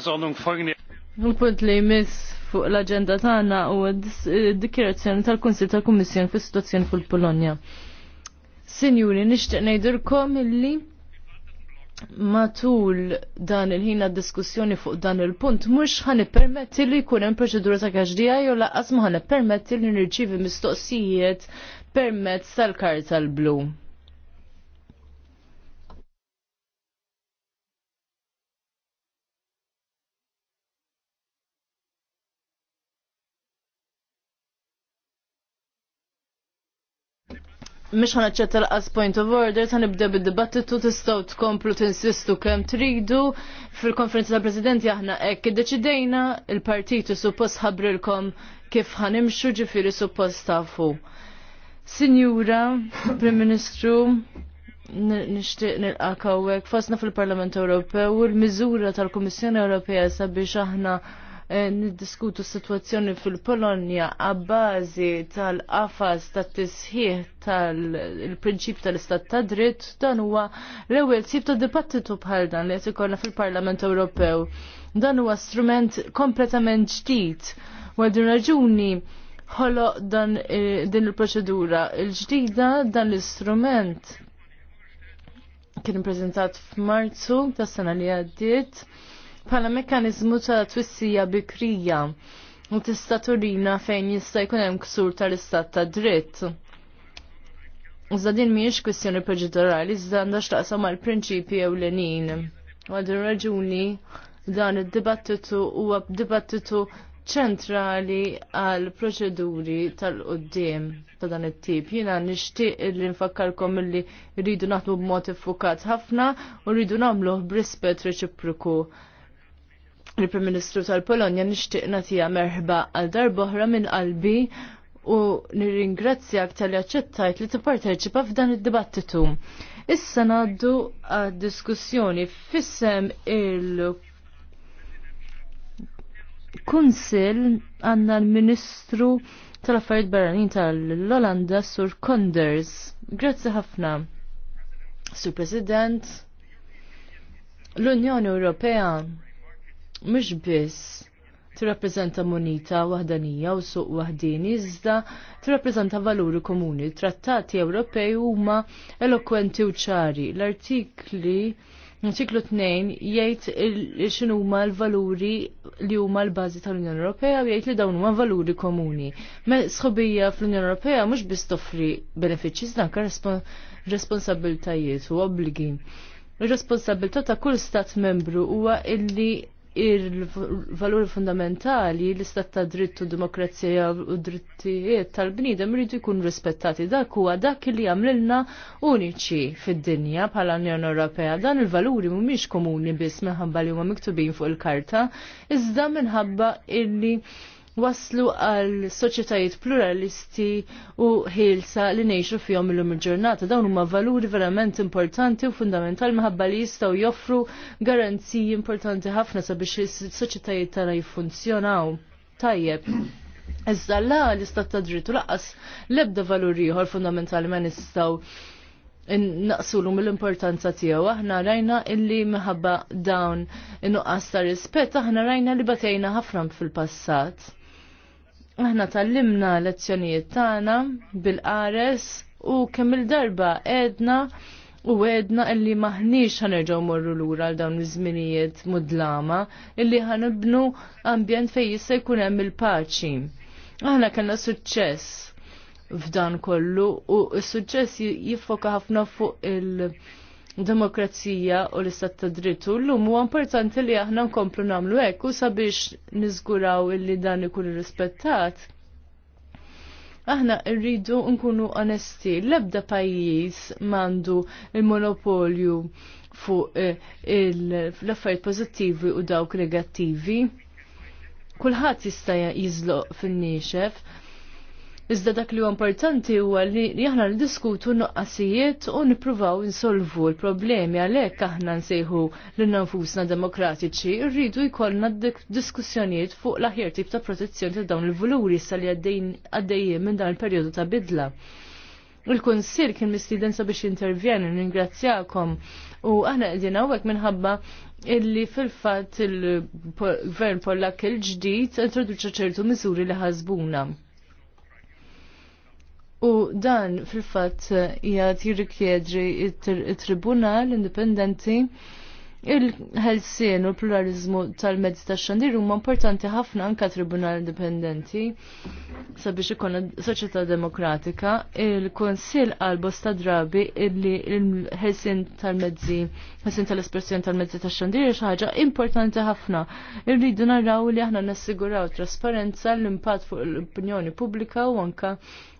Tagesordnung Il-punt li jmiss fuq l-agenda tagħna huwa d-dikjerazzjoni eh, tal-Kunsil tal-Kummissjoni fis fuq fil-Polonja. Sinjuri, nixtieq ngħidilkom illi matul dan il-ħina diskussjoni fuq dan il-punt mhux ħanippermetti li jkun hemm proċedura ta' kaxdija jew laqas ma ħanippermetti li nirċievi mistoqsijiet permezz tal-karta l-blu. Mish ħana ċetta l-qas point of order, ta' nibda bid-dibattitu tistaw tkomplu tinsistu kem tridu. Fil-konferenza ta' prezidenti aħna ekk id-deċidejna il-partitu suppost ħabrilkom kif ħanimxu ġifiri suppost tafu. Sinjura, Prim Ministru, nishtiq nil-qakawek, fasna fil-Parlament Ewropew u l-mizura tal-Komissjoni Ewropea sabiex aħna Eh, niddiskutu s-situazzjoni fil-Polonja għabbażi tal-qafas tat-tisħiħ tal-prinċip tal-istat ta' dritt dan huwa l-ewwel sib ta' dibattitu bħal dan li qed ikollna fil-Parlament Ewropew. Dan huwa strument kompletament ġdid. U għadin raġuni ħolo dan eh, din il-proċedura il-ġdida dan l-istrument kien prezentat f'Marzu tas-sena li għaddiet bħala mekkaniżmu ta' twissija bikrija u tista' turina fejn jista' jkun hemm ksur tal-istat ta' dritt. Iżda din mhijiex kwistjoni proċedurali, iżda għandha x'taqsam mal-prinċipji ewlenin. Għadu raġuni dan id-dibattitu huwa dibattitu ċentrali għal proċeduri tal-qoddim ta' dan it-tip. Jina nixtieq li nfakkarkom li rridu naħdmu b'mod iffukat ħafna u rridu nagħmluh b'rispett reċiproku il-Prim Ministru tal-Polonja nixtieq nagħtiha merħba għal darboħra minn qalbi u nirringrazzjak tal-li aċċettajt li tipparteċipa f'dan id-dibattitu. Issa ngħaddu għad-diskussjoni fissem il- Kunsil għanna l-Ministru tal-Affarijiet Barranin tal-Olanda Sur Konders. Grazzi ħafna. Sur President, l-Unjoni Ewropea mhux biss tirrappreżenta munita waħdanija u suq waħdini iżda tirrappreżenta valuri komuni. Trattati Ewropej huma elokwenti u ċari. L-artikli Artiklu 2 jgħid x'inhu huma l-valuri li huma l-bażi tal-Unjoni Ewropea u jgħid li dawn huma valuri komuni. Sħobija fl-Unjoni Ewropea mhux biss toffri benefiċċji iżda anke responsabiltajiet u obbligi. Ir-responsabilità ta' kull stat membru huwa illi il-valuri fundamentali, l-istat ta' dritt u demokrazija u drittijiet tal-bnidem rridu jkun rispettati. Dak huwa dak li għamlilna uniċi fid-dinja bħala Unjoni Ewropea. Dan il-valuri mhumiex komuni biss minħabba li huma miktubin fuq il-karta, iżda minħabba illi waslu għal soċjetajiet pluralisti u ħilsa li nejxu fihom illum il-ġurnata. Dawn huma valuri verament importanti u fundamentali minħabba li jistgħu joffru garanziji importanti ħafna sabiex is-soċjetajiet tara jiffunzjonaw. Tajjeb. Iżda la l-istat ta' drittu laqas l-ebda valuri ieħor fundamentali ma nistgħu naqsulum l-importanza tiegħu aħna rajna illi minħabba dawn in-nuqqas ta' rispett aħna rajna li batejna ħafna fil-passat aħna tallimna lezzjonijiet tagħna bil-qares u kemm il-darba edna u għedna illi maħniċ ħanerġaw morru l-ura għal dawn iż-żminijiet mudlama illi ħanibnu ambjent fej jista' jkun hemm il-paċi. Aħna kellna suċċess f'dan kollu u s-suċċess jiffoka ħafna fuq il- demokrazija u l-istat ta' drittu l-lum u importanti li aħna nkomplu namlu hekk u sabiex niżguraw illi dan ikun irrispettat. Aħna rridu nkunu onesti, l-ebda pajjiż mandu il-monopolju fuq eh, l-affarijiet pożittivi u dawk negattivi. Kulħadd jista' jiżloq fil niexef Iżda dak li huwa importanti huwa li aħna niddiskutu nuqqasijiet u nippruvaw insolvu l-problemi għalhekk aħna nsejħu lil nanfusna demokratiċi rridu jkollna diskussjonijiet fuq l-aħjar tip ta' protezzjoni ta' dawn il-vuluri sal li għaddejjin minn dan il-perjodu ta' bidla. il konsir kien mistieden sabiex intervjeni, ningrazzjakom u aħna qegħdin hawnhekk minħabba illi fil-fatt il-Gvern Pollak il-ġdid introduċa ċertu miżuri li ħasbuna U dan fil-fatt jgħat jirrikjedri il-Tribunal Indipendenti il-ħelsien u l-pluralizmu tal medzi ta' xandir huma importanti ħafna anka tribunal indipendenti sabiex ikun soċjetà demokratika. Il-Konsil qal bosta drabi illi l-ħelsien tal-mezzi, ħelsien tal-espressjoni tal-mezzi ta' xandir xi ħaġa importanti ħafna. Irridu naraw li aħna nassiguraw trasparenza l-impatt fuq l-opinjoni pubblika u anka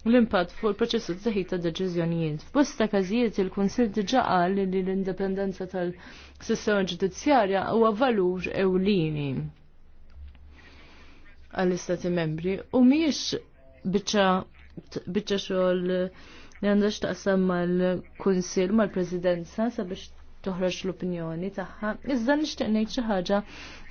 l-impatt fuq il-proċess ta' taħid ta' deċiżjonijiet. F'bosta każijiet il-Kunsill diġà qal li l-indipendenza tal-sistema ġudizzjarja huwa valur ewlieni għall-istati membri u mhijiex biċċa xogħol li għandax taqsam mal-Kunsill mal-Presidenza sabiex toħroġ l-opinjoni tagħha. Iżda nixtieq ngħid xi ħaġa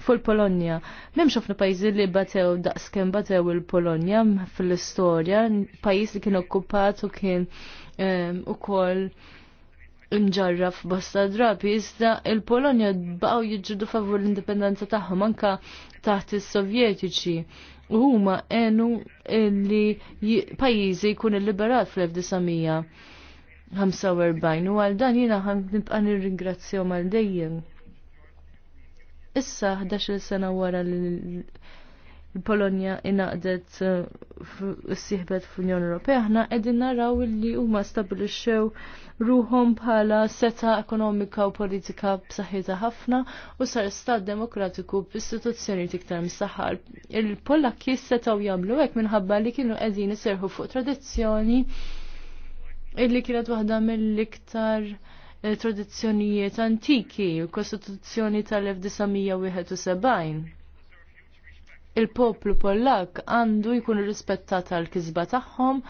fuq il-Polonja. M'hemmx ħafna pajjiżi li batew daqskemm batew il-Polonja fl-istorja, pajjiż li kien okkupat u kien ehm, ukoll imġarraf bosta drabi, iżda il-Polonja baqgħu jiġġidu favur l-indipendenza tagħhom anka taħt is-Sovjetiċi. U huma għenu li pajjiżi kun il-liberat fl-1900. 45 u għal dan jina għan nibqa nirringrazzjaw mal dejjem. Issa 11 sena wara li l-Polonja inaqdet uh, s-sihbet fl-Unjoni Ewropea, ħna qegħdin naraw li huma stabilixxew ruhom bħala seta ekonomika u politika b'saħħitha ħafna u sar stat demokratiku b'istituzzjoni iktar msaħħar. Il-Pollakki setgħu jagħmlu hekk minħabba li kienu qegħdin iserħu fuq tradizzjoni illi kienet waħda mill-iktar eh, tradizzjonijiet antiki, il-Kostituzzjoni tal-1971 il-poplu Pollak għandu jkun rispettat għal kizba tagħhom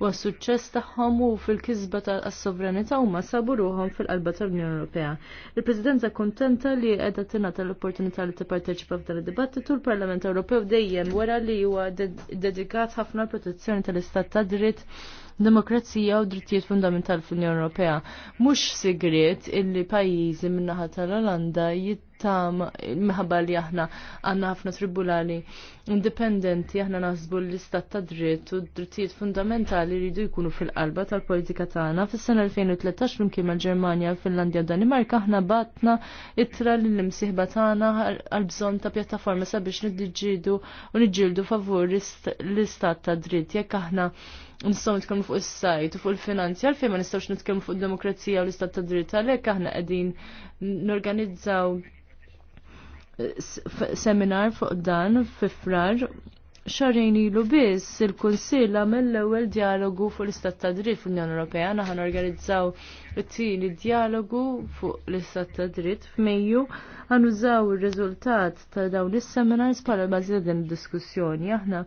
u għas-suċċess tagħhom u fil-kizba tas-sovranità huma sabu ruħhom fil-qalba tal-Unjoni Ewropea. Il-Presidenza kontenta li qiegħda tingħata l-opportunità li tipparteċipa f'dan id-dibattitu l-Parlament Ewropew dejjem wara li huwa dedikat ħafna protezzjoni tal-istat ta' dritt demokrazija u drittijiet fundamentali fl-Unjoni Ewropea. Mhux sigriet illi pajjiżi min-naħa tal-Olanda jittam minħabba li aħna għandna ħafna tribunali indipendenti aħna naħsbu l-istat ta' dritt u drittijiet fundamentali jridu jkunu fil-qalba tal-politika tagħna. Fis-sena 2013 flimkien mal-Ġermanja, Finlandja u Danimarka aħna batna ittra lill-imsieħba tagħna għal bżonn ta' pjattaforma sabiex niddiġġieldu u niġġieldu favur l-istat ta' dritt jekk aħna nistgħu nitkellmu fuq is-sajt u fuq il-finanzjar fejn ma nistgħux nitkellmu fuq id-demokrazija u l-istat ta' dritt għalhekk aħna qegħdin norganizzaw eh, seminar fuq dan fifrar xarrejn ilu biss il-Kunsill għamel l-ewwel dialogu fuq l-Istat ta' Dritt fl-Unjoni Ewropea Aħna norganizzaw it-tieni dialogu fuq l-Istat ta' Dritt f'Mejju għannużaw ir-riżultat ta' dawn is-seminars bħala bażi ta' din id-diskussjoni aħna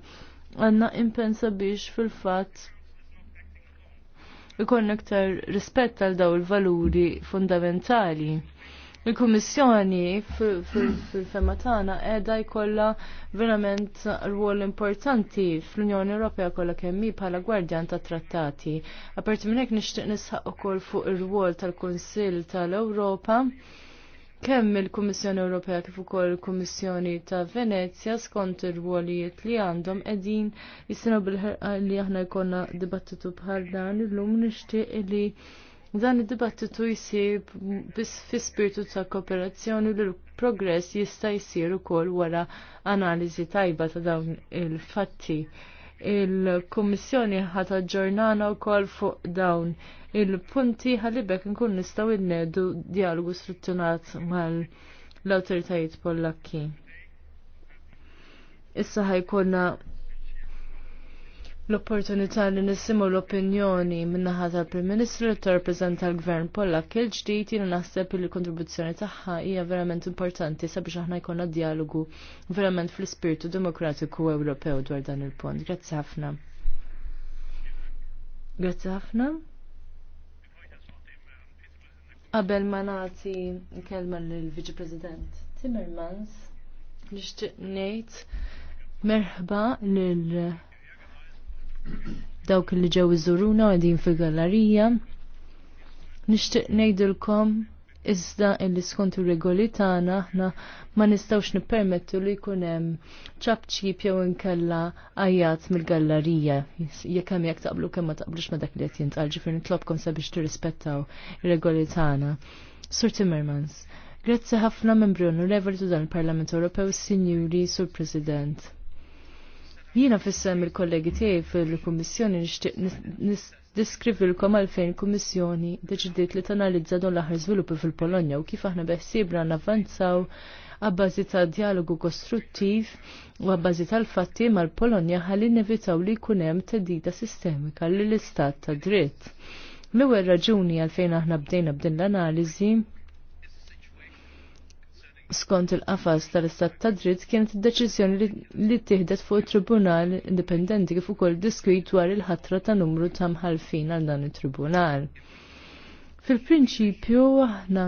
għanna impensa biex fil-fat ikon iktar rispett għal daw il-valuri fundamentali. Il-Kummissjoni fil-fema tagħna qiegħda jkollha verament rwol importanti fl-Unjoni Ewropea kollha kemm hi bħala gwardjan ta' trattati. Apparti minn hekk nixtieq nisħaq ukoll fuq ir-rwol tal-Kunsill tal-Ewropa kemm il-Kummissjoni Ewropea kif ukoll il-Kummissjoni ta' Venezja skont ir-rwolijiet li għandhom qegħdin jistgħu bil li aħna jkollna dibattitu bħal dan illum nixtieq li dan id-dibattitu jsir biss fi spiritu ta' kooperazzjoni li l-progress jista' jsir ukoll wara analiżi tajba ta' dawn il-fatti. Il-Kummissjoni ħata ġurnana wkoll fuq dawn il-punti ħalibek nkun nistaw innedu dialogu strutturat mal l-autoritajiet pollakki. Issa ħajkonna l-opportunità li nisimu l-opinjoni minnaħa tal-Prim Ministru li torrepreżenta l-Gvern Pollak il-ġdid jiena naħseb li l-kontribuzzjoni tagħha hija verament importanti sabiex aħna jkollna dialogu verament fl-ispirtu demokratiku Ewropew dwar dan il-pont. Grazzi ħafna. Grazzi ħafna. Qabel ma nagħti kelma lill-Viċi President Timmermans, nixtieq ngħid merħba lil dawk li ġew iżuruna u fil-gallerija. Nixtieq ngħidilkom iżda illi skont ir-regoli tagħna aħna ma nistgħux nippermettu li jkun hemm ċabċib jew inkella ajjat mill-gallerija jekk hemm jekk taqblu kemm ma taqblux ma dak li qed jintqal ġifier nitlobkom sabiex tirrispettaw ir-regoli tagħna. Sur Timmermans, grazzi ħafna membri onorevoli tu dan il-Parlament Ewropew, Sinjuri Sur President. Jiena fissem il-kollegi tiegħi fil-Kummissjoni nixtieq diskrivilkom għalfejn kummissjoni deċidiet li tanalizza don l-aħħar żviluppi fil-Polonja u kif aħna beħsibna navvanzaw għabbażi ta' dialogu kostruttiv u għabbażi tal-fatti mal-Polonja ħalli nevitaw li kunem tedida sistemika li l-istat ta' dritt. l raġuni għalfejn aħna bdejna b'din l-analiżi skont il-qafas tal-istat ta' dritt kienet id-deċiżjoni li tieħdet fuq it-tribunal indipendenti kif ukoll diskwit dwar il-ħatra ta' numru ta' mħalfin għal dan it-tribunal. Fil-prinċipju aħna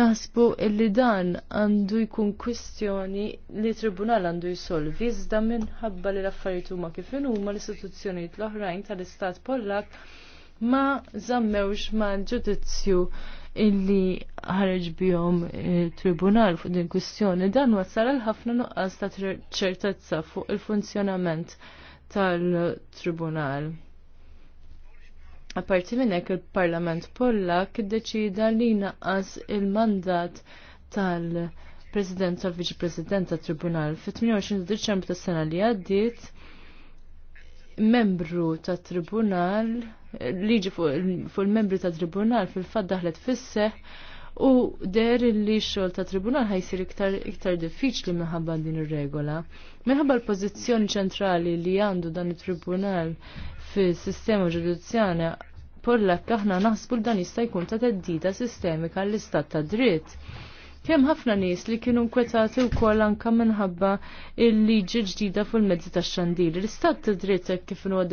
naħsbu illi dan għandu jkun kwistjoni li tribunal għandu jisolvi iżda minħabba li l-affarijiet huma kif huma l-istituzzjonijiet l-oħrajn tal-istat Pollak ma zammewx ma ġudizzju illi ħareġ bihom eh, tribunal fuq din kwistjoni dan wassal ħafna nuqqas ta' ċertezza fuq il-funzjonament tal-tribunal. Apparti minn hekk il-Parlament Pollak deċida li naqqas il-mandat tal-President tal-Viċi-President tal-Tribunal fit-28 Deċembru tas-sena li għaddiet membru ta' tribunal, liġi fuq il-membri ta' tribunal fil-fat daħlet fisseħ u der li xol ta' tribunal ħajsir iktar, iktar diffiċli minħabba din ir-regola. Minħabba l-pozizjoni ċentrali li għandu dan it-tribunal fis sistema ġudizzjana pollak aħna naħsbu dan jista' jkun ta' teddida sistemika l-istat ta' dritt. Kemm ħafna nies li kienu nkwetati wkoll anke minħabba il-liġi ġdida fuq il-mezzi tax-xandir. L-istat ta' dritt hekk kif huwa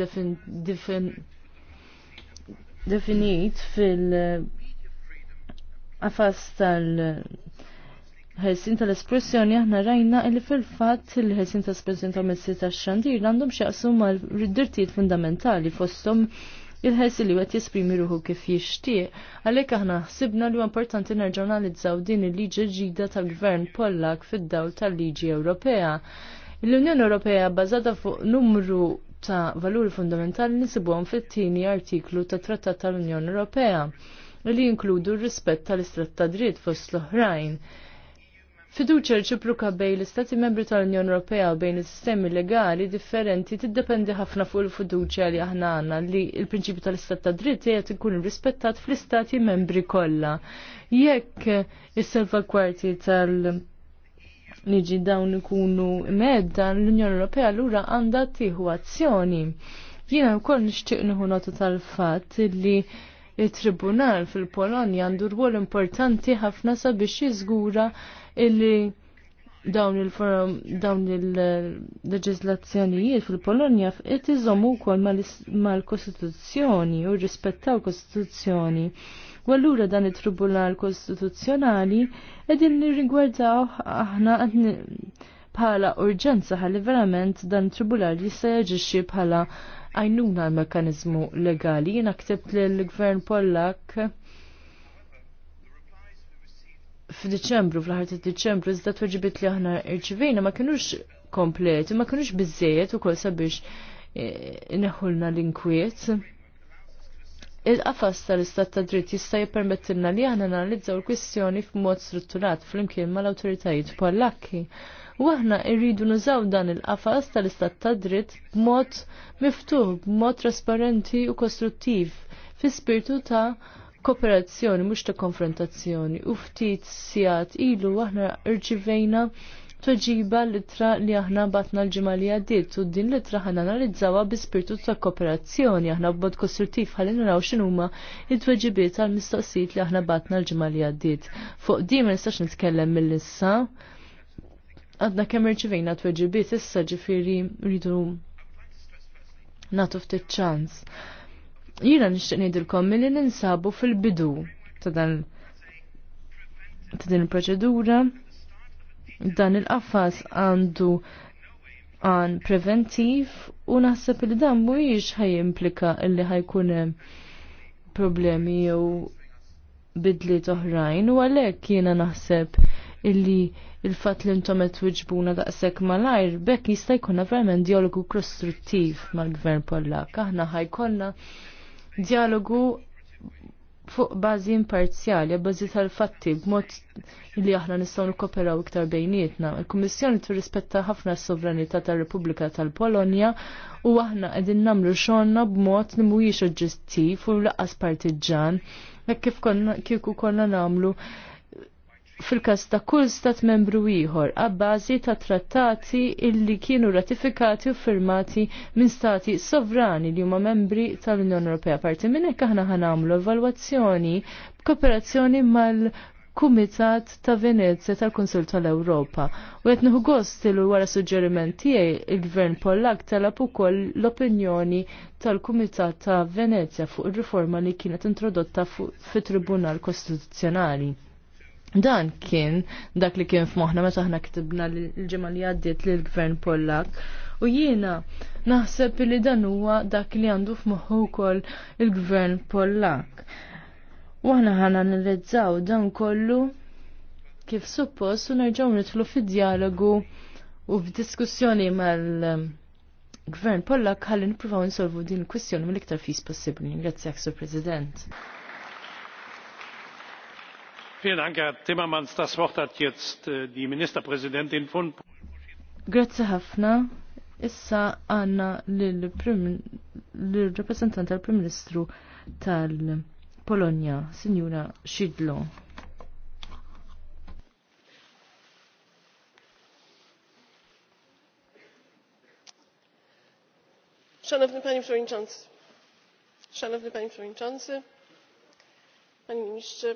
definit fil-qafas tal- ħelsin tal-espressjoni aħna rajna li fil-fatt il-ħelsin tal-espressjoni tal-messi tax-xandir għandhom xaqsu mal-dirtijiet fundamentali fosthom il-ħess li għet jesprimi ruħu kif jishtiq, għalek aħna ħsibna li importanti nerġonalizzaw din il-liġi ġida tal-gvern Pollak fid-dawl tal-liġi Ewropea. L-Unjoni Ewropea bazata fuq numru ta' valuri fundamentali nisibuhom fit-tieni artiklu ta' Trattat tal-Unjoni Ewropea li jinkludu r-rispett tal-istrat ta' dritt fost l-oħrajn. Fiduċa reċipruka bejn l-Istati membri tal-Unjoni Ewropea u bejn is-sistemi legali differenti tiddependi ħafna fuq il fiduċja li aħna għandna li l-prinċipju tal-Istat ta' dritt qed ikun irrispettat fl-Istati membri kollha. Jekk is kwarti tal- liġi dawn ikunu medda l-Unjoni Ewropea lura għandha tieħu azzjoni. Jiena wkoll nixtieq nieħu nota tal-fatt li il-Tribunal fil-Polonja għandu rwol importanti ħafna sabiex jiżgura illi dawn il-forum dawn il-leġislazzjonijiet fil-Polonja qed iżommu wkoll mal-Kostituzzjoni u rrispettaw Kostituzzjoni. U allura dan it-Tribunal Kostituzzjonali qegħdin nirrigwardaw aħna bħala urġenza ħalli verament dan tribunal jista' jaġixxi bħala għajnuna l-mekkaniżmu legali. Jiena ktibt lill-Gvern Pollak f'Diċembru, fl-ħar ta' Diċembru, iżda tweġibit li aħna irċivina ma kinux kompleti, ma kinux u ukoll sabiex e, neħulna l-inkwiet. Il-qafas tal-istat ta' dritt jista' jippermettilna li aħna analizzaw l-kwistjoni f'mod strutturat flimkien mal-awtoritajiet pollakki. U aħna rridu nużaw dan il-qafas tal-istat ta' dritt b'mod miftuħ, b'mod trasparenti u kostruttiv, fi spirtu ta' kooperazzjoni mhux ta' konfrontazzjoni u ftit sijat ilu aħna rċivejna toġiba litra li aħna batna l-ġimgħa li għaddiet u din litra ħana analizzawa bi spirtu ta' kooperazzjoni aħna b-bod kostruttiv ħalli naraw x'inhuma id tweġibiet għal mistoqsijiet li aħna batna l-ġimgħa li għaddiet. Fuq di ma nistax nitkellem mill-issa. Għadna kemm irċivejna tweġibiet issa ġifieri rridu nagħtu ftit ċans. Jiena nixtieq ngħidilkom li ninsabu fil-bidu ta' dan ta' din il-proċedura dan il qaffas għandu għan preventiv u naħseb li dan mhuwiex ħajimplika illi ħajkun hemm problemi jew bidliet oħrajn u għalhekk jiena naħseb illi il-fatt li intom qed twiġbuna daqshekk malajr bekk jista' jkunna verament dialogu kostruttiv mal-Gvern Pollak. Aħna ħajkollna dialogu fuq bażi imparzjali, bazi tal-fatti, b'mod li aħna nistgħu nikkoperaw iktar bejnietna. Il-Kummissjoni tirrispetta ħafna s-sovranità tar-Repubblika tal-Polonja u aħna qegħdin nagħmlu xogħolna b'mod li mhuwiex oġġettiv u laqas partiġan, hekk kif konna kieku konna nagħmlu fil-kas ta' kull stat membru ieħor għabbażi ta' trattati illi kienu ratifikati u firmati minn stati sovrani li huma membri tal-Unjoni Ewropea. Parti minn hekk aħna ħanamlu evalwazzjoni b'kooperazzjoni mal Kumitat ta' Venezia tal kunsul tal-Ewropa. U għet nieħu gost li wara suġġeriment tiegħi il-Gvern Pollak talab ukoll l-opinjoni tal-Kumitat ta' Venezia fuq ir-riforma li kienet introdotta fit-Tribunal Kostituzzjonali. Dan kien dak li kien f'moħna meta aħna ktibna l-ġimgħa li għaddiet lill gvern Pollak. U jiena naħseb li dan huwa dak li għandu f'moħħu wkoll il-gvern Pollak. U aħna ħana nirrizzaw dan kollu kif suppost u nerġgħu nidħlu fid-dialogu u f'diskussjoni mal-gvern Pollak ħalli nippruvaw insolvu din il-kwistjoni mill-iktar fis possibbli. Grazzi Sur President. Äh, Grazie ħafna. Issa għanna l-rappresentant tal-Prim Ministru tal-Polonja, Signora Xidlo. Szanowny Panie Przewodniczący! Szanowny Panie Przewodniczący! Panie Ministrze!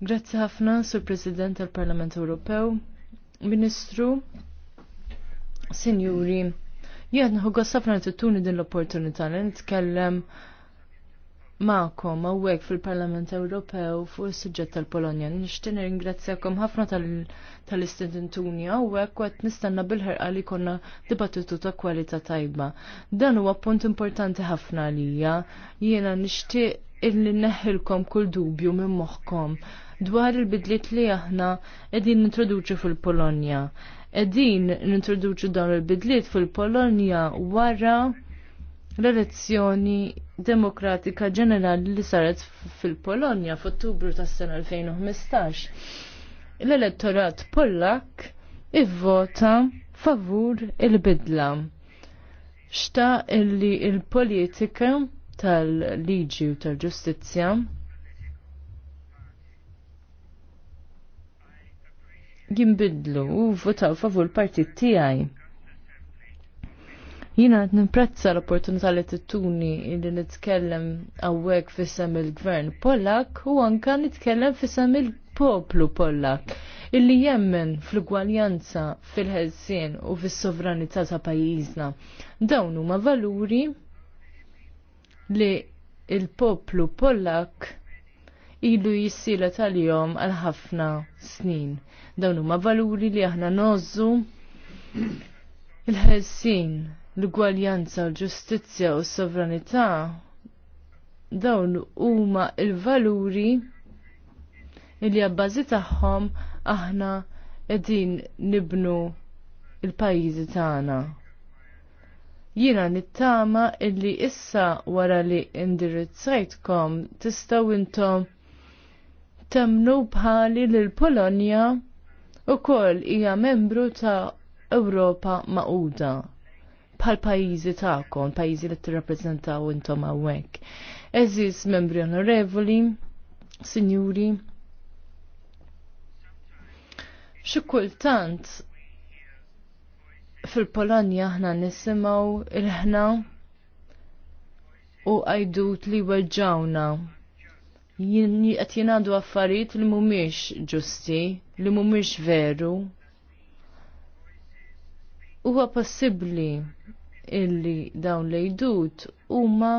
Grazzi ħafna sur President tal-Parlament Ewropew, Ministru, Sinjuri, jgħad nħu għasafna t-tuni din l-opportunità li nitkellem ma'kom għawek fil-Parlament Ewropew fuq is-suġġett tal-Polonja. Nixtieq ringrazzjakom ħafna tal-istudentuni għawek u qed nistanna bil-ħerqa li konna dibattitu ta' kwalità tajba. Dan huwa punt importanti ħafna għalija. Jiena nixtieq illi neħilkom kull dubju minn moħħkom dwar il-bidliet li aħna qegħdin nintroduċu fil-Polonja. Qegħdin nintroduċu dawn il-bidliet fil-Polonja wara l-elezzjoni demokratika ġenerali li saret fil-Polonja f'Ottubru tas-sena 2015. L-elettorat Pollak ivvota favur il-bidla. Xta illi il-politika tal-liġi u tal-ġustizzja jimbidlu u votaw favur partit tiegħi. Jina għed niprezza l-opportunità li t-tuni li nitkellem għawek fissem il-gvern Pollak u anka nitkellem fissem il-poplu Pollak illi jemmen fl-gwaljanza fil-ħelsin u fil-sovranità ta' pajizna. Dawn huma valuri li il-poplu Pollak ilu jissila tal jom għal-ħafna snin. Dawn huma valuri li aħna nozzu il-ħelsin, l-gwaljanza, l-ġustizzja u s-sovranità. Dawn huma il-valuri li għabbażi tagħhom aħna qegħdin nibnu il-pajjiżi tagħna jina nittama illi issa wara li indirizzajtkom tistaw intom temnu bħali l-Polonja ukoll hija membru ta' Ewropa Mauda bħal pajjiżi tagħkom, pajjiżi li tirrappreżentaw intom hawnhekk. Eżis membri onorevoli, signuri, xukultant kultant fil-Polonja aħna nisimgħu il-ħna u għajdut li weġġawna qed jingħadu affarijiet li mhumiex ġusti, li mhumiex veru. Huwa possibbli illi dawn li jdud huma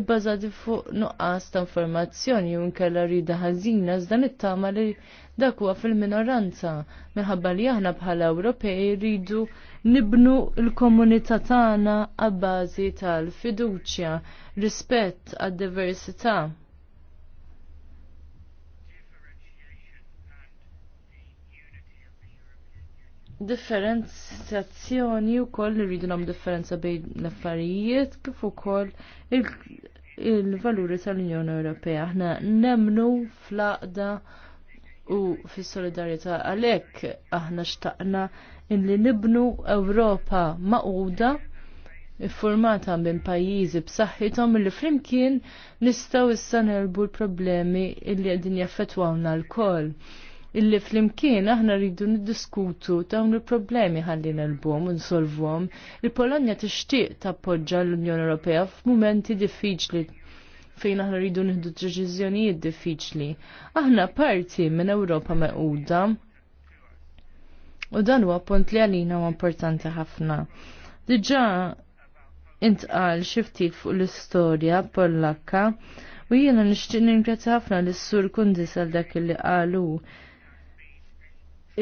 ibbażati fuq nuqqas ta' informazzjoni u nkella rida ħażina żdan it-tama li dak huwa fil-minoranza minħabba li aħna bħala Ewropej rridu nibnu l-komunità tagħna għabbażi tal-fiduċja, rispett għad-diversità. differenzazzjoni u koll rridu nam differenza bejn l-affarijiet kif ukoll il-valuri il valuri tal unjoni Ewropea. Aħna nemnu fl-aqda u fis solidarjetà għalhekk aħna xtaqna illi nibnu Ewropa maquda iffurmata minn pajjiżi b'saħħithom li flimkien nistgħu issa nelbu l-problemi li qegħdin jaffettwawna l-koll illi flimkien aħna rridu niddiskutu dawn il-problemi ħalli bom u solvom Il-Polonja tixtieq tappoġġa l-Unjoni Ewropea f'mumenti diffiċli fejn aħna rridu nieħdu deċiżjonijiet diffiċli. Aħna parti minn Ewropa mequda u dan huwa punt li għalina huwa importanti ħafna. Diġà intqal xiftit fuq l-istorja pollakka u jiena nixtieq ningrazzja ħafna l sur Kundis għal dak li qalu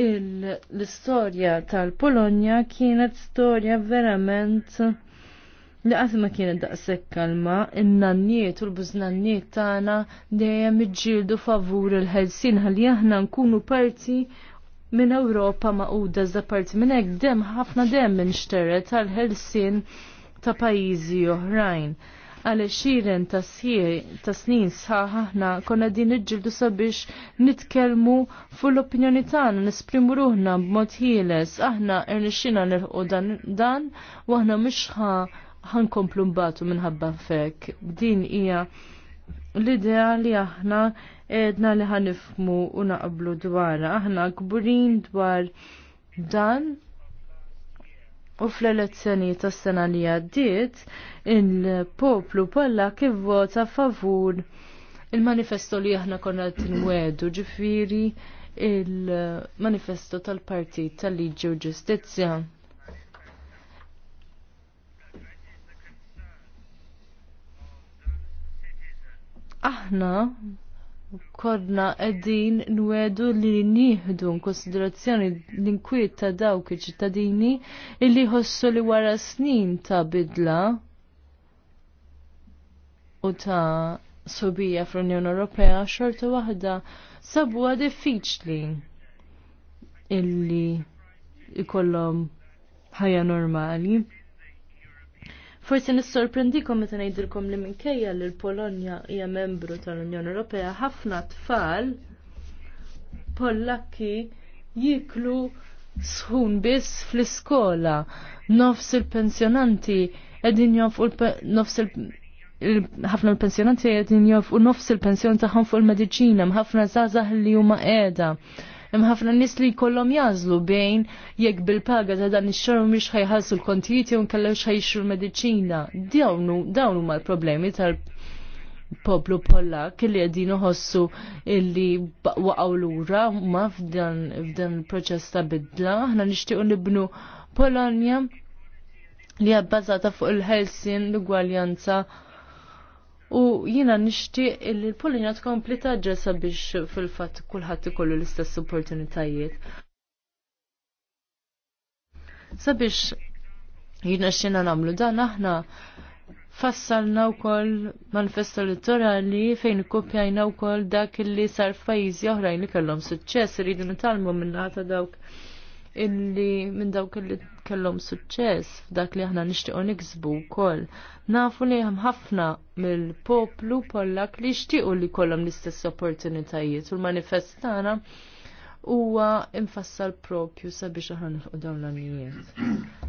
l-istorja tal-Polonja kienet storja verament li għat ma kienet daqsek kalma, in-nanniet u l-buznanniet tagħna dejjem iġildu favur il-ħelsin ħalli aħna nkunu parti minn Ewropa u dazza parti minn hekk dem ħafna dem minn xteret tal-ħelsin ta' pajjiżi oħrajn għal xiren ta' snin sħaħ aħna konna din iġġildu sabiex nitkelmu fuq l-opinjoni tagħna nisprimu ruħna b'mod ħieles aħna irnexxina nirħu dan u aħna mhux ħankomplu mbagħtu minħabba fek. Din hija l-idea li aħna edna li ħanifmu u naqblu dwar, Aħna kburin dwar dan U fl-elezzjoni tas sena li għaddiet, il-poplu kollha kif vota favur il-manifesto li aħna konna t-nwedu ġifiri il-manifesto tal-partit tal-liġi u ġustizja. Aħna kodna qegħdin nwedu li nieħdu konsiderazzjoni l-inkwiet ta' dawk iċ-ċittadini illi ħossu li wara snin ta' bidla u ta' sobija fl-Unjoni Ewropea xorta waħda sabuha diffiċli illi ikollhom ħajja normali. Forsi nissorprendikom meta ngħidilkom li minkejja li l-Polonja hija membru tal-Unjoni Ewropea ħafna tfal Pollakki jiklu sħun biss fl-iskola. Nofs il-pensjonanti qegħdin jonfqu nofs il ħafna l-pensjonanti qegħdin jonfqu nofs il-pensjon tagħhom fuq il-mediċina, ħafna żgħażagħ li huma qiegħda hemm ħafna nies li jkollhom jażlu bejn jekk bil-paga ta' dan ix-xar u mhix ħajħallsu l-kontijiet jew nkella x'ħajxu l-mediċina. Dawn huma l-problemi tal poplu pollak li qegħdin iħossu illi waqgħu lura huma f'dan f'dan il-proċess ta' bidla, Aħna nixtiequ nibnu Polonja li għabbażata fuq il-ħelsin, l-ugwaljanza U jina nishti li l-Polonja tkompli taġġa biex fil-fatt kulħadd ikollu l-istess opportunitajiet. Sabiex jina xina namlu dan aħna fassalna wkoll manifesto elettorali fejn kopjajna wkoll dak li sar f'pajjiżi oħrajn li kellhom suċċess irridu nitalmu minna ta' dawk illi minn dawk li kellhom suċċess f'dak li aħna nixtiequ niksbu wkoll. Nafu li hemm ħafna mill-poplu Pollak li jixtiequ li kollhom l-istess opportunitajiet u l manifestana huwa infassal propju sabiex aħna nilħu dawn l-anijiet.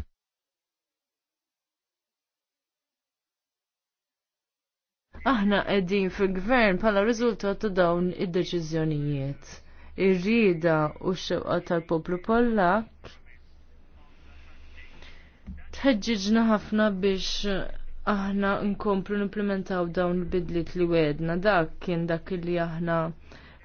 Aħna qegħdin fil-gvern bħala riżultat ta' dawn id-deċiżjonijiet irrida u x-xewqa tal-poplu Pollak tħedġiġna ħafna biex aħna nkomplu nimplementaw dawn il-bidliet li wedna dak kien dak li aħna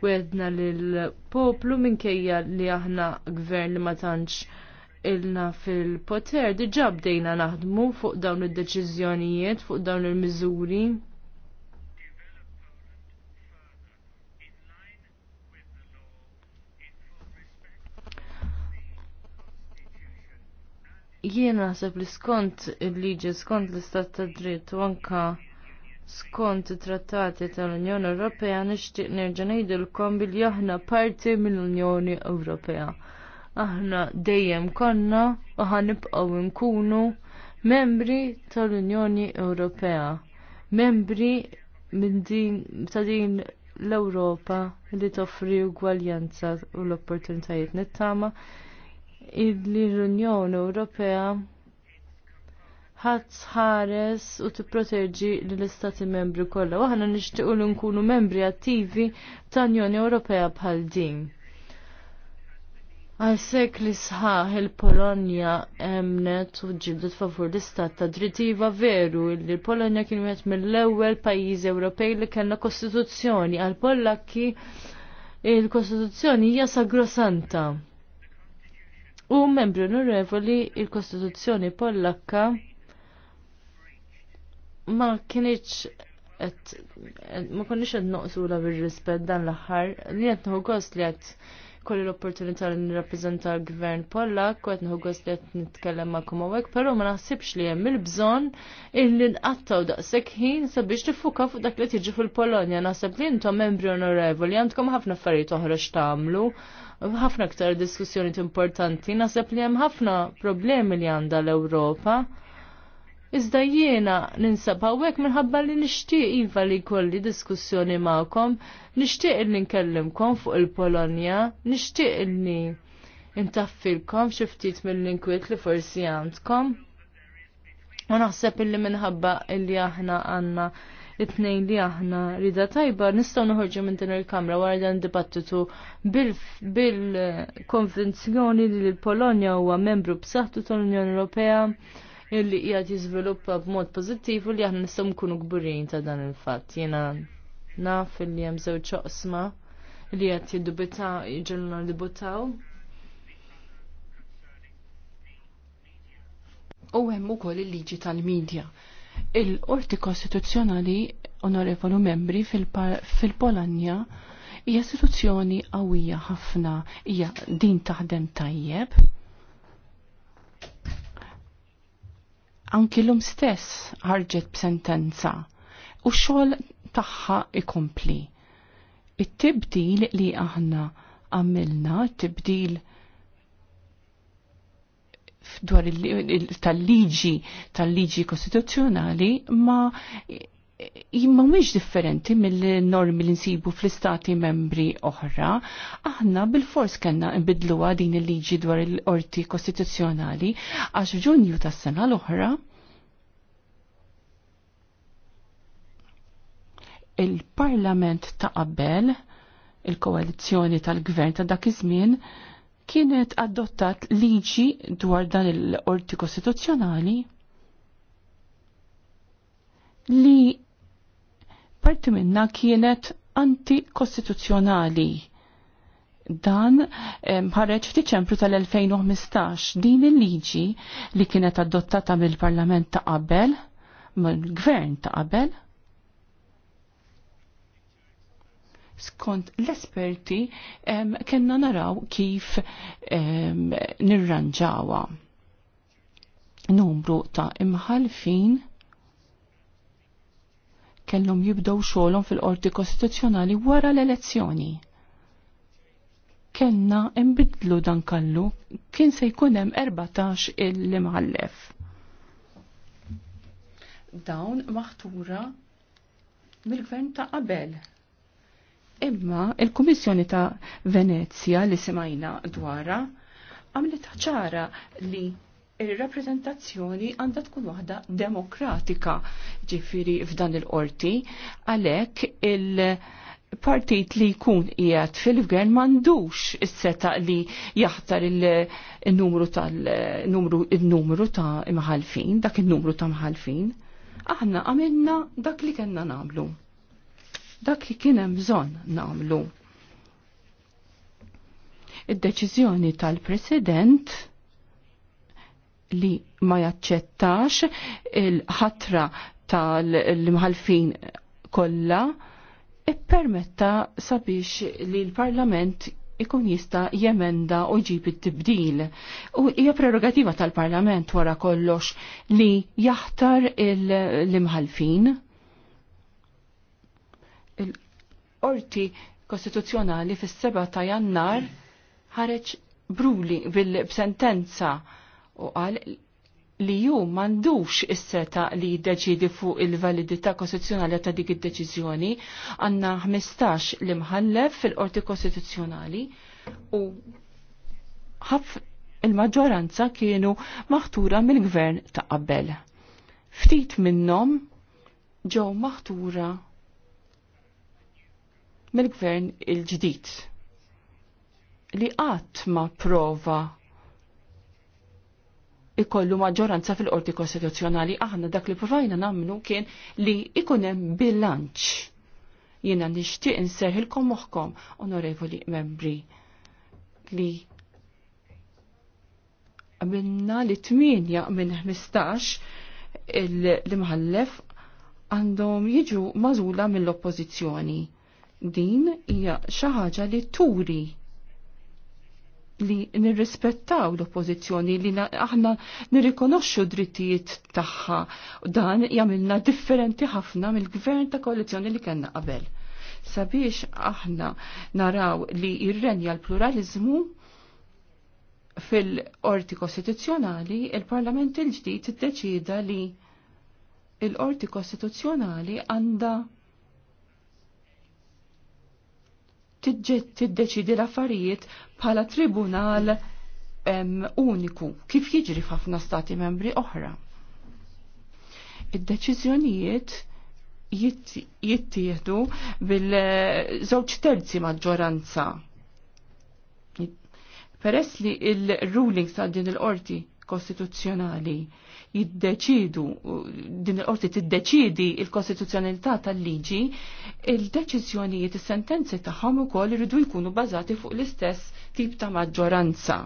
wedna lill-poplu minkejja li aħna gvern li ma tantx ilna fil-poter diġa' bdejna naħdmu fuq dawn id-deċiżjonijiet, fuq dawn il-miżuri. Jien naħseb li skont il-liġi, skont l-istat ta' dritt u anka skont trattati tal-Unjoni Ewropea nixtieq nerġa' ngħidilkom billi aħna parti mill-Unjoni Ewropea. Aħna dejjem konna u ħanibqgħu nkunu membri tal-Unjoni Ewropea. Membri minn din ta' din l-Ewropa li toffri ugwaljanza u l-opportunitajiet nittama' l-Unjoni Ewropea ħadd ħares u tipproteġi lill-Istati membri kollha. Waħna nixtiequ li nkunu membri attivi tal-Unjoni Ewropea bħal din. Għal sekli sħaħ il-Polonja emnet u ġibdet favur l-istat ta' drittiva veru li l-Polonja kienu għet mill-ewel pajjiż Ewropej li kellna kostituzzjoni għal Pollakki il-kostituzzjoni hija sagrosanta u membri onorevoli il-Kostituzzjoni Pollakka ma kienieċ ma konniex qed la bir-rispett dan l-aħħar li qed nħu gost li qed kolli l-opportunità li nirrappreżenta l-gvern Pollak u qed nħu gost li qed nitkellem ma' hawnhekk, però ma naħsibx li hemm il-bżonn illi nqattaw daqsek ħin sabiex tiffuka fuq dak li tiġi fil-Polonja. Naħseb li intom membri onorevoli għandkom ħafna affarijiet oħra x'tagħmlu ħafna ktar diskussjoni importanti. Nasab li hemm ħafna problemi li għandha l-Ewropa. Iżda jiena ninsab hawnhekk minħabba li nixtieq iva li jkolli diskussjoni magħkom, nixtieq li nkellimkom fuq il-Polonja, nixtieq li intaffilkom xi ftit mill-inkwiet li forsi għandkom. U naħseb illi minħabba illi aħna għandna it-tnejn li aħna rida tajba nistgħu noħorġu minn din il-Kamra wara dan dibattitu bil-konvenzjoni li l-Polonja huwa membru b'saħħtu tal-Unjoni Ewropea illi qiegħed jiżviluppa b'mod pożittiv u li aħna nistgħu nkunu kburin ta' dan il-fatt. Jiena naf illi hemm żewġ oqsma li qed jiddubitaw jiġilna dibutaw. u hemm ukoll il-liġi tal-medja. Il-Qorti Kostituzzjonali, onorevolu membri, fil-Polonja hija istituzzjoni qawwija ħafna, hija din taħdem tajjeb. Anki l-lum stess ħarġet b'sentenza u xogħol tagħha ikompli. It-tibdil li aħna għamilna, t tibdil dwar tal-liġi tal-liġi kostituzzjonali ma imma mhux differenti mill-normi li nsibu fl-istati membri oħra, aħna bil-fors kellna nbidluha din il-liġi dwar il-qorti kostituzzjonali għax f'Ġunju tas-sena l-oħra il-Parlament ta' qabel il-koalizzjoni tal-gvern ta' dak iż-żmien kienet adottat liġi dwar dan il-qorti kostituzzjonali li parti minna kienet antikostituzzjonali. Dan ħareġ f'Diċembru tal-2015 din il-liġi li kienet adottata mill-Parlament ta' qabel, mill-Gvern ta' qabel, skont l-esperti kena naraw kif nirranġawa numru ta' imħalfin kellhom jibdow xogħolhom fil-qorti kostituzzjonali wara l-elezzjoni. Kenna imbidlu dan kallu kien se jkun hemm 14 il-imħallef. Dawn maħtura mill-gvern ta' qabel Imma il-Kummissjoni ta' Venezia li semajna dwara għamlet ċara li il-rappresentazzjoni għandha tkun waħda demokratika ġifiri f'dan il-qorti għalhekk il- partit li jkun qiegħed fil-gvern m'għandux is-seta li jaħtar il-numru tal-numru il-numru ta' imħalfin, dak il-numru ta' imħalfin. Aħna għamilna dak li kellna nagħmlu dak li kien hemm bżonn nagħmlu. Id-deċiżjoni tal-President li ma jaċċettax il-ħatra tal-imħalfin kollha ippermetta sabiex li l-Parlament ikun jista jemenda u jġib it-tibdil. U hija prerogativa tal-Parlament wara kollox li jaħtar l-imħalfin. Il-Qorti Kostituzzjonali fis seba ta' Jannar ħareġ bruli bil-sentenza u qal li ju mandux is-seta li deċidi fuq il-validità kostituzzjonali ta' dik id-deċiżjoni għandna 15 li mħallef fil-Qorti Kostituzzjonali u ħaf il-maġġoranza kienu maħtura mill-gvern ta' qabel. Ftit minnhom ġew maħtura mill-gvern il-ġdid li qatt ma prova ikollu maġġoranza fil-qorti kostituzzjonali aħna dak li provajna nagħmlu kien li ikun hemm bilanċ. Jiena nixtieq inserħilkom moħħkom, onorevoli membri, li għamilna li 8 minn 15 il-mħallef għandhom jiġu mażula mill-oppożizzjoni. Din hija xi ħaġa li turi li nirrispettaw l-oppozizjoni, li aħna nirrikonoxxu drittijiet tagħha. Dan jagħmilna differenti ħafna mill-gvern ta' koalizjoni li kellna qabel. Sabiex aħna naraw li jirrenja l-pluralizmu fil-orti kostituzzjonali, il-Parlament il-ġdid iddeċida li il-orti kostituzzjonali għandha tiddeċidi l-affarijiet bħala tribunal uniku, kif jiġri f'ħafna stati membri oħra. Id-deċiżjonijiet jittieħdu bil-żewġ eh, terzi maġġoranza. Peress li il ruling sa' din il-qorti kostituzzjonali jiddeċidu, din il-qorti tiddeċidi il-kostituzzjonalità tal-liġi, il-deċizjonijiet, is-sentenzi tagħhom ukoll iridu jkunu bażati fuq l-istess tip ta' maġġoranza.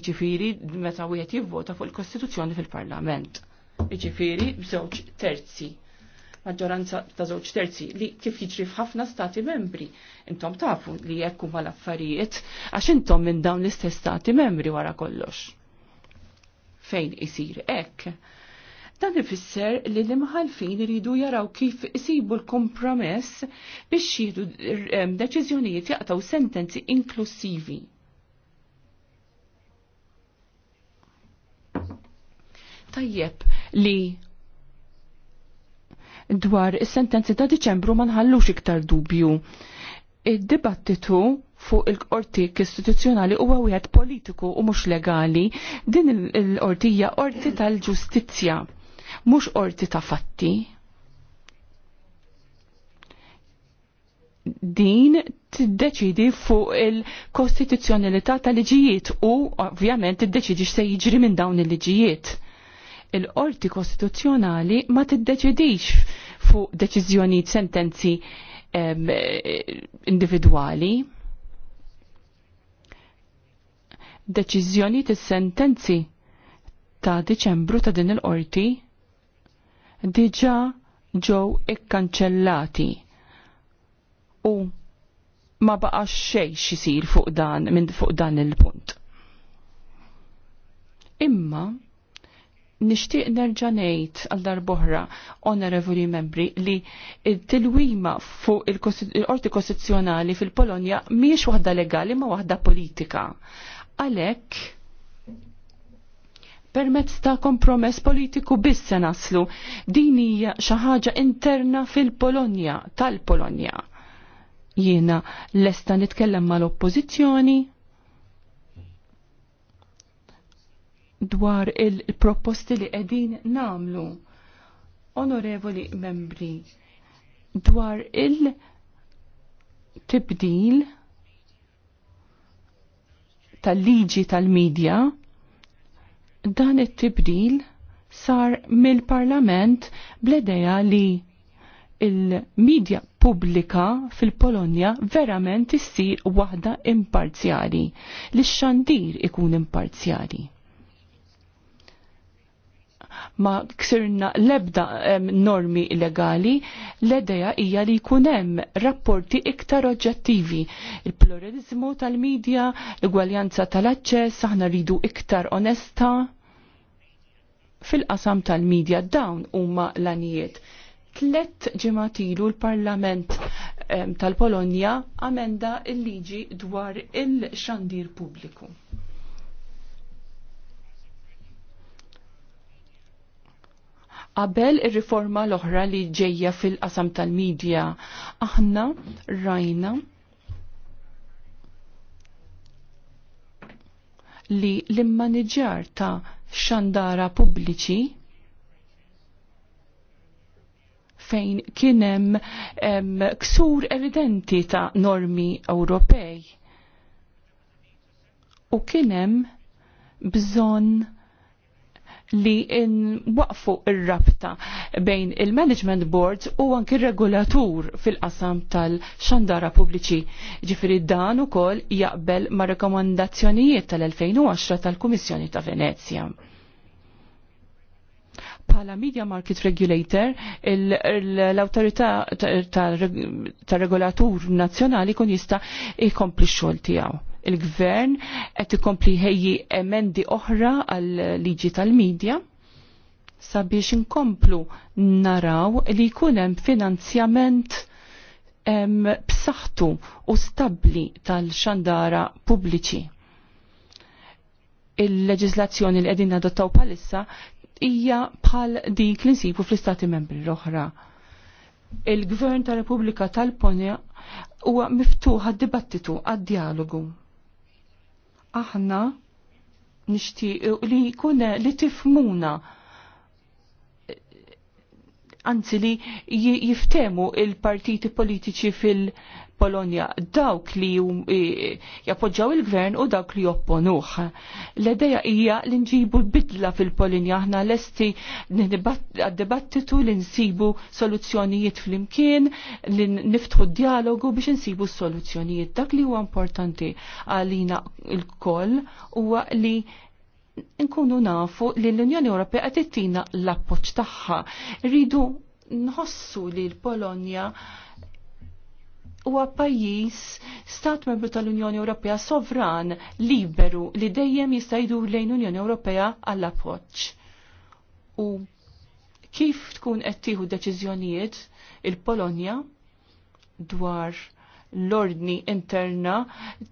Iġifiri, meta wieħed jivvota fuq il-Kostituzzjoni fil-Parlament. Iġifiri, b'żewġ terzi maġġoranza ta' żewġ terzi li kif jiġri f'ħafna stati membri. Intom tafu li jekk huma l-affarijiet għax intom minn dawn l-istess stati membri wara kollox fejn isir hekk. Dan ifisser li l-imħalfin iridu jaraw kif isibu l-kompromess biex jidu eh, deċiżjonijiet jaqtaw sentenzi inklusivi. Tajjeb li dwar is-sentenzi ta' Diċembru ma nħallux iktar dubju. Id-dibattitu fuq il-qorti istituzzjonali huwa wieħed politiku u mhux legali din il-qortija qorti tal-ġustizzja mhux qorti ta' fatti. din t-deċidi fuq il-kostituzzjonalità tal-liġijiet u ovvjament tiddeċidi se jiġri minn dawn il-liġijiet. Il-qorti kostituzzjonali ma tiddeċidix fuq deċiżjonijiet sentenzi individwali deċizjoni tis-sentenzi ta' Diċembru ta' din il-qorti diġa ġew ikkanċellati u ma baqax xejn xisir fuq dan minn fuq dan il-punt. Imma nixtieq nerġa' ngħid għal darboħra onorevoli membri li t-tilwima fuq il-qorti kostituzzjonali fil-Polonja mhijiex waħda legali ma waħda politika. Għalhekk permezz ta' kompromess politiku biss se naslu. Din hija xi ħaġa interna fil-Polonja, tal-Polonja. Jiena lesta nitkellem mal-Oppożizzjoni dwar il-proposti li qegħdin namlu. Onorevoli membri, dwar il-tibdil tal-liġi tal-medja, dan it-tibdil sar mill-parlament bledeja li il-medja pubblika fil-Polonja verament issir waħda imparzjali, li xandir ikun imparzjali ma ksirna lebda normi legali, l-edeja hija li kunem rapporti iktar oġġettivi. Il-pluralizmu tal-medja, l-gwaljanza tal-aċċess, aħna ridu iktar onesta fil-qasam tal-medja dawn huma l-anijiet. Tlet ġematilu l-Parlament tal-Polonja amenda il-liġi dwar il-xandir pubbliku. Qabel ir-riforma l-oħra li ġejja fil-qasam tal-medja, aħna rajna li l-immaniġar ta' xandara pubbliċi fejn kienem em, ksur evidenti ta' normi Ewropej. U kienem bżonn li waqfu ir-rabta bejn il-management boards u anki regulatur fil-qasam tal-xandara pubbliċi. Ġifiri dan ukoll jaqbel ma' rekomandazzjonijiet tal-2010 tal-Kummissjoni ta' Venezia. Pala Media Market Regulator, l-autorità tal-regolatur nazzjonali kun jista' jkompli x-xogħol tiegħu il-gvern qed ikompli ħejji emendi oħra għal liġi tal-medja sabiex inkomplu naraw li jkun hemm finanzjament b'saħħtu u stabbli tal-xandara pubbliċi. Il-leġislazzjoni li qegħdin adottaw bħalissa hija bħal dik li nsibu fl-istati membri l-oħra. Il-Gvern tal-Repubblika tal-Ponja huwa miftuħ għad-dibattitu għad-dialogu aħna nixtieq li jkun li tifmuna anzi li jiftemu il-partiti politiċi fil- Polonia polonja dawk li jappoġġaw il-gvern u dawk li jopponuħ. l ideja hija li nġibu bidla fil-Polonja aħna lesti għad-debattitu li nsibu soluzzjonijiet fl-imkien, li niftħu dialogu biex nsibu soluzzjonijiet. Dak li huwa importanti għalina il-koll huwa li nkunu nafu li l-Unjoni Ewropea qed l-appoġġ tagħha. Rridu nħossu li l-Polonja huwa pajjiż stat membru tal-Unjoni Ewropea sovran liberu li dejjem jista' jdur lejn Unjoni Ewropea għall appoġġ U kif tkun qed tieħu deċiżjonijiet il-Polonja dwar l-ordni interna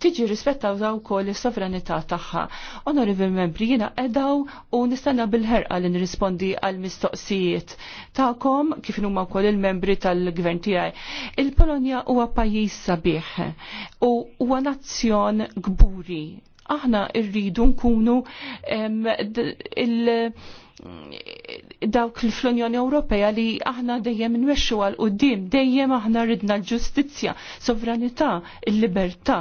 tiġi rispettawta wkoll is-sovranità tagħha. Onorevil membri jina edaw u nistenna bil-ħerqa li nirrispondi għal mistoqsijiet tagħkom kif huma wkoll il-membri tal-gvern tiegħi. Il-Polonja huwa pajjiż sabiħ u huwa nazzjon gburi. Aħna rridu nkunu il- Mm, dawk fl-Unjoni Ewropea li aħna dejjem nwexxu għal qudiem, dejjem aħna ridna l-ġustizzja, sovranità, il-libertà.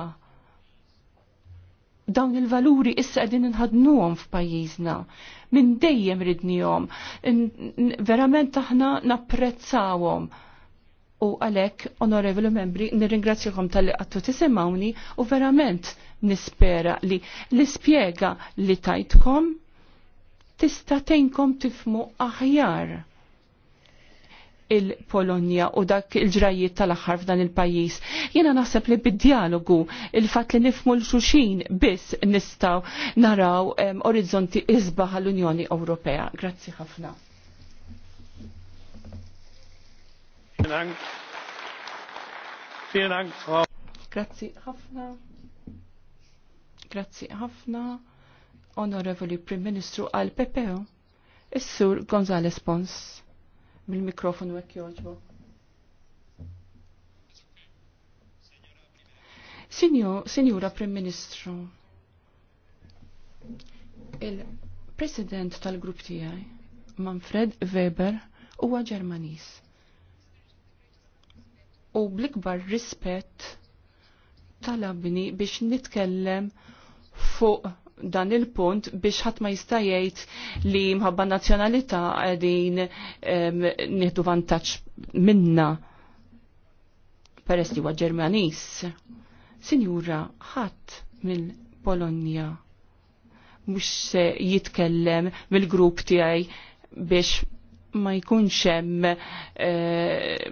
Dawn il-valuri issa qegħdin inħadnuhom f'pajjiżna. Minn dejjem ridnihom. Verament aħna napprezzawhom. U għalhekk, onorevoli membri, nirringrazzjakom tal-li tisimgħuni u verament nispera li l ispjega li tajtkom tista' tenkom tifmu aħjar il-Polonja u dak il-ġrajiet tal-aħħar f'dan il-pajjiż. Jiena naħseb li bid-dialogu il-fatt li nifmu l-xuxin biss nistaw naraw um, orizzonti izbaħ l-Unjoni Ewropea. Grazzi ħafna. Grazzi ħafna. Grazzi ħafna. Onorevoli Prim Ministru għal PPO, Is-Sur Gonzales Pons, bil-mikrofonu għek joġbu. Sinjura Prim Ministru, il-President tal-grupp tijaj, Manfred Weber, huwa Ġermanis. U bl-ikbar rispett talabni biex nitkellem fuq dan il-punt biex ħadd ma jista' jgħid li mħabba nazzjonalità qegħdin nieħdu vantaġġ minna peress li huwa Ġermaniż. Sinjura, ħadd mill-Polonja mhux jitkellem mill-grupp tiegħi biex ma jkunx hemm eh,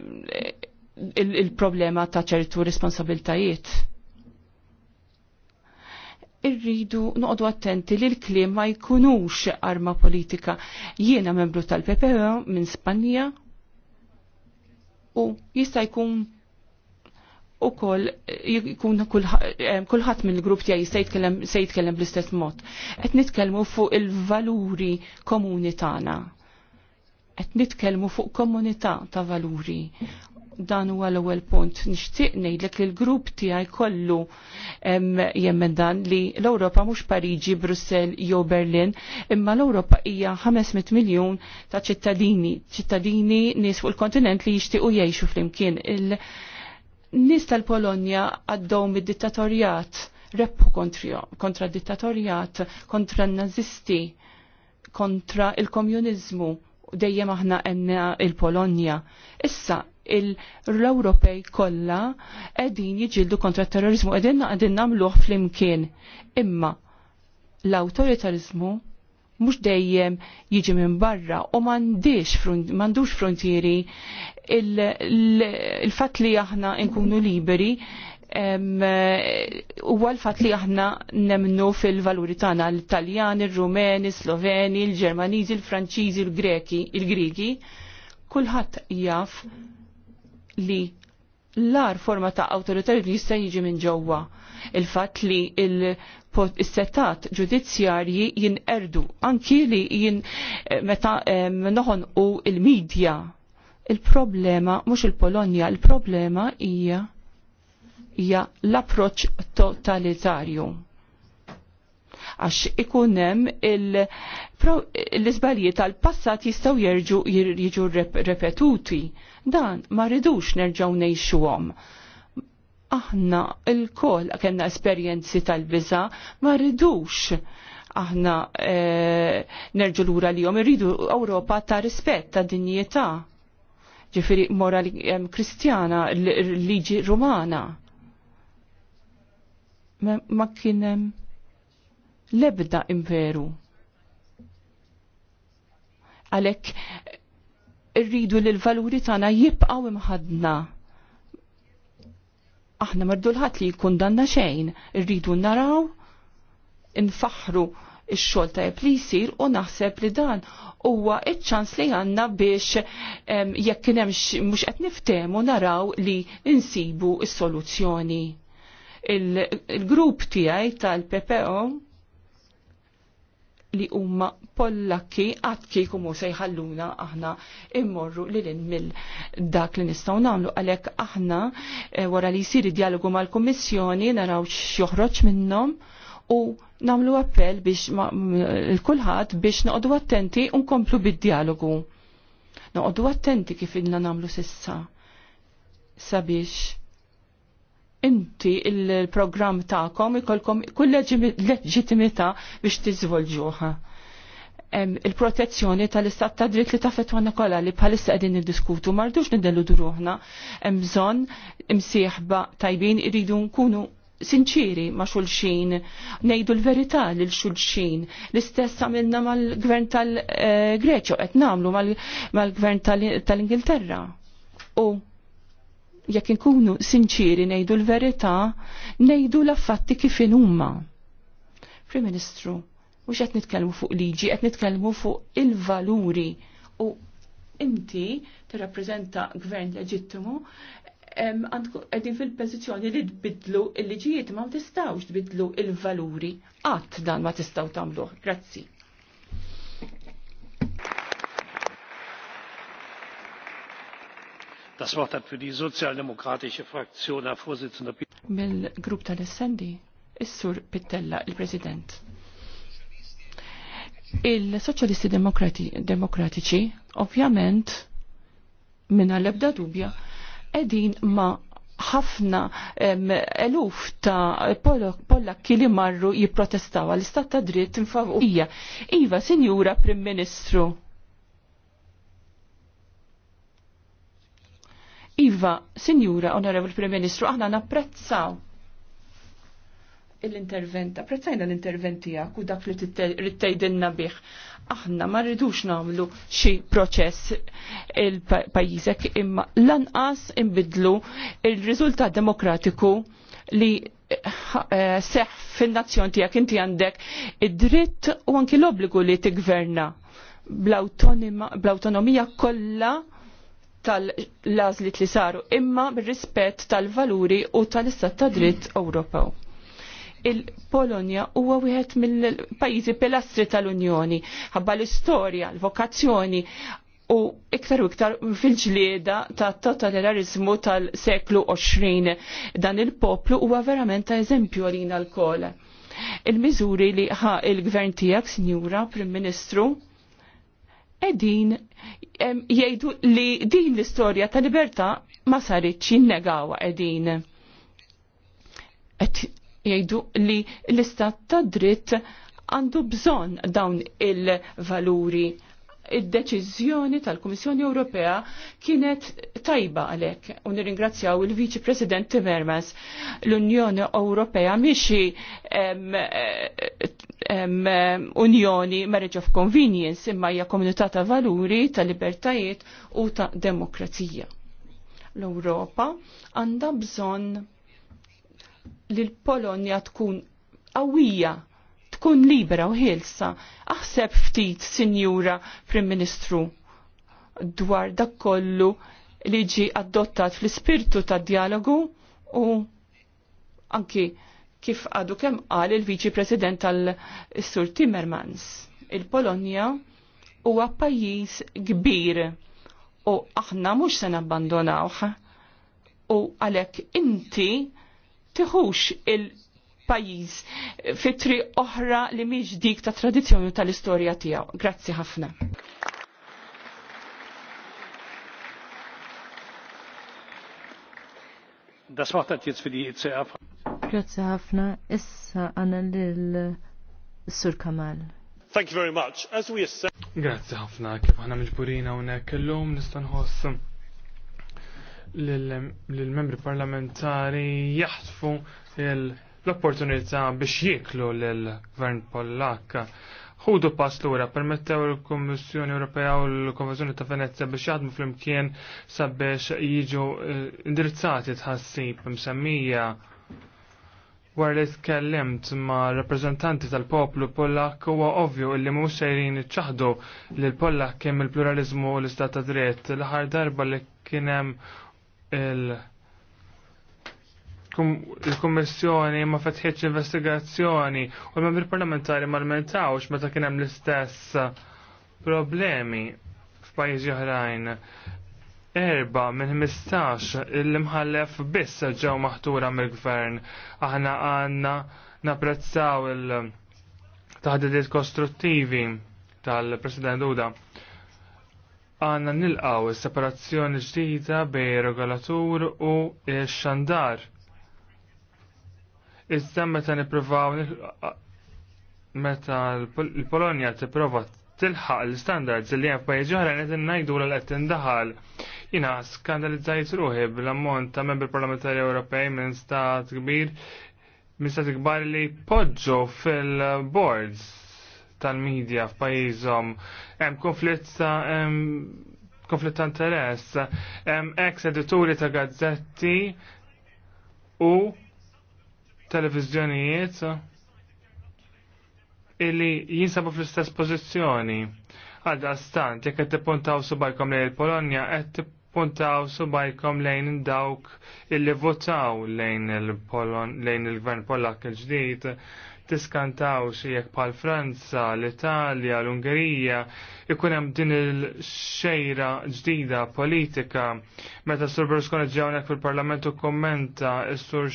il-problema il ta' ċertu responsabiltajiet irridu noqdu attenti li l-klim ma jkunux arma politika. Jiena membru tal-PPE minn Spanja u jista' jkun u koll jkun kullħat eh, minn l grupp tiegħi se jitkellem bl-istess mod. Qed nitkellmu fuq il-valuri komuni tagħna. Qed nitkellmu fuq komunità ta' valuri dan huwa l-ewwel punt. Nixtieq ngħidlek li l-grupp tiegħi kollu jemmen dan li l-Ewropa mhux Pariġi, Brussell jew Berlin, imma l-Ewropa hija 500 miljun ta' ċittadini, ċittadini nies fuq il-kontinent li jixtiequ jgħixu flimkien. Il-nies tal-Polonja għaddew mid-dittatorjat, reppu kontra dittatorjat, kontra n-nazisti, kontra il-komunizmu dejjem aħna għenna il-Polonja. Issa, l-Ewropej kollha qegħdin jiġildu kontra terrorizmu qegħdin qegħdin fl flimkien. Imma l autoritarizmu mhux dejjem jiġi minn barra u m'għandix m'għandux frontieri il-fatt li aħna nkunu liberi huwa l-fatt li aħna nemnu fil-valuri tagħna l-Italjani, ir-Rumeni, Sloveni, l-Ġermaniżi, l-Franċiżi, l-Greki, il-Griki, kulħadd jaf li l-ar forma ta' li jista' jiġi minn ġewwa. Il-fatt li il-settat ġudizzjarji jinqerdu anki li jien eh, meta eh, noħon u il-medja. Il-problema mhux il-Polonja, il-problema hija hija l-approċċ totalitarju għax ikunem l-izbalji tal-passat jistaw jirġu jirġu repetuti. Rep Dan ma ridux nerġaw għom. Aħna il-kol kena esperjenzi tal-biża ma ridux aħna nerġu nerġu lura li jom irridu Ewropa ta' rispett ta' dinjità ġifiri morali kristjana, liġi rumana. Ma, kienem lebda imveru. Għalek Irridu li l-valuri tagħna jibqgħu imħadna. Aħna mardu li jkun danna xejn, irridu naraw, infaħru x xogħol tajjeb li jsir u naħseb li dan huwa iċ-ċans li għandna biex jekk kien hemm mhux qed niftehmu naraw li insibu s-soluzzjoni. Il-grupp tiegħi tal-PPO li huma pollakki għat kiku mu sejħalluna aħna immorru li l mill dak li nistaw namlu għalek aħna eh, wara li jisiri dialogu mal-Kommissjoni naraw xjoħroċ minnhom u namlu appell biex eh, l-kulħadd biex noqogħdu attenti u nkomplu bid-dialogu. Noqogħdu attenti kif inna namlu sissa sabiex inti il-programm ta'kom ikolkom kull leġitimità biex tiżvolġuha. Il-protezzjoni tal-istat ta' dritt li ta' wana kolla li bħalissa qegħdin niddiskutu mardux nidelludu druħna hemm bżonn imsieħba tajbin iridu nkunu sinċiri ma' xulxin, nejdu l-verità lil xulxin. L-istess għamilna mal-gvern tal-Greċo, eh, qed namlu mal-gvern tal-Ingilterra. U jekk inkunu sinċiri nejdu l-verità, nejdu l-affatti kif huma. Prim Ministru, mhux qed nitkellmu fuq liġi, qed nitkellmu fuq il-valuri u inti tirrappreżenta gvern leġittimu għedin fil-pozizjoni li tbidlu il-liġijiet ma tistawx tbidlu il-valuri. Għat dan ma tistaw tamluħ. Grazzi. Das Wort hat für die sozialdemokratische Fraktion Herr Vorsitzender. Mill-grupp tal-Essendi, Is-Sur Pittella, il-President. Il-Soċjalisti Demokratiċi, ovvjament, minna l-ebda dubja, edin ma ħafna eluf ta' pollakki li marru jiprotestaw għal-istat ta' dritt infavija. Iva, Sinjura Prim Ministru, Iva, Sinjura, Onorevoli Prim Ministru, aħna napprezzaw l-intervent, apprezzajna l-intervent tiegħek u dak li tgħidilna bih. Aħna ma rridux nagħmlu xi proċess il-pajjiżek imma lanqas inbidlu il-riżultat demokratiku li eh, seħ fin-nazzjon tiegħek inti għandek id-dritt u anki l-obbligu li tigverna bl-autonomija kollha tal-lażlit li saru imma bir-rispett tal-valuri u tal-istat ta' dritt Ewropew. Il-Polonja huwa wieħed mill-pajjiżi pilastri tal-Unjoni, ħabba l-istorja, l-vokazzjoni u iktar u iktar fil-ġlieda ta' totalitarizmu tal-seklu 20. Dan il-poplu huwa verament ta' eżempju għalina l-kol. Il-miżuri li ħa il-gvern tiegħek, Sinjura Prim Ministru, edin jgħidu li din l-istorja ta' libertà ma saritx jinnegawa edin. Et jgħidu li l-istat ta' dritt għandu bżon dawn il-valuri id-deċiżjoni tal-Kummissjoni Ewropea kienet tajba għalek u nirringrazzjaw il-Viċi President Timmermans l-Unjoni Ewropea miexi Unjoni Marriage of Convenience imma hija komunità ta' valuri, ta' libertajiet u ta' demokrazija. L-Ewropa għandha bżonn li l-Polonja tkun qawwija tkun libera u ħilsa. Aħseb ftit, Sinjura Prim Ministru, dwar dak kollu li ġi adottat fl-ispirtu ta' dialogu u anki kif għadu kem qal il-Viċi President tal-Sur Timmermans. Il-Polonja huwa pajjiż kbir u aħna mhux se nabbandonawh u għalhekk inti tiħux il- pajjiż eh, fitri oħra li miġ dik ta' tradizjoni tal-istorja tiegħu. Grazzi ħafna. Das Wort das jetzt für die ECF. Grazie ħafna. Issa għana lil Sur Kamal. Thank you very much. As we assess... Grazie ħafna. Kif ħana mġburina unek l-lum nistanħoss lil membri parlamentari jaħtfu il- l-opportunità biex jiklu l-Gvern Pollak. Ħudu pass l-ura, permettew il-Kommissjoni Ewropea u l-Konvenzjoni ta' Venezia biex fl flimkien sabiex jiġu eh, indirizzati tħassib msemmija War li tkellimt ma' rappresentanti tal-poplu Pollak huwa ovvju li mhux sejrin iċċaħdu li l-Pollak kemm il-pluralizmu u l-istat ta' dritt l-aħħar darba li kien hemm il- il-Kummissjoni ma fetħieċ investigazzjoni u l-membri parlamentari ma l-mentawx meta kien hemm l-istess problemi f'pajjiżi oħrajn. Erba minn 15 il-imħallef biss ġew maħtura mill-gvern. Aħna għandna napprezzaw il-taħdidiet kostruttivi tal-President Uda għanna nilqaw separazzjoni ġdida bej regolatur u xandar. Issa meta nippruvaw meta l-Polonja tipprova tilħaq l-standards li hemm f'pajjiżi oħra qed ngħidu l qed tindaħal. Jina skandalizzajt ruħi bl-ammont ta' membri parlamentari Ewropej minn stat kbir minn stat kbar li poġġu fil-boards tal-medja f'pajjiżhom hemm konflitt ta' konflitt interess, hemm ex edituri ta' gazzetti u televizjonijiet illi jinsabu fl-istess pożizzjoni. Għadda stant, jekk qed tippuntaw subajkom lejn il-Polonja, qed tippuntaw subajkom lejn dawk illi votaw lejn il-Gvern Polak il-ġdid, tiskantaw xie jekk bħal Franza, l-Italja, l-Ungerija, ikun hemm din il-xejra ġdida politika meta Sur Berlusconi ġew fil parlamentu kommenta s-sur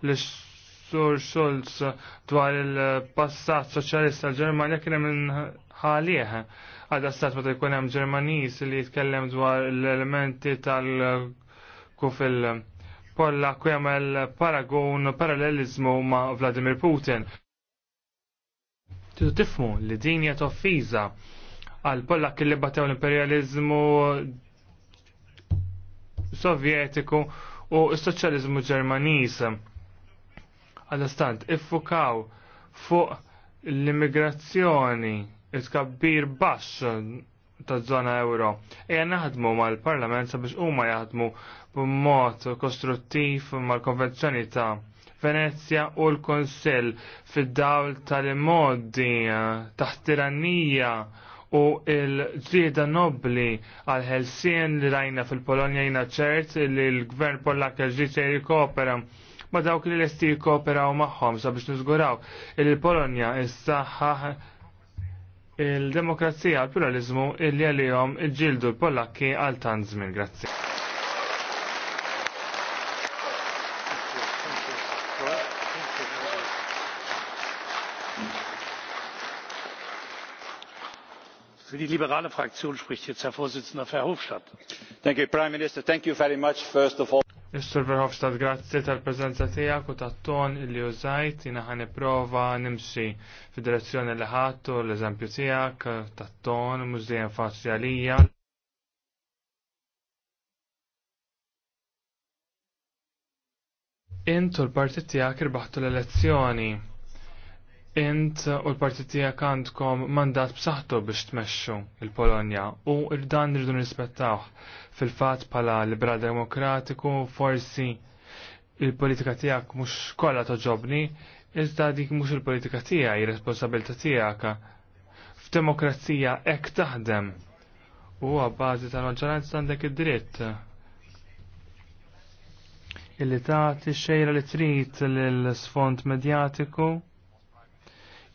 l sur Schulz dwar il-passat soċjalista l-Ġermanja kien hemm Għadda Għadha stat meta jkun hemm Ġermaniż li jitkellem dwar l-elementi tal-kufil Polla il paragon parallelizmu ma' Vladimir Putin. Tidu tifmu li din hija offiża għal Polla kelli battew l-imperializmu sovjetiku u s-soċjalizmu ġermaniż Għal-istant, iffukaw fuq l-immigrazzjoni it-kabbir baxx ta' zona euro. Ejja naħdmu mal-parlament sabiex huma jaħdmu b'mod kostruttiv mal-konvenzjoni ta' Venezia u l-Konsell fid-dawl tal-immodi taħt tirannija u il ġieda nobli għal ħelsien li rajna fil-Polonja jina ċert li l-gvern Pollak ġri se jikopera ma' dawk li l lesti jikkooperaw magħhom sabiex nizguraw il-Polonja is-saħħa il-demokrazija l-pluralizmu il-li illi il-ġildu l-Polakki għal tant Grazie. für die liberale fraktion spricht jetzt herr vorsitzender verhofstadt. Thank you, prime minister thank you very much first of all. Is-Sur Verhofstadt, grazzi tal-preżenza tiegħek u tat-ton li użajt jiena ħa nipprova nimxi fid-direzzjoni li ħadd u l-eżempju tiegħek tat-ton mhux dejjem għalija. Intu l-partit tiegħek irbaħtu l-elezzjoni. Int u l-partit tiegħek għandkom mandat b'saħħtu biex tmexxu il-Polonja u dan rridu nispettaw fil-fatt bħala liberal demokratiku forsi il-politika tiegħek mhux kollha toġobni, iżda dik mhux il-politika tiegħi, ir-responsabilità tiegħek. F'demokrazija hekk taħdem u għabbażi tal-maġġoranza għandek id-dritt illi tagħti xejra li trid lill-sfond medjatiku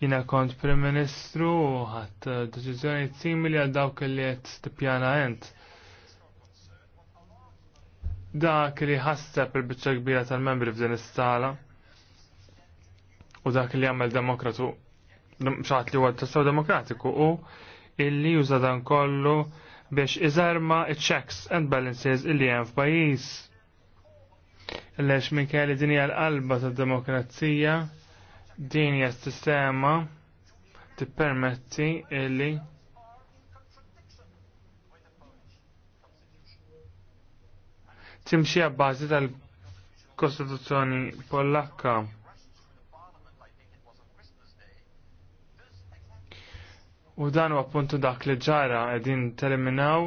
Jina kont Prim Ministru u ħadd deċiżjoni simili għal dawk li qed tippjana ent. Dak li ħasseb il-biċċa kbira tal-membri f'din is-sala u dak li għamel demokratu xaħat li huwa tassew demokratiku u illi juża dan kollu biex iżarma checks and balances illi hemm f'pajjiż. Lex minn kelli dinja l-qalba tad-demokrazija Din hija sistema tippermetti li timxi għabbażi tal-Kostituzzjoni Pollakka. U dan huwa appuntu dak li ġara qegħdin teliminaw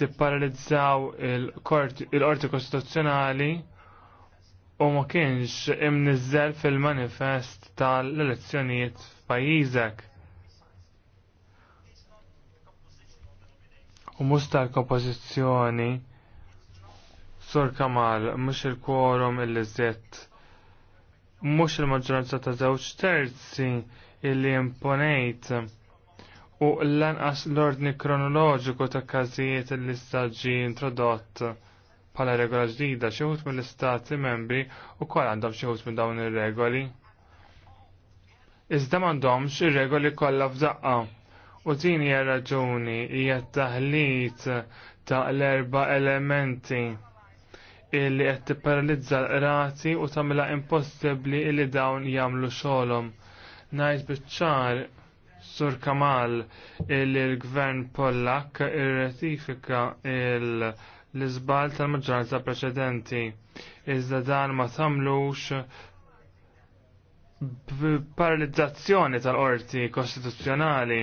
tipparalizzaw il-Qorti il Kostituzzjonali u ma kienx imnizzel fil-manifest tal-elezzjonijiet f'pajjiżek. U mhux tal-kompożizzjoni Sur Kamal mhux il-kworum illi żitt mhux il-maġġoranza ta' żewġ terzi illi imponejt u lanqas l-ordni kronoloġiku ta' każijiet illi sta' introdott Bħala regola ġdida xi wħud mill-istati membri wkoll għandhom xi wħud minn dawn ir-regoli. Iżda m'għandhomx ir-regoli kollha f'daqqa. U din hija raġuni hija taħlit ta' l-erba' elementi illi qed tipparalizza l-qrati u tagħmilha impossibbli illi dawn jagħmlu xogħolhom. Ngħid biċ-ċar Sur Kamal illi l-Gvern Pollak irratifika il l-izbal tal-maġġoranza preċedenti. Iżda dan ma tamlux paralizzazzjoni tal-qorti kostituzzjonali.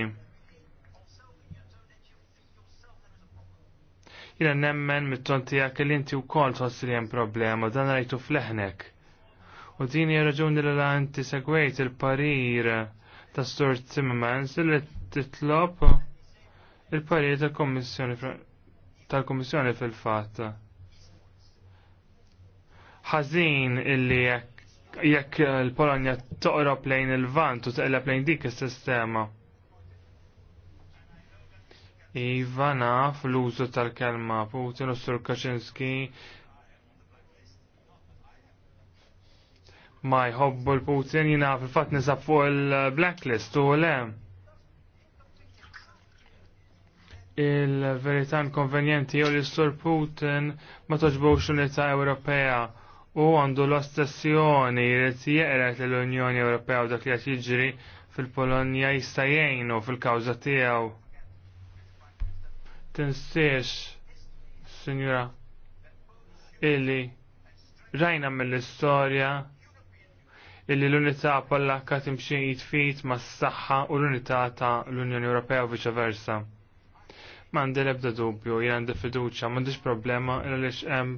Jina nemmen mit-ton tijak li inti u kol li jem problema, dan rajtu fleħnek. U din hija raġuni li l-anti segwejt il-parir ta' Stuart Timmermans li titlob il-parir ta' Kommissjoni tal-Komissjoni fil-fatt. Ħażin illi jekk l-Polonja toqrob lejn il-vant u teqleb lejn dik is-sistema. Iva naf l-użu tal-kelma Putin u Sur Kaczynski ma jħobbu l-Putin jina fil-fat nisab fuq il-blacklist u le. il-verità konvenjenti jew li sur Putin ma toġbux l-Unità Ewropea u għandu l-ostessjoni li tjeqret l-Unjoni Ewropea u dak li qed jiġri fil-Polonja jista' jgħinu fil-kawża tiegħu. Tinsiex, Signora, illi rajna mill-istorja illi l-unità pollakka timxi jitfit mas-saħħa u l-unità ta' l-Unjoni Ewropea u viċa versa. Mandi lebda dubju, jgħandi fiduċa, mandiġ problema għaliex hemm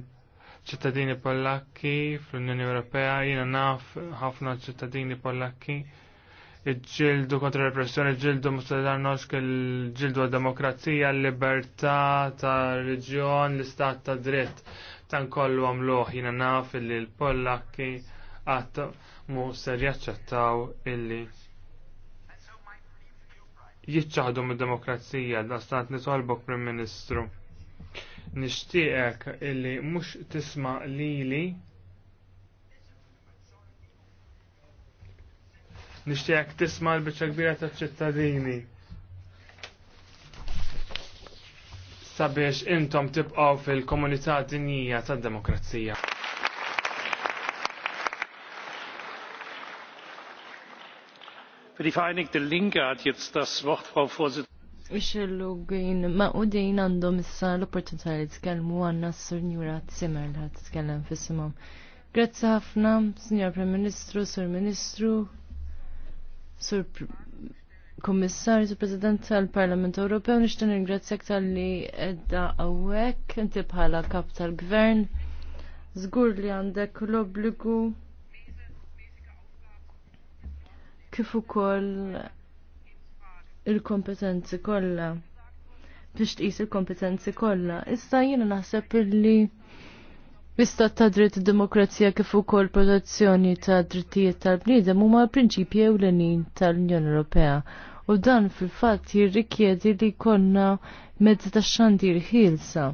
ċittadini Pollakki fl-Unjoni Ewropea, jiena naf ħafna ċittadini Pollakki ġildu kontra repressjoni, ġildu mustadarnox ġildu għal-demokrazija, l-libertà ta' reġjon, l-istat ta' dritt. Tan kollu għamluħ jina naf illi l-Pollakki għatta mu ser jaċċettaw illi jitċaħdu mid-demokrazija da stat nitolbok Prim Ministru. Nixtieqek illi mhux tisma' lili nishtiqek tisma' l-biċċa kbira taċ-ċittadini. Sabiex intom tibqgħu fil-komunità dinija tad-demokrazija. ix ma' u għandhom issa l-opportunità li tkellmu għanna s Zimmer li tkellem Grazzi ħafna, Signor Prim Ministru, Sur Ministru, Sur Kommissarju, Sur President tal-Parlament Ewropew, nixtan ringrazzjak tal-li edda għawek, inti bħala kap tal-Gvern, zgur li għandek l-obbligu kif ukoll il-kompetenzi kollha biex tqis il-kompetenzi kollha. Issa jiena naħseb illi Istat ta' dritt id demokrazija kif ukoll protezzjoni ta' drittijiet tal-bniedem huma l prinċipji ewlenin tal-Unjoni Ewropea u dan fil-fatt jirrikjedi li konna mezzi ta' xandir ħielsa.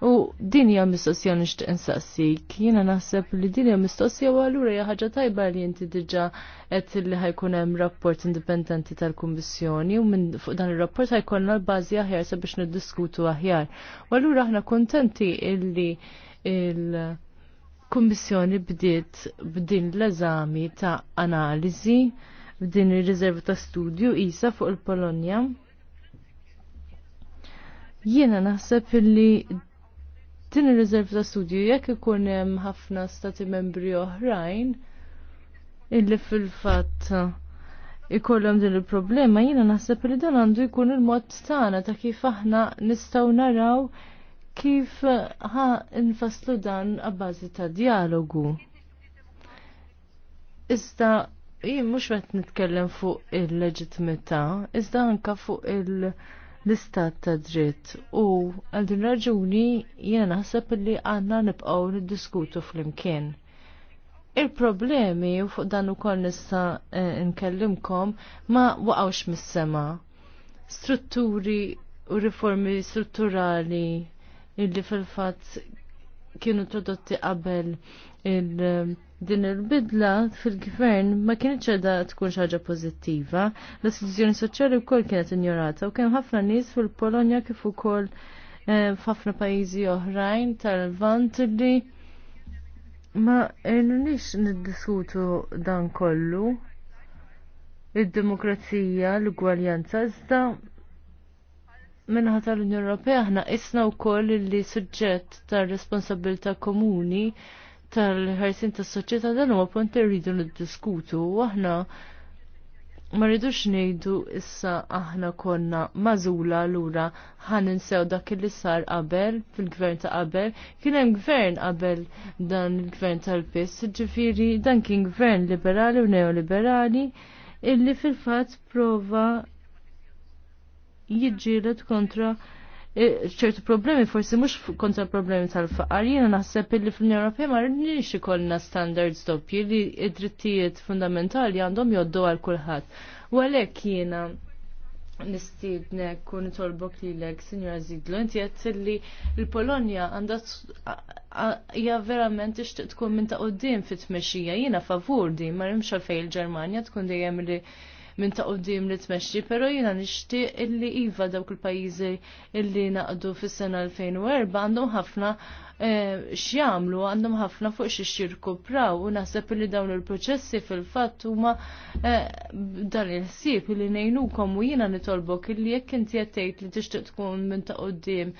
U din hija mistoqsija nixtieq insaqsik. Jiena naħseb li din hija mistoqsija u allura hija ħaġa tajba li inti diġà qed li ħajkun hemm rapport indipendenti tal-Kummissjoni u minn fuq dan ir-rapport ħajkollna l-bażi aħjar sabiex niddiskutu aħjar. U allura aħna kuntenti illi il kummissjoni bdiet b'din l-eżami ta' analiżi b'din ir riservi ta' studju isa fuq il-Polonja. Jiena naħseb illi Din ir-riserv ta' studju jekk ikun hemm ħafna stati membri oħrajn illi fil-fatt ikollhom din il-problema jiena naħseb li dan għandu jkun il-mod tagħna ta' kif aħna nistgħu naraw kif ħa nfasslu dan għabbażi ta' dialogu. Iżda jien mhux qed nitkellem fuq il-leġittimità, iżda anka fuq il-, l-istat ta' dritt u għal din raġuni jena naħseb li għandna nibqgħu niddiskutu flimkien. Il-problemi u fuq dan ukoll nista' eh, nkellimkom ma waqgħux mis-sema. Strutturi u riformi strutturali illi fil-fatt kienu introdotti qabel il- din il-bidla fil-gvern ma kienet ċedda tkun xaġa pozittiva, l-istituzzjoni soċjali wkoll kienet injorata u kemm ħafna nies fil-Polonja kif ukoll eh, f'ħafna pajjiżi oħrajn tal-Vant li ma nix niddiskutu dan kollu id-demokrazija, l-gwaljanza, iżda minnaħat tal-Unjoni Ewropea aħna isna wkoll li suġġett tar-responsabilità komuni tal-ħarsin tas-soċjetà dan huwa punt irridu rridu niddiskutu u aħna ma rridux ngħidu issa aħna konna mażula lura ħan insew dak li sar qabel fil-gvern ta' qabel kien hemm gvern qabel dan il-gvern tal-piss, ġifieri dan kien gvern liberali u neoliberali illi fil-fatt prova jiġġieled kontra E, ċertu problemi forsi mhux kontra problemi tal-faqar jiena naħseb li fl-Unjoni Ewropea ma rridniex ikollna standards doppji li id-drittijiet fundamentali għandhom joddu għal kulħadd. U għalhekk jiena nistiednek kun tolbok li l-ek, Signora Zidlo, inti għed li l-Polonja għandha hija verament tixtieq tkun minn ta' qudiem fit-tmexxija, jiena favur din, ma rimx għalfejn il-Ġermanja tkun dejjem li minn ta' qoddim li tmexxi, però jiena nixtieq illi iva dawk il-pajjiżi illi naqdu fis-sena 2004 għandhom ħafna Eh, X'jamlu għandhom ħafna fuq xi praw u naħseb li dawn il-proċessi fil-fatt huma eh, dan il-ħsieb li ngħinukom u jiena nitolbok illi jekk inti qed tgħid li tixtieq tkun minn ta' quddiem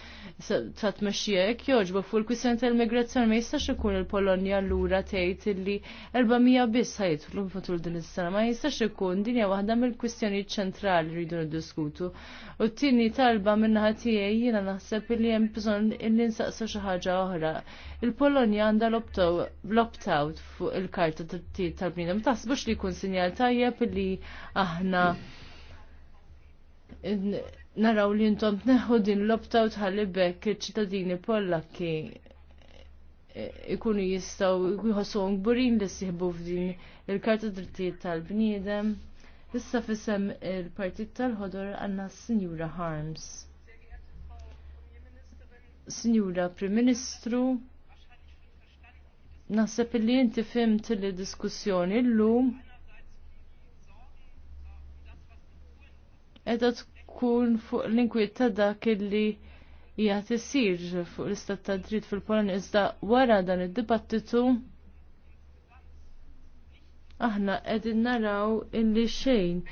ta' tmexxija jekk jogħġbok fuq il-kwistjoni tal-immigrazzjoni ma jistax ikun il-Polonja lura tgħid illi 400 biss ħajtlu fatul din is-sena ma jistax ikun din hija waħda mill-kwistjoni ċentrali rridu niddiskutu. U t-tieni talba minnaħa tiegħi jiena naħseb li hemm bżonn illi nsaqsa xi ħaġa oħra. Il-Polonja għandha l-opt-out fuq il-karta tal-bniedem. Taħsbux li jkun sinjal tajjeb li aħna naraw li intom tneħħu din l-opt-out ħallibek ċittadini pollakki ikunu jistaw jħossu gburin li siħbu f'din il-karta drittijiet tal-bniedem. Issa fisem il-partit tal-ħodor għanna Signora Harms. Signora Prim Ministru, naħseb li inti fimt li diskussjoni l-lum edha tkun fuq l-inkwiet ta' dak li jgħat isir fuq l-istat ta' dritt fil-Polonja iżda wara dan id-dibattitu aħna qegħdin naraw illi xejn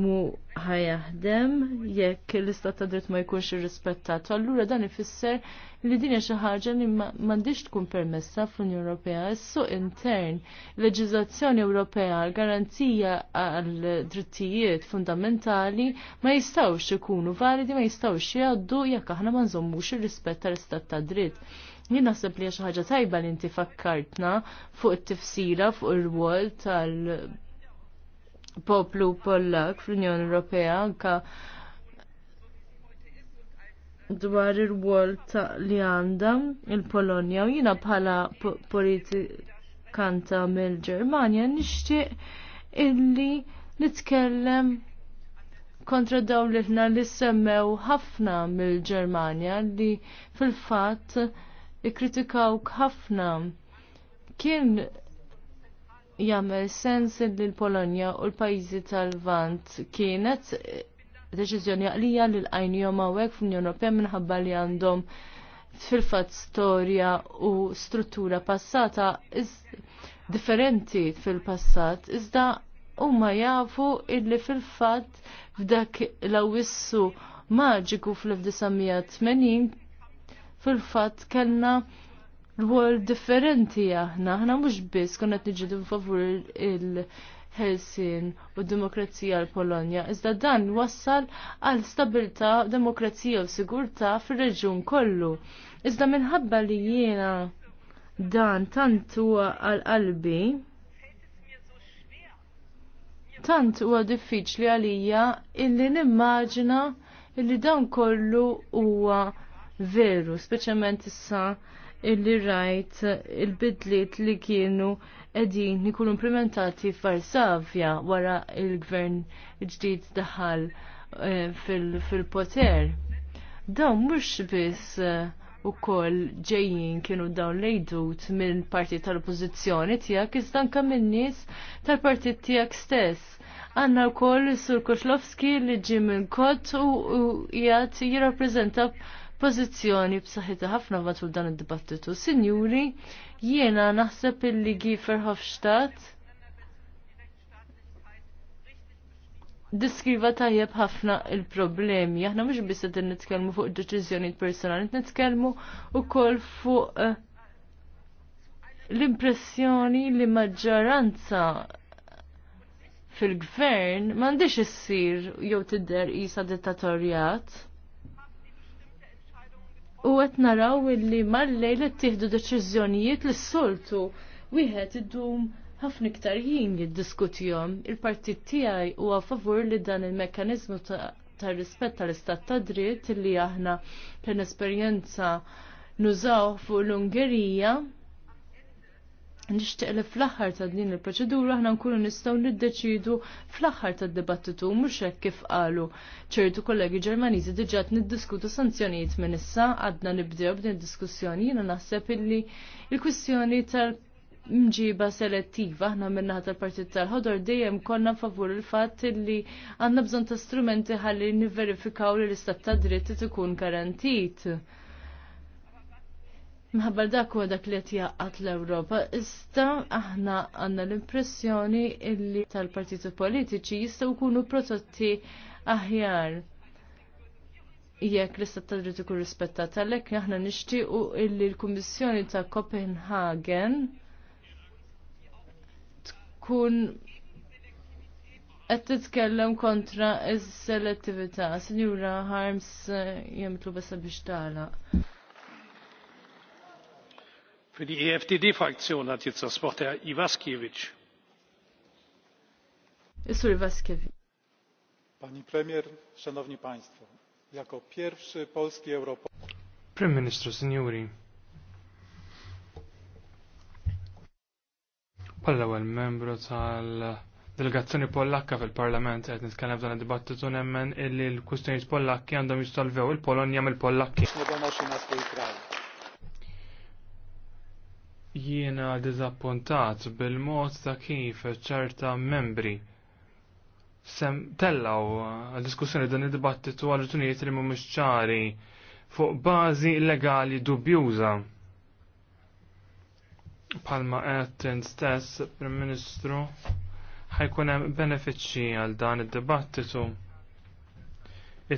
mu ħajaħdem jekk l-istat ta' dritt ma jkunx irrispettat. Allura dan ifisser li din hija xi ħaġa li m'għandix tkun permessa fl-Unjoni Ewropea. Issu suq intern, leġiżlazzjoni Ewropea, garanzija għal drittijiet fundamentali ma jistgħux ikunu validi, ma jistgħux jgħaddu jekk aħna ma nżommux ir-rispett tal-istat ta' dritt. Jien naħseb li xi ħaġa tajba li inti fakkartna fuq it-tifsira fuq ir wol tal poplu Pollak fl-Unjoni Ewropea anka dwar ir-wol ta' li għandha il-Polonja u jiena bħala politikanta mill-Ġermanja nixtieq illi nitkellem kontra dawn li ħna li semmew ħafna mill-Ġermanja li fil-fatt ikkritikaw ħafna kien jagħmel sens li l-Polonja u l-pajjiżi tal-Vant kienet deċiżjoni għalija li l-għajnijom għawek f'Unjoni unjoni Ewropea minħabba li għandhom fil-fat storja u struttura passata differenti fil-passat, iżda huma jafu illi fil-fat f'dak l-awissu maġiku fl-1980 fil-fat kellna rwol differenti aħna, aħna mhux biss konna qed favur il- Helsin u demokrazija l polonja iżda dan wassal għal stabilta, demokrazija u sigurta fir-reġjun kollu. Iżda minħabba li jiena dan tant huwa għal qalbi, tant huwa diffiċli għalija illi nimmaġina illi dan kollu huwa veru, speċjalment issa illi rajt il-bidliet li kienu edin ikunu implementati f'Varsavja wara il-gvern ġdid daħal eh, fil-poter. Dawn mhux biss eh, u ġejjin kienu dawn lejdut minn parti tal-oppozizjoni tijak anke minn nis tal-partit tijak stess. Għanna u koll Sur Koslovski li ġim minn kot u jgħat jirrapprezenta pożizzjoni b'saħħitha ħafna matul dan id-dibattitu. Sinjuri, jiena naħseb illi Gifer Hofstadt diskriva tajjeb ħafna il-problemi. Aħna mhux biss qed nitkellmu fuq deċiżjonijiet personali, nitkellmu wkoll fuq eh, l-impressjoni li maġġoranza fil-gvern m'għandix issir jew tidher qisha dittatorjat u għet naraw illi mal-lejl qed tieħdu deċiżjonijiet li s-soltu wieħed idum ħafna iktar ħin jiddiskutihom. Il-partit tiegħi huwa favur li dan il-mekkaniżmu ta' rispett tal-istat ta' dritt li aħna kien esperjenza nużaw fuq l-Ungerija nixtieq li fl-aħħar ta' din il-proċedura aħna nkunu nistgħu niddeċidu fl-aħħar tad-dibattitu mhux hekk kif qalu ċertu kollegi Ġermaniżi diġà niddiskutu sanzjonijiet minn issa għadna nibdew b'din diskussjoni jiena naħseb illi l kwistjoni tal- mġiba selettiva aħna minna tal-Partit tal-Ħodor dejjem konna favur il-fatt li għandna bżonn ta' strumenti ħalli nivverifikaw li l-istat ta' dritt tkun garantit. Mħabbar dak huwa dak li qed jaqqat l-Ewropa, iżda aħna għandna l-impressjoni illi tal-partiti politiċi jistgħu jkunu prototti aħjar jekk l-istat ta' ikun rispettat għalhekk aħna nixtiequ illi l-Kummissjoni ta' Copenhagen tkun qed titkellem kontra is selettività Sinjura Harms jew mitluba biex tagħlaq. Für die EFDD Fraktion hat jetzt das Wort Herr Iwaskiewicz. Isur Iwaskiewicz. Pani Premier, Szanowni Państwo, jako pierwszy polski europoseł. Prim Ministru, Signori. Pall-ewwel membru tal-delegazzjoni Pollakka fil-Parlament qed nitkellem f'dan id-dibattitu nemmen illi l-kwistjonijiet Pollakki għandhom jistolvew il-Polonja mill-Pollakki. Jiena dizappuntat bil-mod ta' kif ċerta membri sem tellaw diskussjoni dan id-dibattitu għal ġunijiet li mhumiex ċari fuq bażi legali dubjuża. Palma qed stess Prim Ministru ħajkun hemm benefiċċji għal dan id-dibattitu.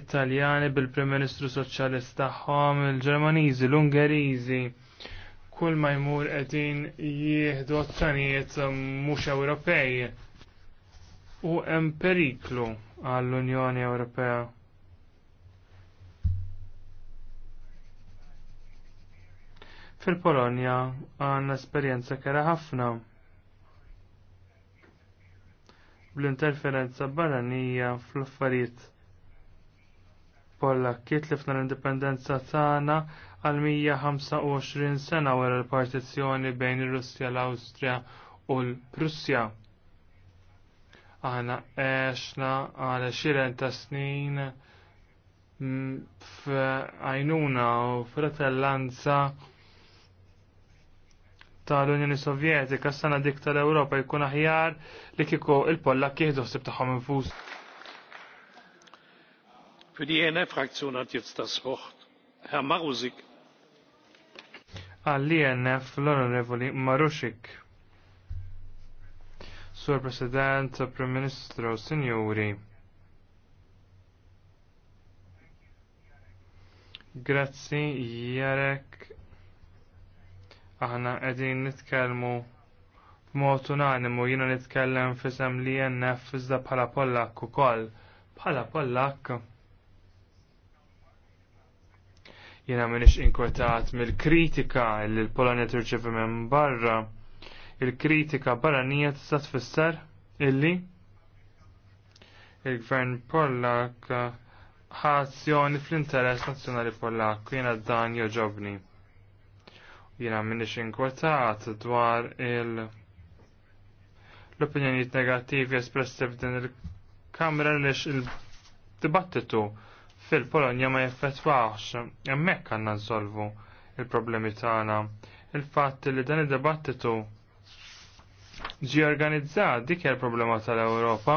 Italjani bil-Prim Ministru Soċjalista ħom, il-Ġermaniżi, l-Ungeriżi, il-Ġermaniżi, l-Ungeriżi, kull ma jmur qegħdin jieħdu azzjonijiet eh, mhux Ewropej u hemm periklu għall-Unjoni Ewropea. Fil-Polonja għanna esperjenza kera ħafna bl-interferenza barranija fl-affarijiet Pollakki tlifna l-indipendenza tagħna għal 125 sena wara l-partizzjoni bejn ir-Russja l-Awstrija u l-Prussja. Aħna għexna għal xiren ta' snin f'għajnuna u fratellanza tal-Unjoni Sovjetika s-sana dik tal-Ewropa jkun aħjar li kieku il-Polla kieħdu ħsib tagħhom infus. Für die ENF-Fraktion hat jetzt das Wort Herr Marusik għall-INF l-Onorevoli Marushik. Sur President, Prim Ministru, Sinjuri. Grazzi, Jarek. Aħna qegħdin nitkellmu b'mod unanimu jiena nitkellem fisem li NF iżda bħala Pollak ukoll. Bħala Pollak. Jena minix inkwetat mill-kritika li l-Polonja tirċevi minn barra. Il-kritika barranija tista' tfisser illi il-gvern Pollak ħazzjoni fl-interess nazzjonali Pollak jena dan joġobni. Jena minix inkwetat dwar il- l-opinjonijiet negattivi espressi f'din il-Kamra lix il-dibattitu fil-Polonja ma jeffettwax, hemmhekk għandna nsolvu il-problemi tagħna. Il-fatt li dan id-dibattitu ġi organizzat dik il problema tal-Ewropa.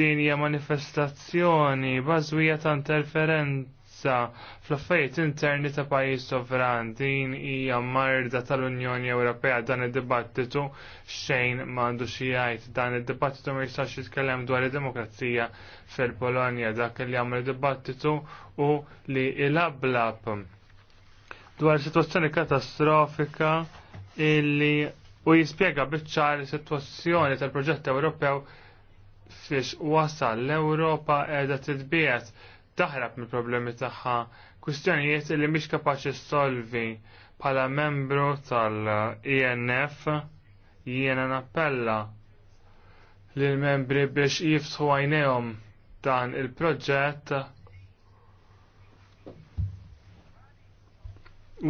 Din hija manifestazzjoni bażwija ta' interferenti tindirizza fl affajiet interni ta' pajjiż sovran din hija marda tal-Unjoni Ewropea dan id-dibattitu xejn m'għandu xi jgħid dan id-dibattitu ma jistax jitkellem dwar id-demokrazija fil-Polonja dak li għamel dibattitu u li ilablab dwar situazzjoni katastrofika illi u jispjega biċċar is-sitwazzjoni tal-proġett Ewropew fiex wasal l-Europa edha titbiet taħrab mill-problemi tagħha kwistjonijiet li mhix kapaċi solvi bħala membru tal-INF jiena nappella lil membri biex jifsħu għajnejhom dan il-proġett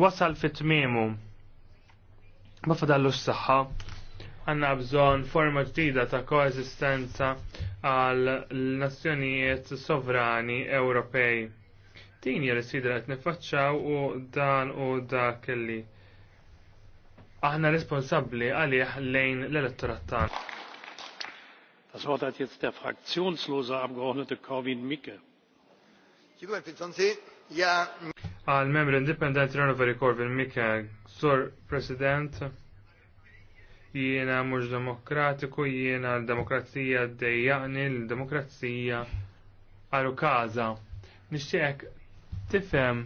wasal fit tmiemu ma fadallux saħħa għanna bżon forma ġdida ta' koesistenza għal nazzjonijiet sovrani Ewropej. Din hija l-sfida qed nifaċċaw u dan u dak li aħna responsabbli għalih lejn l-elettorat tagħna. Das Wort hat jetzt der fraktionslose Abgeordnete Corwin Micke. al membri indipendenti Renoveri Corvin Mikke, Sur President, jiena mhux demokratiku, jiena l-demokrazija ddejjaqni, l-demokrazija għalu kaza. Nixtieq tifhem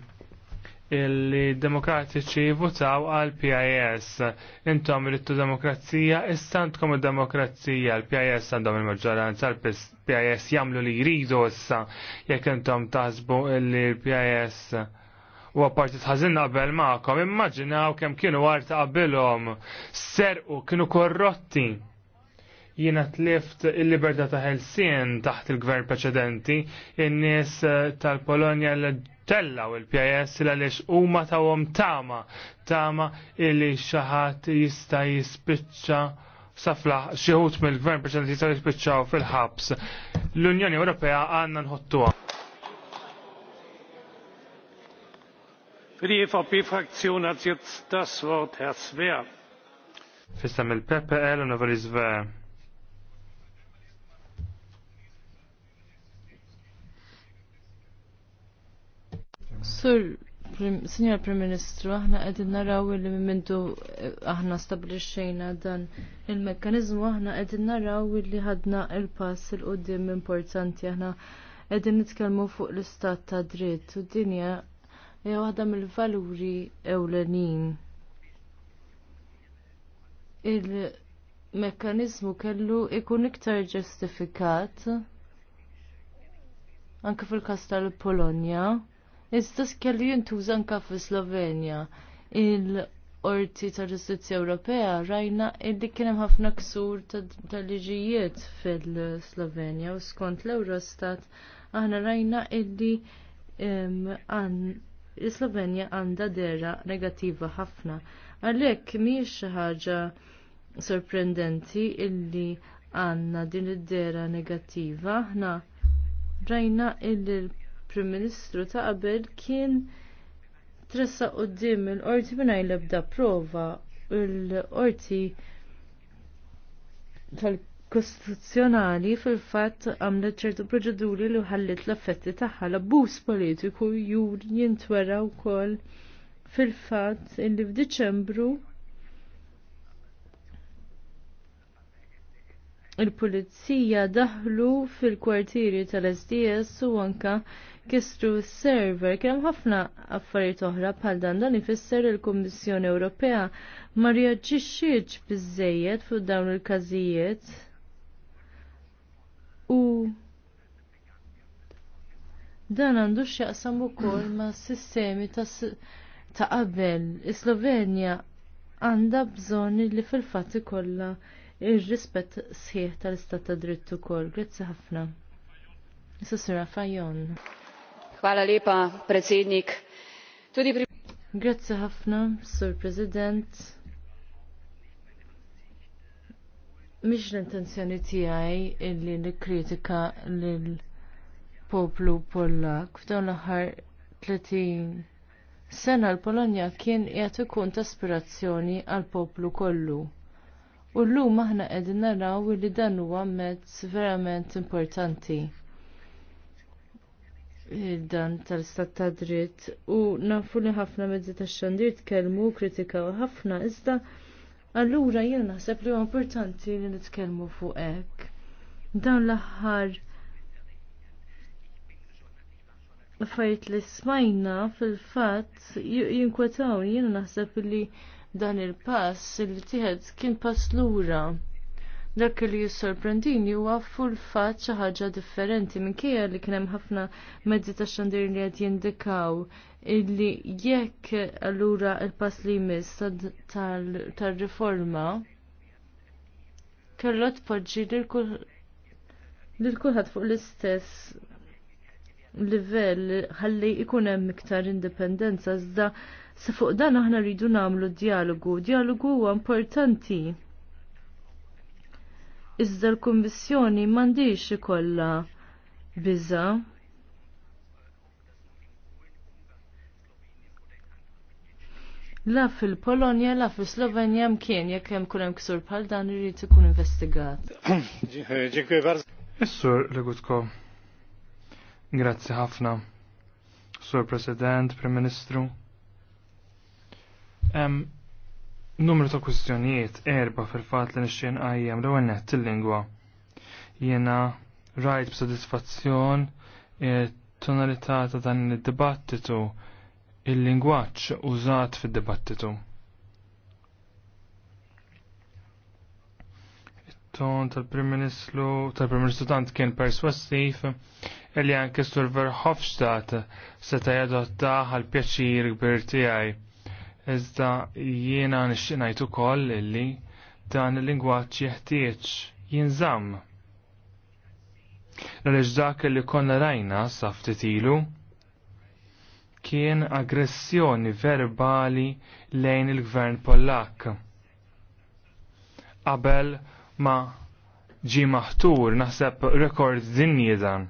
illi demokratiċi votaw għal PIS. Intom rittu demokrazija, istantkom il-demokrazija, l-PIS għandhom il-maġġoranza, l-PIS jamlu li jridu issa, jekk intom taħsbu illi l-PIS u għaparti tħazin qabel maqom, immaġinaw kem kienu għarta qabilhom serqu kienu korrotti. Jiena tlift il-libertà ta' Helsin taħt il-gvern preċedenti, in-nies eh, tal-Polonja l-tella u l-PIS l-għalix huma għom tama, tama illi xaħat jista' jispiċċa safla xieħut mill-gvern preċedenti jista' jispiċċaw fil-ħabs. L-Unjoni Ewropea għandna nħottuwa. Für il-PPL u navali Sur, Signor Prim Ministru, aħna qegħdin naraw li mimintu eh, aħna stabblixxejna dan il-mekkaniżmu aħna qegħdin naraw li ħadna il-pass il qudiem importanti aħna qegħdin nitkellmu fuq l-istat ta' dritt u dinja hija waħda mill-valuri ewlenin. Il-mekkanizmu kellu ikun iktar ġustifikat anke fil-kas tal-Polonja, iżda kellu jintuża anke fil-Slovenja. Il-Orti tal-Ġustizja Ewropea rajna id kien hemm ħafna ksur tal-liġijiet fil-Slovenja u skont l-Eurostat aħna rajna illi għan l-Slovenja għandha dera negattiva ħafna. Għalhekk mhijiex xi ħaġa sorprendenti illi għandna din id-dera negattiva, aħna rajna illi l-Prim Ministru ta' qabel kien tressa quddiem il-qorti mingħajr l-ebda prova l-qorti tal kostituzzjonali fil-fatt għamlet ċertu proċeduri li ħallit l affetti tagħha l-abbuż politiku jur jintwera wkoll fil-fatt illi f'Diċembru il-pulizija daħlu fil-kwartieri tal-SDS u anka kistru s-server. Kien ħafna affarijiet oħra bħal dan dan ifisser il-Kummissjoni Ewropea ma reaġixxietx biżejjed fuq dawn il-każijiet u dan għandu x'jaqsam ukoll ma' sistemi ta' ta' qabel. Slovenja għandha bżoni li fil-fatt ikollha ir-rispett sħiħ tal-istat ta' dritt ukoll. Grazzi ħafna. Issa sura Fajon. Hvala lepa, predsednik. Tudi Grazzi ħafna, Sur President. Mhix l-intenzjoni tiegħi illi nikkritika l poplu Pollak f'dawn l-aħħar 30 sena l-Polonja kien jgħat ikun ta' aspirazzjoni għal poplu kollu. U llum aħna qegħdin naraw li dan huwa mezz verament importanti dan tal-istat ta' dritt u nafu li ħafna mezzi tax xandir tkellmu u ħafna iżda Allura jien naħseb li huwa importanti li nitkellmu fuq hekk. Dan l-aħħar fajt li smajna fil-fatt jinkwetaw jien naħseb li dan il-pass li tieħed kien pass lura dak li jissorprendini huwa fil-fatt xi ħaġa differenti minkejja li kien hemm ħafna mezzi ta' xandir li qed jindikaw illi jekk allura il-pass li jmiss tal-riforma kellha tpoġġi lil kulħadd fuq l-istess livell ħalli ikun hemm iktar indipendenza iżda se fuq dan aħna rridu nagħmlu dialogu. Dialogu huwa importanti Iżda l-Kummissjoni m'għandix ikolla biza. La fil-Polonja, la fil-Slovenja mkien, jek jem kunem ksur pal dan irrit ikun investigat. Dziękuję bardzo. Issur, Legutko. Grazie ħafna. Sur President, Prim Ministru. Numru ta' kwistjonijiet erba fil-fat li nixxien għajjem l għennet il-lingwa. Jena rajt b'sodisfazzjon tonalità ta' dan id-dibattitu il-lingwaċ użat fid-dibattitu. ton tal-Prim Ministru tal-Prim Ministru tant kien perswassiv li anke Sur Verhofstadt seta' jadotta għal pjaċir kbir tiegħi Iżda jiena nixxinajt ukoll illi dan il-lingwaġġ jeħtieġ jinżamm. Għaliex dak li konna rajna ftit ilu kien aggressjoni verbali lejn il-gvern Pollak. Qabel ma ġi maħtur naħseb rekord dinji dan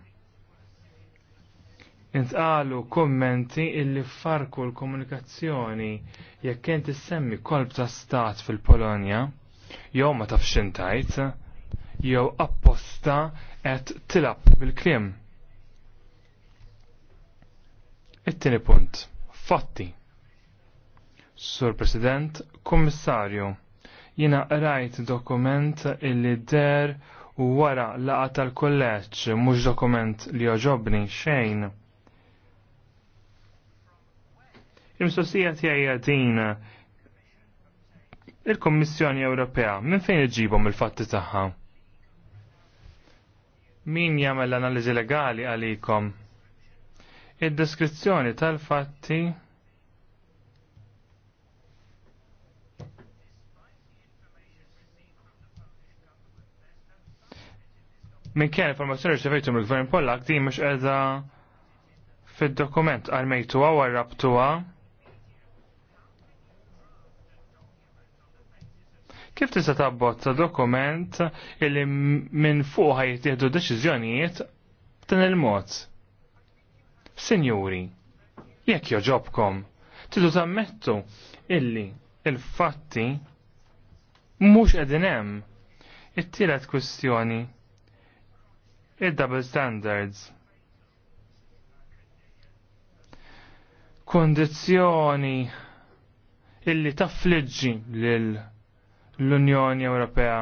intqalu kommenti illi farku l-komunikazzjoni jekk inti semmi kolb ta' stat fil-Polonja, jew ma tafx intajt, jew apposta qed tilab bil-kliem. It-tieni punt. Fatti. Sur President, Kommissarju, jina rajt dokument illi der wara laqa tal-kolleġġ mhux dokument li joġobni xejn Il-mistoqsija tiegħi din il-Kommissjoni Ewropea minn fejn iġibhom il-fatti tagħha? Min jagħmel l-analiżi legali għalikom? Id-deskrizzjoni tal-fatti Min kien informazzjoni rċevejtu mill-Gvern Pollak din mhux qiegħda fid-dokument mejtuha u għarrabtuha Kif tista' tabbozza dokument illi minn fuq jittieħdu deċiżjonijiet b'dan il-mod? Sinjuri, jekk joġobkom, tidu tammettu illi il-fatti mhux qegħdin hemm. It-tielet kwestjoni il-double standards. Kondizjoni illi taffliġġi lil l-Unjoni Ewropea.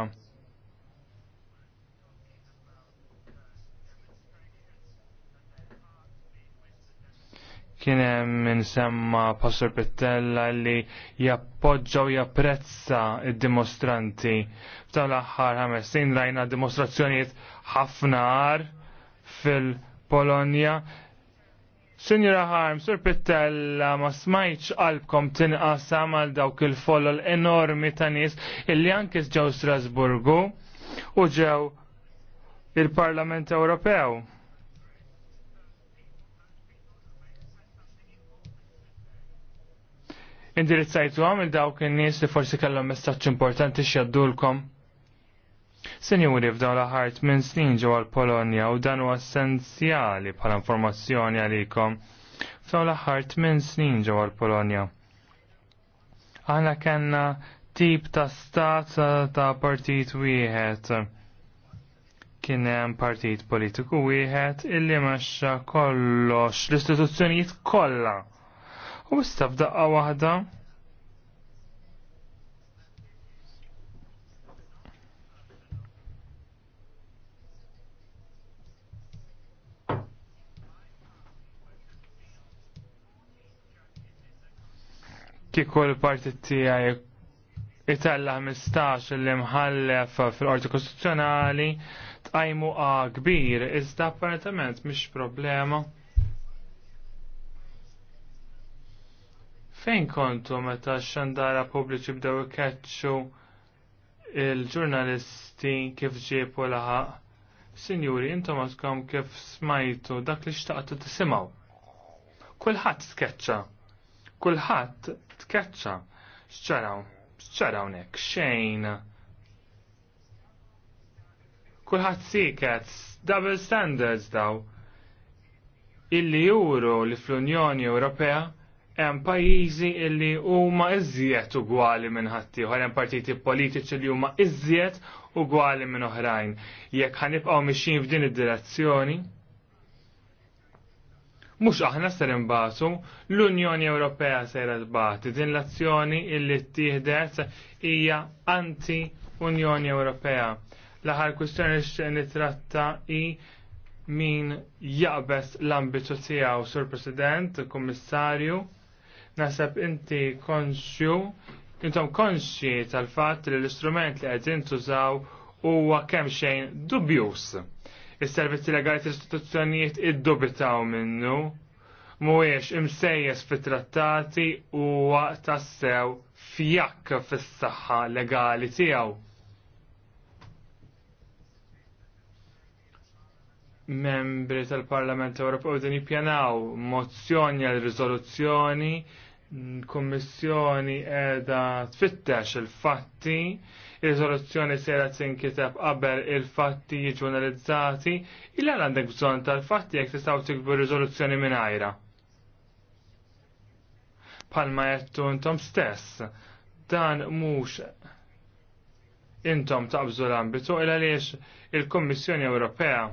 Kien hemm insemma Pastor Pittella li jappoġġa u japprezza id-dimostranti. F'dan l-aħħar ħames snin rajna dimostrazzjonijiet ħafna fil-Polonja Sinjura Harm, Sur Pittella, ma smajċ qalbkom tinqasam għal dawk il-follol enormi ta' nies illi anke ġew Strasburgu u ġew il-Parlament Ewropew. Indirizzajtu għam il-dawk il-nies li forsi kellhom messaġġ importanti xjaddulkom senjuri f'dawn l-ħart minn snin ġewwa l-Polonja u dan huwa essenzjali bħala informazzjoni għalikom f'dawn l-ħart minn snin ġewwa l-Polonja. Aħna kellna tip ta' stat ta' partit wieħed kien hemm partit politiku wieħed illi mexxa kollox l-istituzzjonijiet kollha. U issa f'daqqa waħda kieku l parti tiegħi itella 15 li mħallef fil-Qorti Kostituzzjonali tqajmu A kbir, iżda apparentament mhix problema. Fejn kontu meta xandara pubbliċi bdew ikkeċċu il-ġurnalisti kif ġiepu laħaq? Sinjuri, intom għaskom kif smajtu dak li xtaqtu tisimaw. Kulħadd skeċċa. Kulħadd sketċa xċaraw, xċaraw nek, xejn. Kulħadd siket double standards daw illi juru li fl-Unjoni Ewropea hemm pajjiżi illi huma iżjed ugwali minn ħaddieħor hemm partiti politiċi li huma iżjed ugwali minn oħrajn. Jekk ħanibqgħu mixjin f'din id-direzzjoni, Mux aħna ser imbasu, l-Unjoni Ewropea ser tbati din l-azzjoni illi t-tihdet hija anti-Unjoni Ewropea. L-aħħar kwistjoni tratta i min jaqbes l-ambitu tiegħu sur President, Kummissarju, nasab inti konxju, intom konxji tal-fatt li l-istrument li qegħdin tużaw huwa kemm xejn dubjus. Is-servizzi legali tal-istituzzjonijiet iddubitaw minnu mhuwiex imsejjes fit-trattati huwa tassew fjakk fis-saħħa legali tiegħu. Membri tal-Parlament Ewropew din jippjanaw mozzjoni għal riżoluzzjoni kummissjoni qiegħda tfittex il-fatti il sejra tinkiteb qabel il-fatti jiġu analizzati, illa għandek bżon tal-fatti jek tistaw tikbu riżoluzzjoni minn ajra. Palma jettu intom stess, dan mux intom taqbżu l-ambitu illa għaliex il-Kommissjoni Ewropea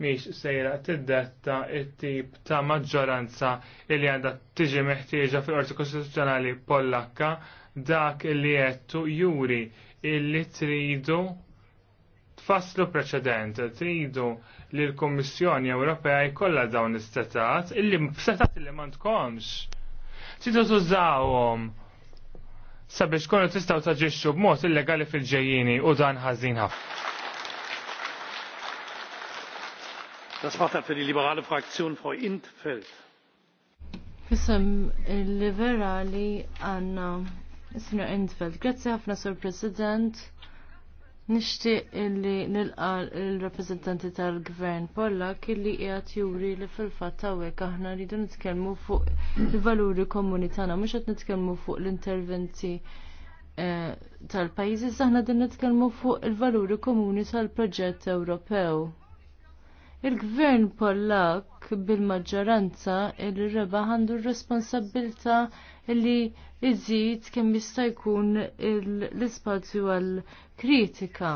miex sejra tiddetta it-tip ta' maġġoranza li għandha tiġi meħtieġa fil-Qorti Kostituzzjonali Pollakka dak li jettu juri illi tridu tfasslu preċedent, tridu li l-Kommissjoni Ewropea jkollha dawn istatat illi b'setat illi ma tkomx. Tridu tużawhom sabiex kunu tistgħu taġixxu b'mod illegali fil-ġejjini u dan ħażin ħafna. Das Wort hat für die liberale Fraktion Frau Intfeld. Fissem, liberali għanna Sinjor Endfeld, grazzi ħafna, Sur President. Nishti illi nilqa il-rappresentanti tal-gvern Pollak illi qiegħed juri li fil-fatt hawnhekk aħna rridu nitkellmu fuq il-valuri komuni tagħna mhux qed nitkellmu fuq l-interventi eh, tal-pajjiżi aħna din nitkellmu fuq il-valuri komuni tal-proġett Ewropew. Il-gvern Pollak bil-maġġoranza il-reba għandu r-responsabilta li iżid kemm jista' jkun l-ispazju għal kritika.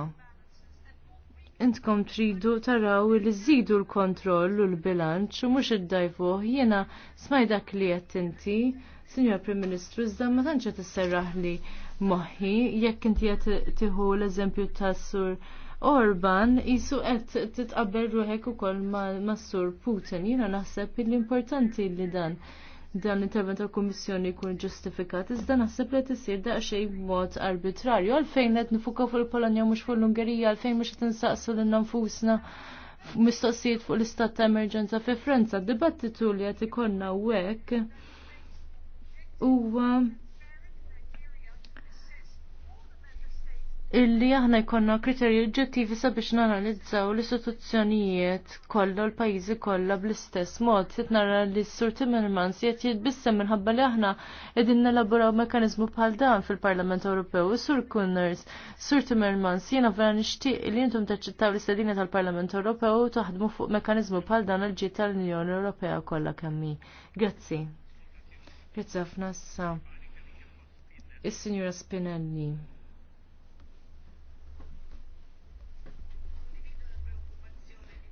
Intkom tridu taraw li żidu l-kontroll u l-bilanċ u mhux id-dajfuh. jiena smaj dak li qed inti, Sinjor Prim Ministru, iżda ma tantx qed isserraħli moħħi jekk inti qed tieħu l-eżempju tas-sur Orban jisu qed titqabbel ruħek ukoll mas-sur Putin. Jiena naħseb l-importanti li dan dan l-intervent tal kummissjoni jkun ġustifikat, iżda naħseb li da daqsxejn b'mod arbitrarju. Għalfejn qed nifuka fuq il-Polonja mhux fuq l-Ungerija, għalfejn mhux għed nsaqsu lil nanfusna mistoqsijiet fuq l-istat ta' emerġenza fi Franza. Dibattitu li qed ikollna hekk huwa illi aħna jkollna kriterji oġġettivi sabiex nanalizzaw l-istituzzjonijiet kollha l-pajjiżi kollha bl-istess mod. Sit nara li s-Sur Timmermans qed jitbissem minħabba li aħna qegħdin nelaboraw mekkaniżmu bħal dan fil-Parlament Ewropew. u, sur Kunners, Sur Timmermans, jiena vera nixtieq li intom taċċettaw l-istedina tal-Parlament Ewropew u taħdmu fuq mekkaniżmu bħal dan il ġiet tal-Unjoni Ewropea kollha kemmi. Grazzi. Grazzi ħafna issa. Is-Sinjura Spinelli.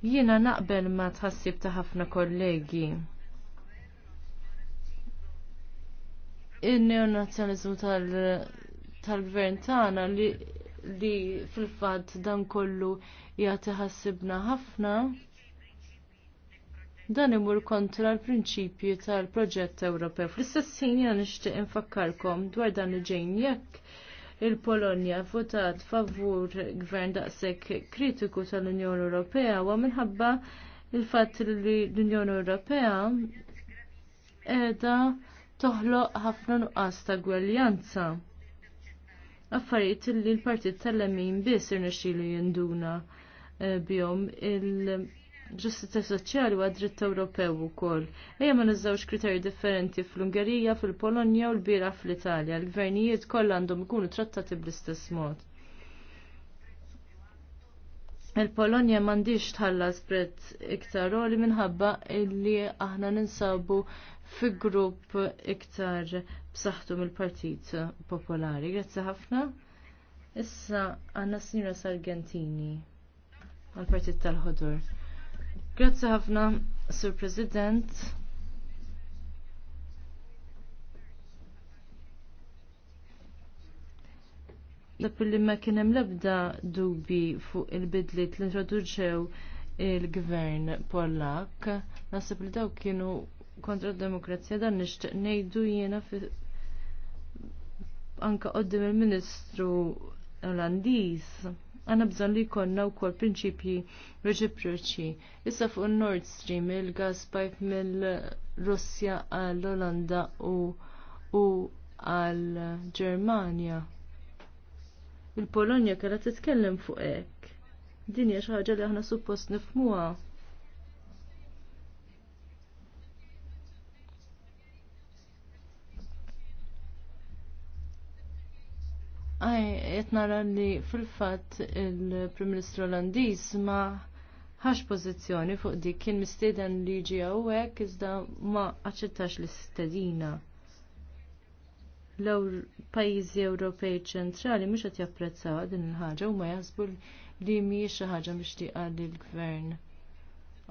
Jiena naqbel ma tħassib ta' ħafna kollegi. Il-neonazjonizmu tal-gvern tagħna li, li fil-fatt dan kollu jagħti ħassibna ħafna dan imur kontra l-prinċipji tal-proġett Ewropew. Fl-istess ħin nixtieq infakkarkom dwar dan li ġejn jekk il-Polonja votat favur gvern daqshekk kritiku tal-Unjoni Ewropea u minħabba il-fatt li l-Unjoni Ewropea qiegħda toħloq ħafna nuqqas ta' gwaljanza. Affarijiet li l-partit tal-lemin biss irnexxielu jinduna eh, bihom il- ġustizja soċjali huwa dritt Ewropew ukoll. Ejja ma niżawx kriterji differenti fl-Ungerija, fil-Polonja u l-bira fl-Italja. L-gvernijiet kollha għandhom ikunu trattati bl-istess mod. Il-Polonja m'għandix tħallas prezz iktar oli minħabba li aħna ninsabu fi grupp iktar b'saħħtu mill-Partit Popolari. Grazzi ħafna. Issa għanna Sinjora Sargentini għal-Partit tal-Ħodur. Grazzi ħafna, Sur President. Dak li ma kien hemm l-ebda dubi fuq il-bidliet li introduċew il-gvern Pollak, nasib li daw kienu kontra d-demokrazija dan nixtieq ngħidu jiena anka qoddim il-Ministru Olandiż għanna bżon li konna u kol prinċipji reċiproċi. Issa fuq Nord Stream il-gas pipe mill-Russja għall-Olanda u għall-Germania. Il-Polonja kera titkellem fuq hekk. Din hija xi ħaġa li aħna suppost nifmuha. qed nara li fil-fatt il-Prim Ministru Olandiż ma ħax pożizzjoni fuq dik kien mistieden li ġi hawnhekk iżda ma aċċettax l-istedina. L-pajjiżi Ewropej ċentrali mhux qed japprezzaw din il-ħaġa u ma jazbu li mhijiex xi ħaġa mixtieqa lill-gvern.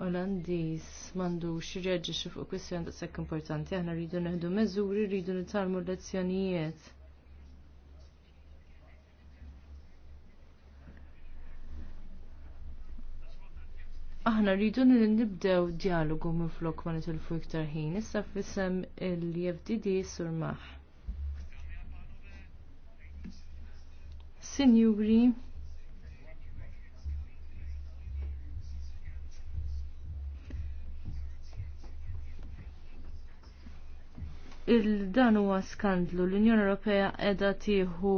Olandiż m'għandux jirreġixxi fuq kwistjoni ta' importanti, aħna rridu neħdu meżuri, rridu nitalmu lezzjonijiet. aħna rridu nibdew dialogu minn flok ma nitilfu iktar ħin. Issa fissem il jfdd sur maħ. Sinjuri, il danu għaskandlu l-Unjoni Ewropea edha tieħu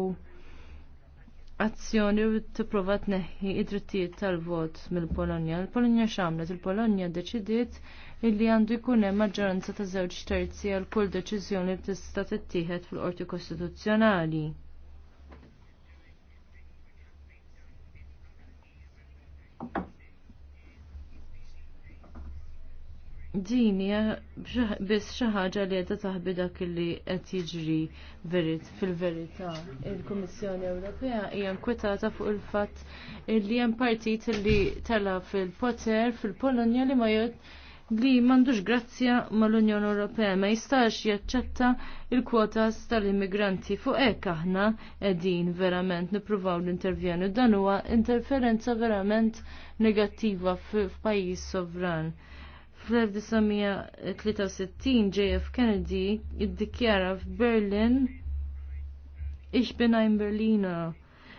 azzjoni u t-prova t-neħi id-drittijiet tal-vot mill-Polonja. Il-Polonja xamlet, il-Polonja deċidiet illi għandu jkun hemm maġġoranza ta' żewġ terzi għal kull deċiżjoni li tista' tittieħed fil-Qorti Kostituzzjonali. din hija biss xi ħaġa li qed taħbi dak li qed jiġri verit fil-verità. Il-Kummissjoni Ewropea hija nkwetata fuq il-fatt li hemm partit li tela fil-poter fil-Polonja li ma li m'għandux grazzja mal-Unjoni Ewropea ma jistax jaċċetta il-kwotas tal-immigranti fuq hekk aħna qegħdin verament nippruvaw l-intervjenu dan huwa interferenza verament negattiva f'pajjiż sovran fl-1963 JF Kennedy iddikjara f'Berlin Ich bin ein Berliner.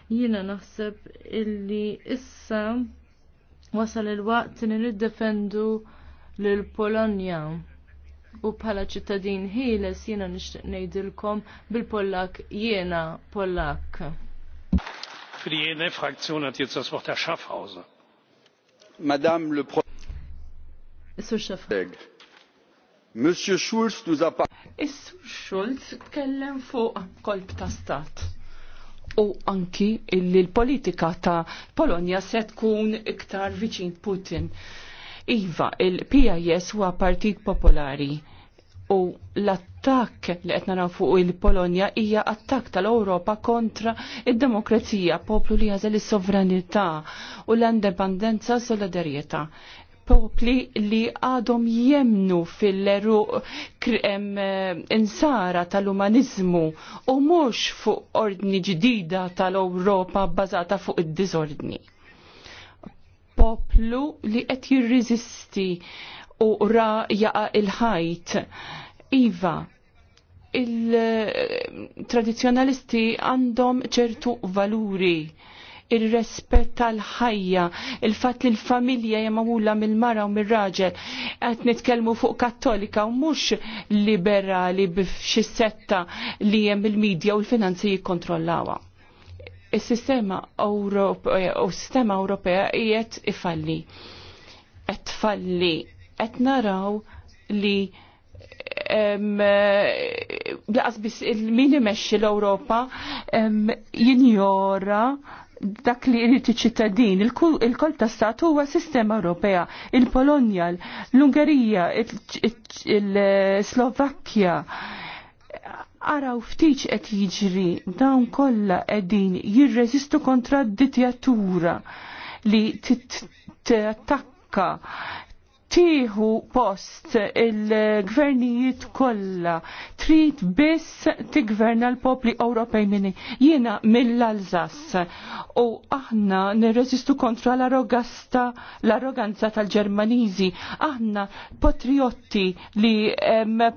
Jina naħseb illi issa wasal il-waqt li niddefendu l-Polonja. U bħala ċittadin ħieles jiena nixtieq ngħidilkom bil-Pollak jiena Pollak. Für die ENF-Fraktion hat jetzt das Wort Herr Schaffhauser. Madame le Monsieur Schulz nous a Is-Sur Schulz kellem fuq kolb ta' stat. U anki illi l-politika ta' Polonja se tkun iktar viċin Putin. Iva, il-PIS huwa Partit Popolari u l-attak li qed naraw fuq il-Polonja hija attak tal-Ewropa kontra id-demokrazija, poplu li jażel is-sovranità u l-indipendenza solidarjetà popli li għadhom jemnu fil-leru insara tal-umanizmu u mhux fuq ordni ġdida tal-Ewropa bbażata fuq id-diżordni. Poplu li qed jirriżisti u ra jaqa il-ħajt. Iva, il-tradizjonalisti għandhom ċertu valuri il respet tal-ħajja, il-fatt li l-familja hija mill-mara u mir-raġel. Qed nitkellmu fuq kattolika u mhux liberali b'xi setta li hemm il-medja u l-finanzi jikkontrollawha. Is-sistema Ewropea eh, u s-sistema Ewropea qiegħed ifalli. Qed qed naraw li eh, laqas biss il-min imexxi l-Ewropa jinjora dak li jrid ċittadin, il-kol ta' stat huwa sistema Ewropea, il-Polonja, l-Ungerija, il-Slovakkja. Araw ftit qed jiġri dawn kollha qegħdin jirreżistu kontra d-dittjatura li tattakka tieħu post il-gvernijiet kollha trid biss tigverna l-popli Ewropej minni. Jiena mill alzas u aħna nirreżistu kontra l-arrogasta l-arroganza tal-Ġermaniżi. Aħna patriotti li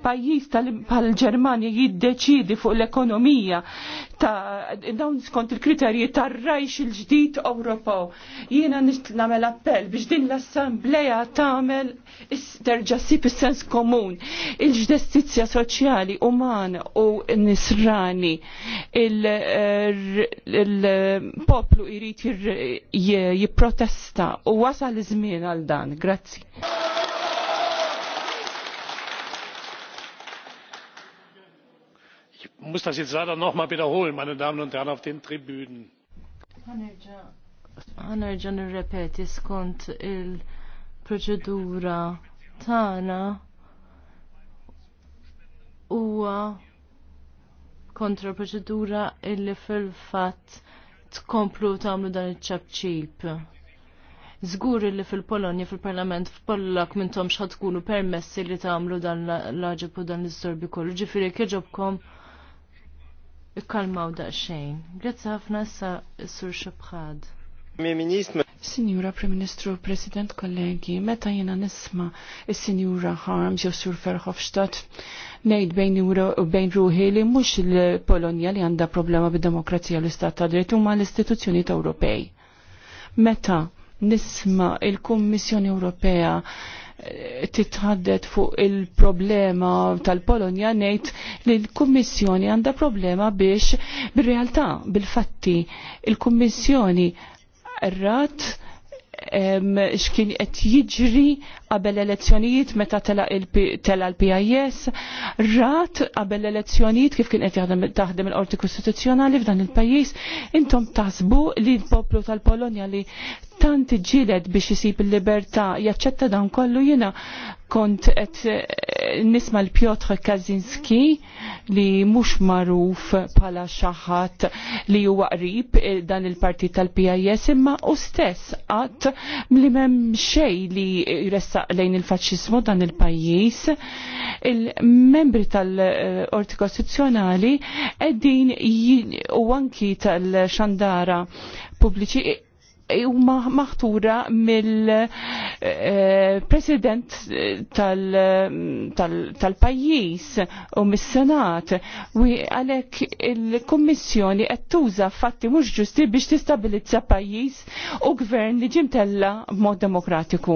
pajjiż tal-Ġermanja jiddeċidi fuq l-ekonomija ta' dawn skont il-kriterji tar-rajx il-ġdid Ewropew. Jiena nagħmel appell biex din l-assembleja tagħmel tagħmel terġa' ssib sens komun. il ġdestizja soċjali umana u nisrani il-poplu eh, eh, jrid jipprotesta u wasal iżmien għal dan. Grazzi. Ich muss das jetzt leider noch mal wiederholen, meine Damen und Herren auf den Tribünen. Għanerġa nirrepeti skont il- proċedura tagħna huwa kontra proċedura illi fil-fatt tkomplu tagħmlu dan iċ-ċabċib. Zgur li fil-Polonja fil-Parlament f'Pollak mintom xħat tkunu permessi li tagħmlu dan l-ħaġib u dan l-istorbi kollu. Ġifieri kieġobkom ikkalmaw daqsxejn. Grazzi ħafna s sur xibħad. Sinjura Prim Ministru, President, kollegi, meta jena nisma il-Sinjura Harms jew Sur Verhofstadt ngħid bejn u bejn ruħi li mhux il-Polonja li għandha problema bid-demokrazija u l-istat ta' dritt huma l ta' Ewropej. Meta nisma il-Kummissjoni Ewropea eh, titħaddet fuq il-problema tal-Polonja ngħid li l-Kummissjoni għandha problema biex bil realtà bil-fatti, il-Kummissjoni rat xkien qed jiġri qabel elezzjonijiet meta tela l-PIS, rat qabel elezzjonijiet kif kien qed taħdem il-Qorti Kostituzzjonali f'dan il-pajjiż, intom taħsbu li l-poplu tal-Polonja li tant ġilet biex jisib il-libertà jaċċetta dan kollu jiena kont et eh, nisma l-Piotr Kazinski li mhux magħruf bħala xaħat li huwa qrib eh, dan il-partit tal-PIS imma u stess qatt li m'hemm xej li jressaq lejn il faċismu dan il-pajjiż il-membri tal-Qorti Kostituzzjonali eddin u anki tal-xandara pubbliċi huma maħtura mill-president eh, eh, tal-pajjiż u mis-senat u għalhekk il-kummissjoni qed tuża fatti mhux ġusti biex tistabilizza pajjiż u gvern li ġimtella b'mod demokratiku.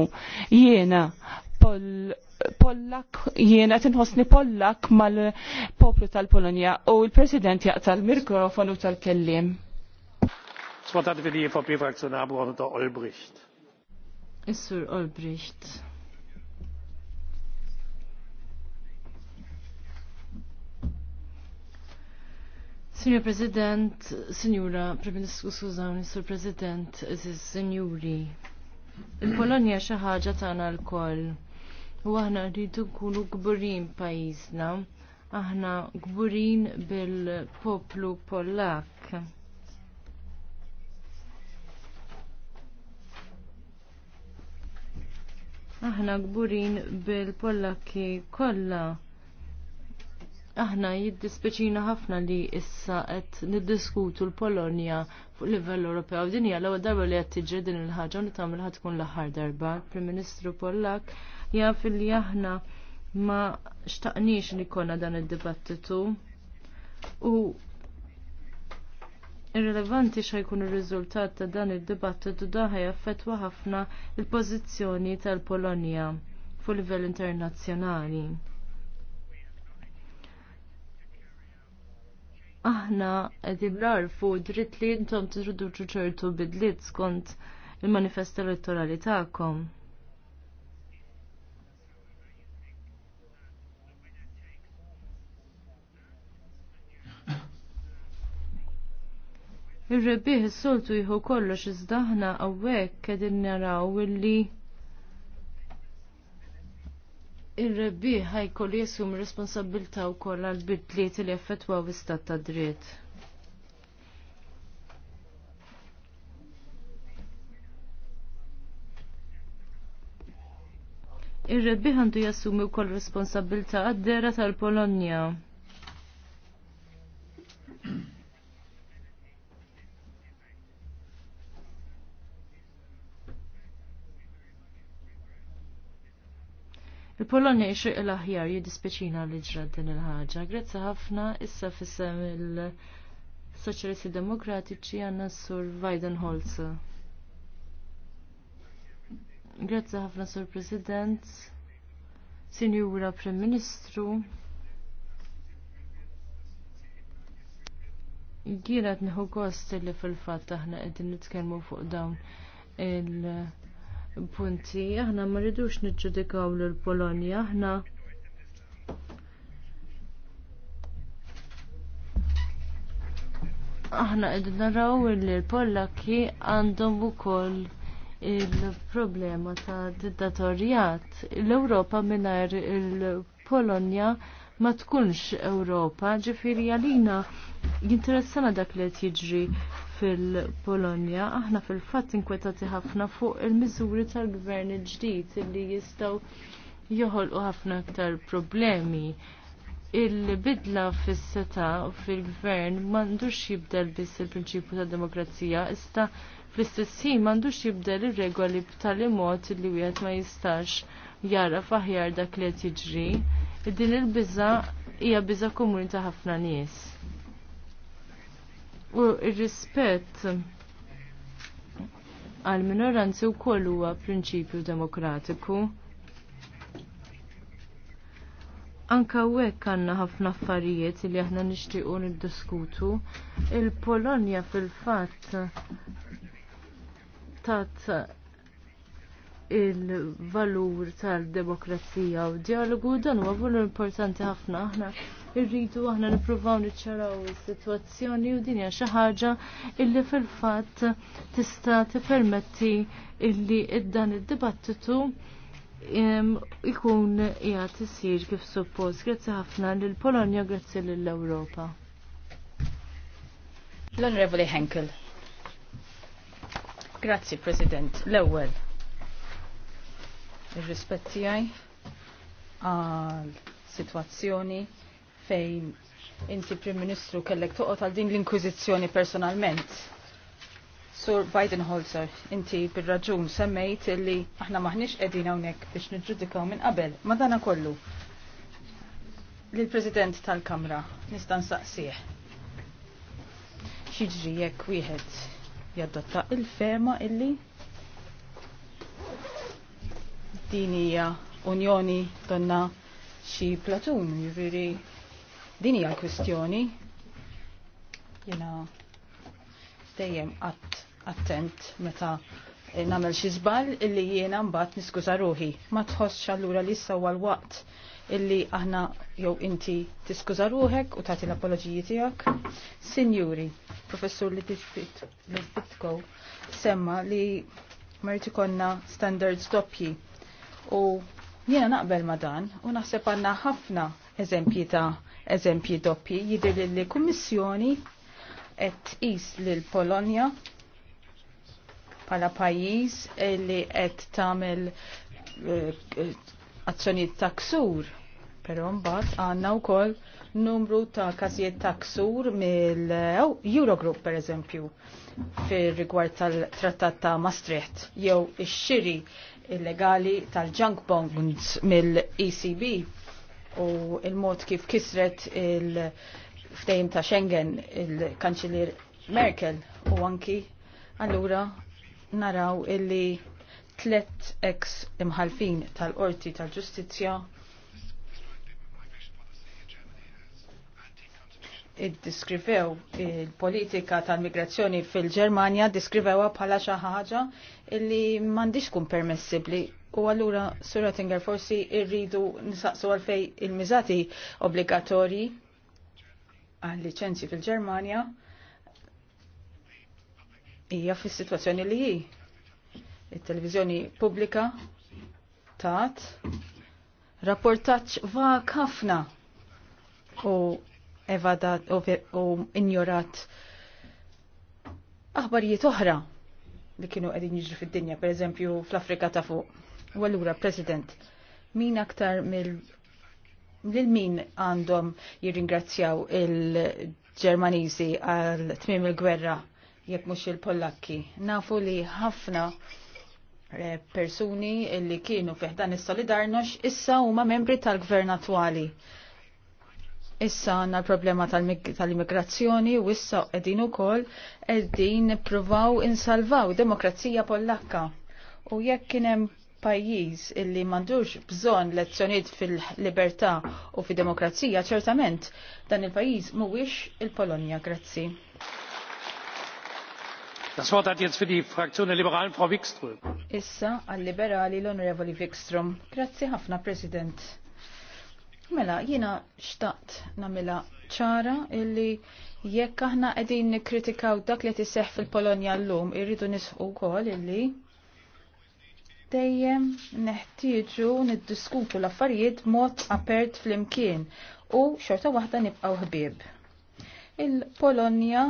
Jiena Pollak, jiena tinħosni Pollak mal-poplu tal-Polonja u l-President jaqta l-mikrofonu tal-kellim. Das Wort hat für die EVP-Fraktion Abgeordneter Olbricht. Olbricht. Signor President, Signora Prim Ministru Suzan, Sur President, Aziz Signori, il-Polonja xi ħaġa tagħna lkoll. U aħna rridu nkunu gburin pajjiżna, aħna gburin bil-poplu Pollak. Aħna gburin bil-Pollakki kollha. Aħna jiddispeċina ħafna li issa qed niddiskutu l-Polonja fuq livell Ewropew. Din hija l-ewwel darba li qed tiġri din il-ħaġa u tagħmel ħad tkun l-aħħar darba. Prim Ministru Pollak jaf li aħna ma xtaqniex li konna dan id-dibattitu u irrelevanti xajkun ir-riżultat ta' dan id-dibattitu daħi jaffettwa ħafna il-pożizzjoni tal-Polonja fuq livell internazzjonali. Aħna qegħdin narfu dritt li intom tridu ċertu bidliet skont il-manifest elettorali tagħkom. Ir-rebbieħ is-soltu jieħu kollox iżdaħna hawnhekk qegħdin naraw illi ir-rebbieħ ħajkol jesum responsabilta wkoll għal bidliet li effettwaw istat ta' dritt. Ir-rebbieħ għandu jassumi wkoll responsabilta għad-dera tal-Polonja. Il-Polonja jxriq l-aħjar jidispeċina li ġrad din il-ħagġa. Grazzi ħafna issa fissem il-Soċjalisti Demokratiċi għanna sur Weidenholzer. Grazzi ħafna sur President, Sinjura Prim Ministru. Għirat nħu gost li fil-fat aħna għedin nitkelmu fuq dawn il- punti. Aħna ma rridux niġġudikaw l-Polonja, aħna aħna qegħdin naraw li l-Pollakki għandhom ukoll il-problema ta' dittatorjat. L-Ewropa mingħajr il-Polonja ma tkunx Ewropa, ġifieri għalina jinteressana dak li qed jiġri fil-Polonja, aħna fil-fatt inkwetati ħafna fuq il-miżuri tal-gvern il-ġdid li jistaw joħolqu ħafna aktar problemi. Il-bidla fis-seta fil-gvern m'għandux jibdel biss il-prinċipju ta' demokrazija, iżda fl-istess ħin m'għandux jibdel ir-regoli b'tali mod li wieħed ma jistax jara faħjar dak li qed jiġri. Din il-biża hija biża komuni ta' ħafna nies u rispett għal minoranzi wkoll huwa prinċipju demokratiku. Anka għek għanna ħafna affarijiet li aħna nixtiequ niddiskutu. Il-Polonja fil-fatt tat il-valur tal-demokrazija u dialogu dan huwa valur importanti ħafna aħna irridu aħna nippruvaw niċċaraw is-sitwazzjoni u dinja xi ħaġa illi fil-fatt tista' tippermetti illi dan id-dibattitu ikun qiegħed isir kif suppost. Grazzi ħafna lil Polonja, grazzi lill Ewropa. L-Onorevoli Henkel. Grazzi, President. L-ewwel. ir rispetti għal sitwazzjoni fejn inti Prim Ministru kellek toqgħod għal din l-inkwiżizzjoni personalment. Sur Biden Holzer, inti bir-raġun semmejt li aħna maħniex qegħdin hawnhekk biex niġġudikaw minn qabel, ma dana kollu. Lill-President tal-Kamra nista' nsaqsih. Xiġri jekk wieħed jadotta il-fema illi din hija Unjoni donna xi platun, jiġri Din hija l-kwistjoni. Jena dejjem attent meta namel xi żball illi jiena mbagħad niskuża ruħi. Ma tħossx allura li issa huwa l-waqt illi aħna jew inti tiskuża ruħek u tagħti l-apoloġiji tiegħek. Sinjuri, professur li semma li merti konna standards doppji u jiena naqbel ma dan u naħseb għandna ħafna eżempji ta' eżempji doppi. Jidir li l-Kummissjoni qed qis l Polonja pala pajjiż li qed tagħmel eh, azzjonijiet taksur, ksur. Però mbagħad għandna wkoll numru ta' każijiet taksur mill-Eurogroup oh, pereżempju fir-rigward tal-Trattat ta' Maastricht jew ix-xiri illegali tal-junk bonds mill-ECB u il-mod kif kisret il-ftejm ta' Schengen il-kanċilir Merkel u anki allura naraw illi tlet ex imħalfin tal-qorti tal-ġustizja id-diskrivew il-politika tal-migrazzjoni fil-Germania diskrivewa bħala xi ħaġa illi m'għandix permessibli permessibbli U allura, Sura Tinger, forsi irridu nisaqsu għalfej il-mizati obbligatorji għal licenzi fil-Germania hija fis-sitwazzjoni li hi. Il-televizjoni pubblika tat rapportaċ vak ħafna u evadat u ignorat aħbarijiet oħra li kienu qegħdin jiġri fid-dinja, pereżempju fl-Afrika ta' fuq Wallura, President, min aktar mill min għandhom jirringrazzjaw il-Ġermaniżi għal tmim il-gwerra jekk mhux il-Pollakki. Nafu li ħafna eh, persuni li kienu fiħdan is-Solidarnox issa huma membri tal-gvern attwali. Issa għanna l-problema tal-immigrazzjoni u issa edin u kol edin provaw insalvaw demokrazija pollakka. U jekk kienem pajjiż illi mandux bżon lezzjoniet fil-libertà u fil-demokrazija, ċertament dan il-pajjiż mhuwiex il-Polonja. Grazzi. Das Wort hat jetzt für die Fraktion der Liberalen Frau Wikström. Issa għall liberali l-Onorevoli Wikström. Grazzi ħafna, President. Mela, jina xtaqt namela ċara illi jekk aħna qegħdin nikkritikaw dak li tiseħħ fil-Polonja llum irridu nisħu wkoll illi dejjem neħtieġu niddiskutu l-affarijiet mod apert fl-imkien u xorta waħda nibqgħu ħbieb. Il-Polonja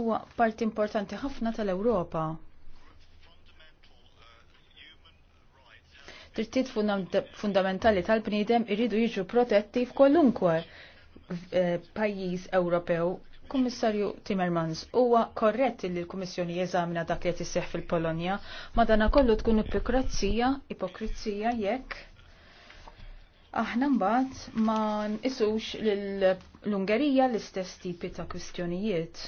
huwa parti importanti ħafna tal-Ewropa. Drittijiet fundamentali tal-bniedem irridu jiġu protetti f'kolunkwe eh, pajjiż Ewropew Kummissarju Timmermans, huwa korrett li l-Kummissjoni jeżamina dak li qed isseħħ fil-Polonja, madana kollu tkun ipokrizija, ipokrizija jekk aħna mbagħad ma nqisux l-Ungerija l-istess tipi ta' kwistjonijiet.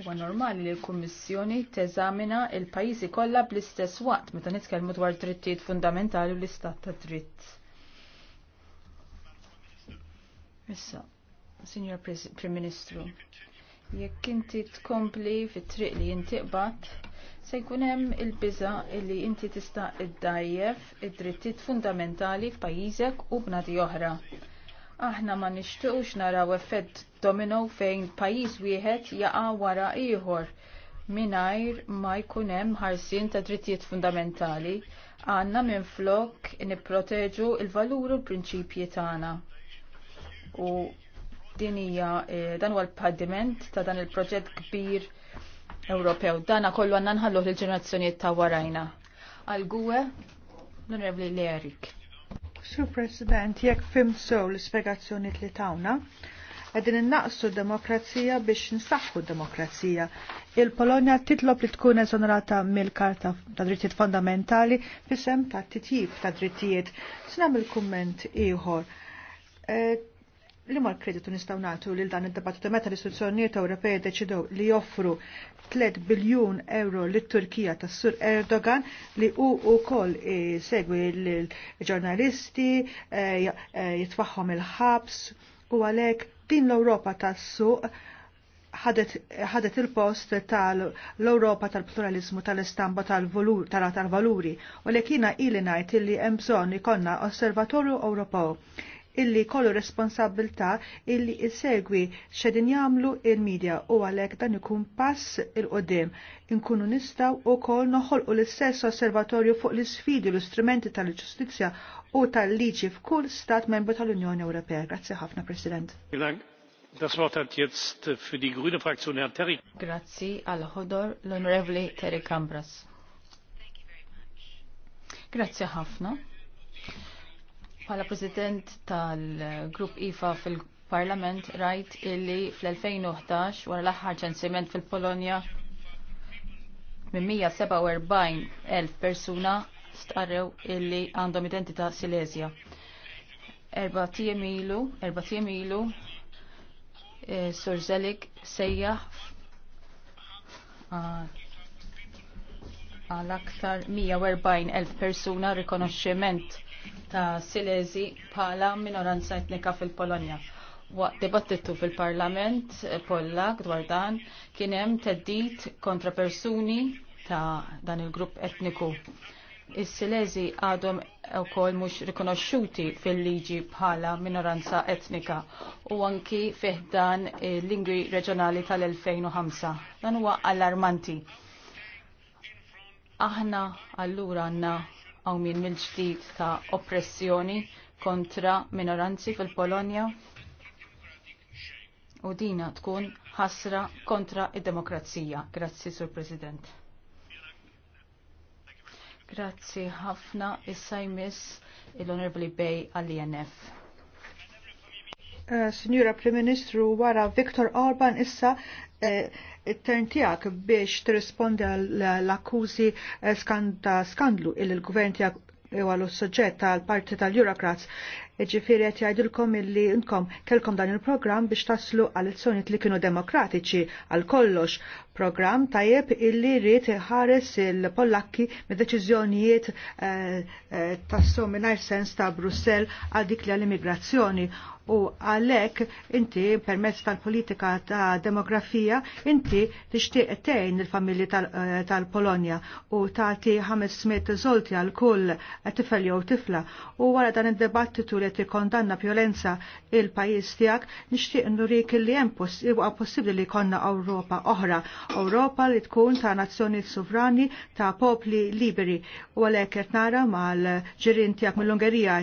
Huwa normali li l-Kummissjoni teżamina l pajjiżi kollha bl-istess waqt meta nitkellmu dwar drittijiet fundamentali u l-istat ta' dritt. Issa, Signor Prim Ministru, jekk inti tkompli fit-triq li jintiqbat, se jkun hemm il-biża li inti tista' iddajjef id-drittijiet fundamentali f'pajjiżek u b'nadi oħra. Aħna ma nixtiequx naraw effett domino fejn pajjiż wieħed jaqa' wara ieħor mingħajr ma jkun hemm ħarsien ta' drittijiet fundamentali għanna minn flok l il-valuru l-prinċipji tagħna. U Din hija eh, dan huwa l-paddiment ta' dan il-proġett kbir Ewropew. Dana kollu għandna nħalluh lill-ġenerazzjonijiet ta' warajna. Għal gwe l onorevli Lerik. Sur President, jekk fim sow l-spiegazzjoni li tawna, għedin n-naqsu demokrazija biex nsaħħu demokrazija. Il-Polonja titlob li tkun eżonerata mill-Karta ta' Drittijiet Fondamentali fisem ta' titjib ta' drittijiet. Snam il komment iħor. Eh, li ma kreditu nistaw natu li dan id-dibattitu meta l-istituzzjonijiet Ewropej deċidew li joffru 3 biljun euro lit turkija tas sur Erdogan li u wkoll segwi l-ġurnalisti, eh, eh, jitfaħħom il-ħabs u għalhekk din l-Ewropa tas-suq ħadet il-post tal-Europa tal-pluralizmu tal-istamba tal-valuri u li kiena ili najt li hemm bżonn ikonna osservatorju Ewropew illi kollu responsabilta illi il-segwi xedin jamlu il-medja u għalek dan ikun pass il-qoddim. Inkunu nistaw u kol noħolqu l-istess osservatorju fuq l-sfidi l-istrumenti tal-ġustizja u tal-liġi f'kull stat membru tal-Unjoni Ewropea. Grazzi ħafna, President. Grazzi għal-ħodor l-Onorevoli Terry Cambras. Grazzi ħafna. Pala President tal-Grupp IFA fil-Parlament rajt illi fl-2011 wara l-aħħar ċensiment fil-Polonja minn 147,000 persuna starrew illi għandhom identità Silesia. 4.000 tiem ilu, ilu, e, sejjaħ għal aktar 140.000 persuna rikonoxximent ta' Silesi bħala minoranza etnika fil-Polonja. Waqt dibattitu fil-Parlament eh, Pollak dwar dan kien hemm teddit kontra persuni ta' dan il-grupp etniku. Is-Silesi għadhom wkoll mhux rikonoxxuti fil-liġi bħala minoranza etnika u anki fih dan il-lingwi reġjonali tal-2005. Dan huwa allarmanti. Aħna allura għandna għaw min mill-ġdid ta' oppressjoni kontra minoranzi fil-Polonja u dina tkun ħasra kontra id-demokrazija. Grazzi, Sur President. Grazzi ħafna issa jmiss il-Honorable Bay għall-INF. Eh, Signora Prim Ministru, wara Viktor Orban issa eh, it-tern tijak biex tirrispondi għall-akkużi eh, skandlu il-gvern tijak u għal soġġett tal-parti tal-Eurocrats ġifiri għet jajdilkom illi nkom kelkom dan il-program biex taslu għal-elezzjoniet li kienu demokratiċi għal-kollox. Program tajjeb illi rrit ħares il-Pollakki me deċizjonijiet eh, eh, tassu minnajr sens ta' Brussel għal dik li għall-immigrazzjoni u għalek inti permezz tal-politika ta' demografija inti tixtieq tgħin il-familji eh, tal-Polonja u tagħti 500 zolti għal kull tifel jew tifla u wara dan id-debattitu li li tikkondanna violenza il-pajjiż tiegħek, nixtieq nurik li hemm huwa possibbli li jkollna Ewropa oħra, Ewropa li tkun ta' nazzjoni sovrani ta' popli liberi. U għalhekk qed nara mal-ġirien tiegħek mill-Ungerija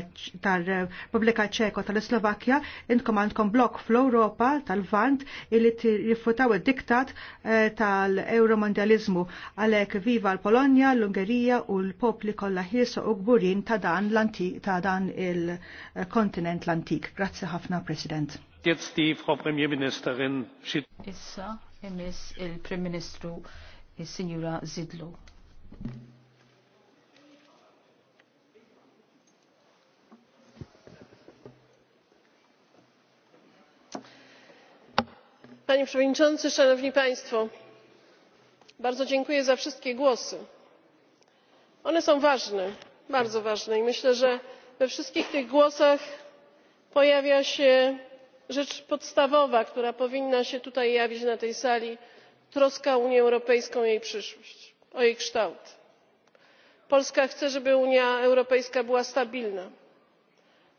tar-Repubblika Ċeka tal islovakkja intkom għandkom blok fl-Ewropa tal-Vant illi jirrifutaw id-diktat eh, tal euromondializmu Għalhekk viva l-Polonja, l-Ungerija u l-popli kollha ħiesa u gburin ta' dan l-antik ta' dan il- kontinent l-antik. Grazzi ħafna, President. Jetzt die Frau Premierministerin Issa, emis il-Prim Ministru, il-Signora Zidlu. Panie Przewodniczący, Szanowni Państwo! Bardzo dziękuję za wszystkie głosy. One są ważne, bardzo ważne i myślę, że we wszystkich tych głosach pojawia się rzecz podstawowa która powinna się tutaj jawić na tej sali troska o unię europejską i jej przyszłość o jej kształt. polska chce żeby unia europejska była stabilna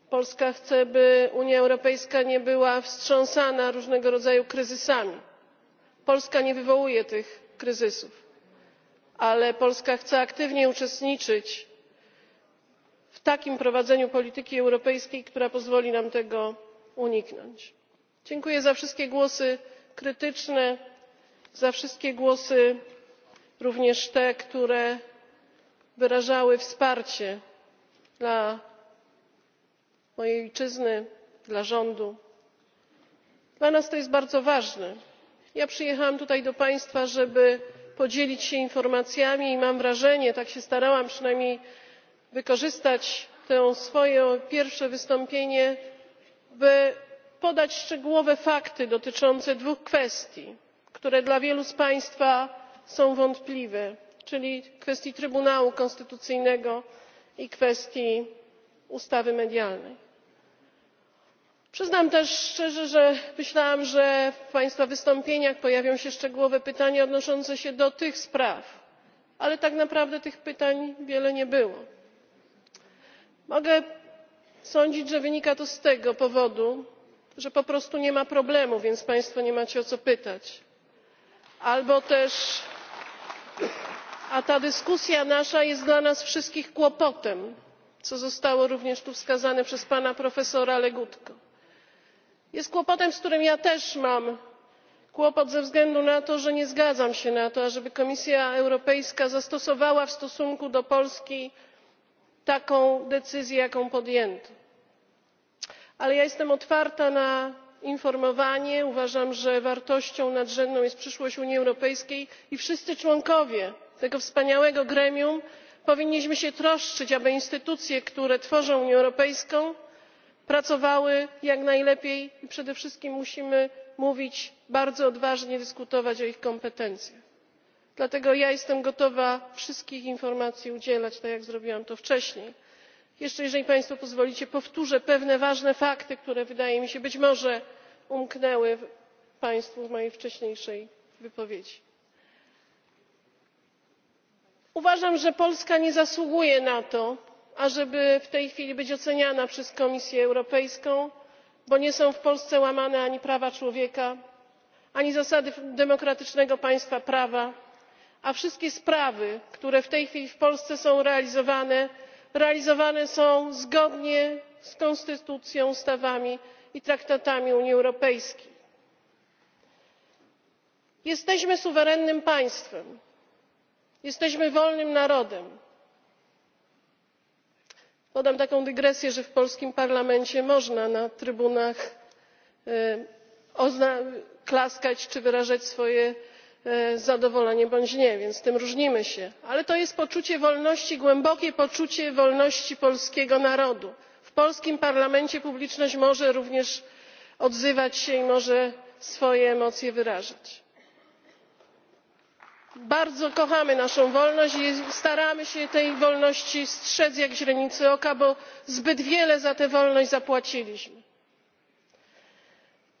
polska chce by unia europejska nie była wstrząsana różnego rodzaju kryzysami polska nie wywołuje tych kryzysów ale polska chce aktywnie uczestniczyć takim prowadzeniu polityki europejskiej która pozwoli nam tego uniknąć. dziękuję za wszystkie głosy krytyczne za wszystkie głosy również te które wyrażały wsparcie dla mojej ojczyzny dla rządu. dla nas to jest bardzo ważne. ja przyjechałam tutaj do państwa żeby podzielić się informacjami i mam wrażenie tak się starałam przynajmniej wykorzystać to swoje pierwsze wystąpienie by podać szczegółowe fakty dotyczące dwóch kwestii które dla wielu z państwa są wątpliwe czyli kwestii trybunału konstytucyjnego i kwestii ustawy medialnej. przyznam też szczerze że myślałam że w państwa wystąpieniach pojawią się szczegółowe pytania odnoszące się do tych spraw ale tak naprawdę tych pytań wiele nie było mogę sądzić że wynika to z tego powodu że po prostu nie ma problemu więc państwo nie macie o co pytać albo też a ta dyskusja nasza jest dla nas wszystkich kłopotem co zostało również tu wskazane przez pana profesora legutko. jest kłopotem z którym ja też mam kłopot ze względu na to że nie zgadzam się na to ażeby komisja europejska zastosowała w stosunku do polski taką decyzję jaką podjęto ale ja jestem otwarta na informowanie uważam że wartością nadrzędną jest przyszłość unii europejskiej i wszyscy członkowie tego wspaniałego gremium powinniśmy się troszczyć aby instytucje które tworzą unię europejską pracowały jak najlepiej i przede wszystkim musimy mówić bardzo odważnie dyskutować o ich kompetencjach dlatego ja jestem gotowa wszystkich informacji udzielać tak jak zrobiłam to wcześniej. jeszcze jeżeli państwo pozwolicie powtórzę pewne ważne fakty które wydaje mi się być może umknęły państwu w mojej wcześniejszej wypowiedzi. uważam że polska nie zasługuje na to ażeby w tej chwili być oceniana przez komisję europejską bo nie są w polsce łamane ani prawa człowieka ani zasady demokratycznego państwa prawa a wszystkie sprawy które w tej chwili w polsce są realizowane realizowane są zgodnie z konstytucją ustawami i traktatami unii europejskiej. jesteśmy suwerennym państwem jesteśmy wolnym narodem. podam taką dygresję że w polskim parlamencie można na trybunach klaskać czy wyrażać swoje E, z zadowoleniem bądź nie więc tym różnimy się ale to jest poczucie wolności głębokie poczucie wolności polskiego narodu. w polskim parlamencie publiczność może również odzywać się i może swoje emocje wyrażać. bardzo kochamy naszą wolność i staramy się tej wolności strzec jak źrenicy oka bo zbyt wiele za tę wolność zapłaciliśmy.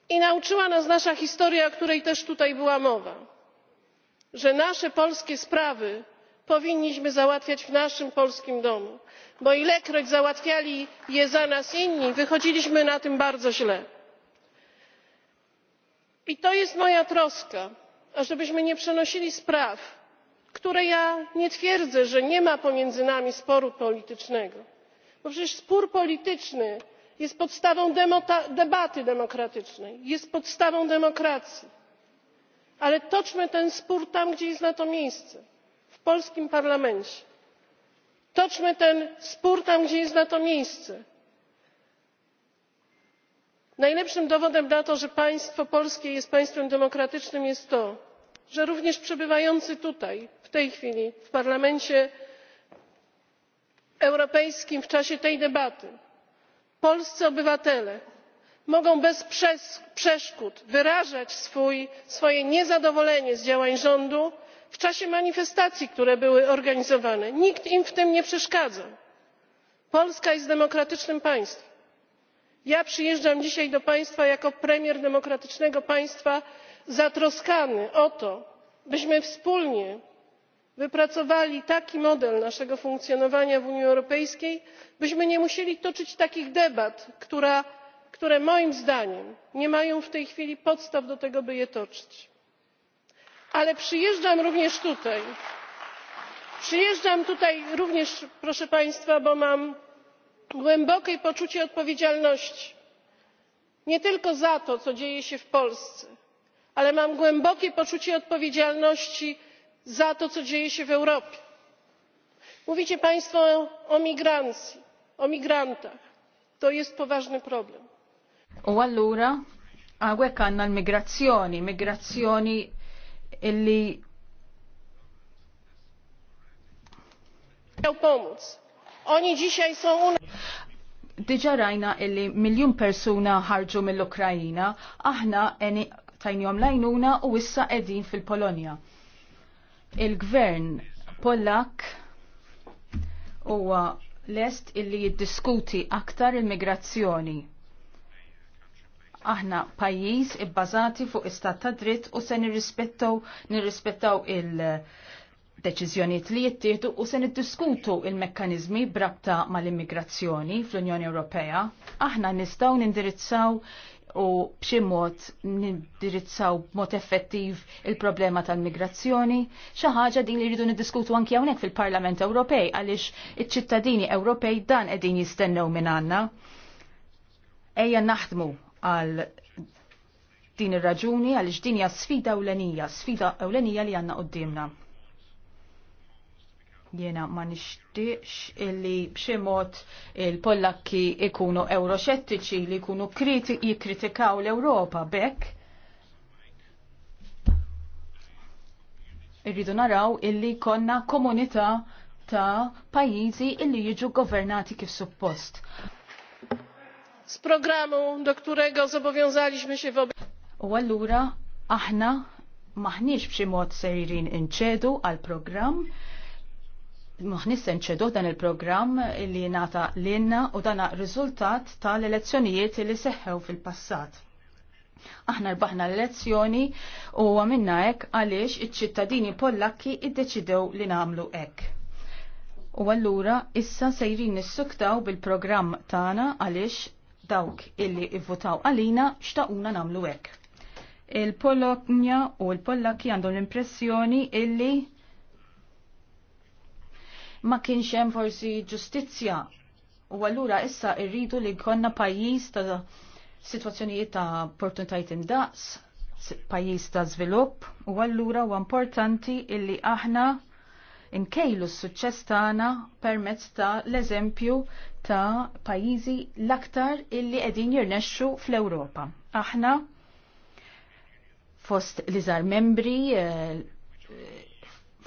i nauczyła nas nasza historia o której też tutaj była mowa że nasze polskie sprawy powinniśmy załatwiać w naszym polskim domu bo ilekroć załatwiali je za nas inni wychodziliśmy na tym bardzo źle. i to jest moja troska ażebyśmy nie przenosili spraw które ja nie twierdzę że nie ma pomiędzy nami sporu politycznego bo przecież spór polityczny jest podstawą debaty demokratycznej jest podstawą demokracji ale toczmy ten spór tam gdzie jest na to miejsce w polskim parlamencie toczmy ten spór tam gdzie jest na to miejsce. najlepszym dowodem na to że państwo polskie jest państwem demokratycznym jest to że również przebywający tutaj w tej chwili w parlamencie europejskim w czasie tej debaty polscy obywatele mogą bez przeszkód wyrażać swoje niezadowolenie z działań rządu w czasie manifestacji które były organizowane nikt im w tym nie przeszkadzał. polska jest demokratycznym państwem. ja przyjeżdżam dzisiaj do państwa jako premier demokratycznego państwa zatroskany o to byśmy wspólnie wypracowali taki model naszego funkcjonowania w unii europejskiej byśmy nie musieli toczyć takich debat które które moim zdaniem nie mają w tej chwili podstaw do tego by je toczyć. ale przyjeżdżam również tutaj przyjeżdżam tutaj również proszę państwa bo mam głębokie poczucie odpowiedzialności nie tylko za to co dzieje się w polsce ale mam głębokie poczucie odpowiedzialności za to co dzieje się w europie. mówicie państwo o migracji o migrantach to jest poważny problem. U allura għawek għanna l-migrazzjoni, migrazzjoni illi Oni ġiċaj so u Diġa rajna illi miljon persuna ħarġu mill-Ukrajina, aħna eni tajnjom lajnuna u issa edin fil-Polonja. Il-gvern Pollak huwa lest illi jiddiskuti aktar il-migrazzjoni. Aħna pajjiż ibbażati fuq istat ta' dritt u se nirrispettaw nirrispettaw il- deċiżjonijiet li jittieħdu u se niddiskutu il-mekkaniżmi brabta mal-immigrazzjoni fl-Unjoni Ewropea. Aħna nistgħu nindirizzaw u b'xi mod nindirizzaw b'mod effettiv il-problema tal-migrazzjoni, xi ħaġa din li rridu niddiskutu anke hawnhekk fil-Parlament Ewropej għaliex iċ-ċittadini Ewropej dan qegħdin jistennew minn għandna. Ejja naħdmu għal din ir-raġuni għal ġdinja sfida ewlenija, sfida ewlenija li għanna qoddimna. Jena ma nixtieqx illi b'xi mod il-Pollakki ikunu euroxettiċi li jkunu jikkritikaw l-Ewropa bekk. Irridu naraw illi konna komunità ta' pajjiżi illi jiġu governati kif suppost z programu, do którego zobowiązaliśmy się wobec. U allura aħna maħniex b'xi mod sejrin inċedu għal programm maħniex se dan il-programm li nata l-inna u dana riżultat tal-elezzjonijiet li seħħew fil-passat. Aħna rbaħna l-elezzjoni u għamilna hekk għaliex iċ-ċittadini Pollakki id-deċidew li nagħmlu hekk. U allura issa sejrin nissuktaw bil-programm tagħna għaliex dawk illi ivvutaw għalina xtaquna namlu hekk. Il-Polonja u l-Pollaki għandhom l-impressjoni illi ma kienx hemm forsi ġustizzja u allura issa rridu li jkollna pajjiż ta' sitwazzjonijiet ta' opportunitajiet indaqs, pajjiż ta' żvilupp u allura huwa importanti illi aħna inkejlu s-suċċess tagħna permezz ta' l-eżempju ta' pajizi l-aktar illi edin jirnexxu fl-Ewropa. Aħna fost li zar membri eh,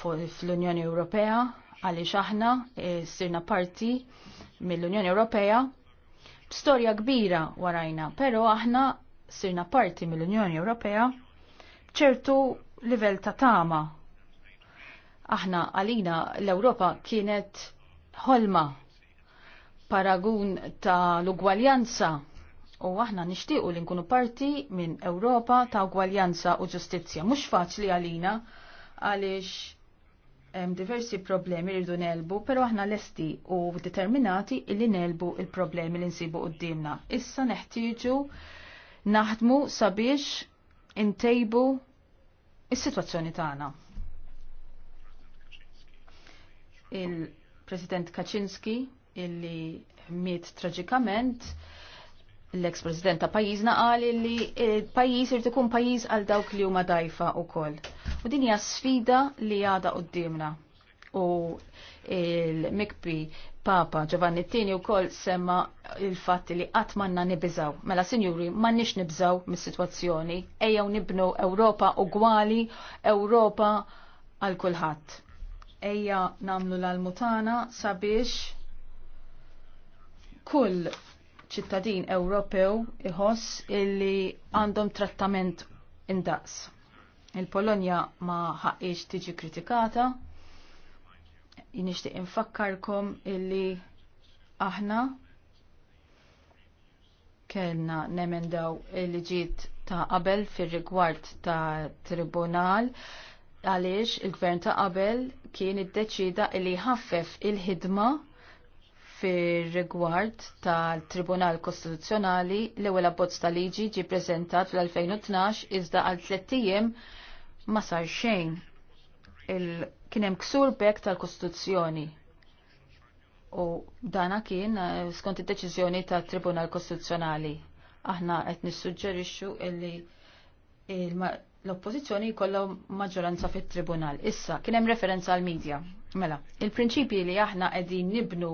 fl-Unjoni Ewropea għaliex aħna eh, sirna parti mill-Unjoni Ewropea b'storja kbira warajna, pero aħna sirna parti mill-Unjoni Ewropea b'ċertu livell ta' tama. Aħna għalina l-Ewropa kienet ħolma paragun ta' l-ugwaljanza u aħna nixtiequ li nkunu parti minn Ewropa ta' ugwaljanza u ġustizzja. Mhux faċli għalina għaliex hemm diversi problemi rridu nelbu, però aħna lesti u determinati illi nelbu il-problemi li nsibu qudiemna. Issa neħtieġu naħdmu sabiex intejbu is-sitwazzjoni tagħna. Il-President Kaczynski illi miet traġikament l-eks president ta' pajjiżna qal li l-pajjiż e, irid ikun pajjiż għal dawk li huma dajfa wkoll. U din hija sfida li għada d-dimna. U il-mikbi Papa Giovanni Tini wkoll semma il fat li qatt manna nibżaw. Mela sinjuri, m'għandniex nibżaw mis-sitwazzjoni, ejjew nibnu Ewropa ugwali, Ewropa għal kulħadd. Ejja namlu l-almutana sabiex kull ċittadin Ewropew iħoss illi għandhom trattament indaqs. Il-Polonja ma ħaqiex tiġi kritikata. Jinixtieq infakkarkom illi aħna kellna nemendaw il ġiet ta' qabel fir-rigward ta' tribunal għaliex il-gvern ta' qabel kien iddeċida li ħaffef il-ħidma il ħidma fir-rigward tal-Tribunal Kostituzzjonali l-ewwel abbozz ta' liġi ġie ppreżentat fl-2012 iżda għal tlettijiem ma sar xejn. Kien hemm ksur bek tal-Kostituzzjoni. U dana kien eh, skont id-deċiżjoni tat-Tribunal Kostituzzjonali. Aħna qed nissuġġerixxu illi l-oppożizzjoni jkollhom maġġoranza fit-tribunal. Issa kien hemm referenza għal-medja Mela, il-prinċipji li aħna qegħdin nibnu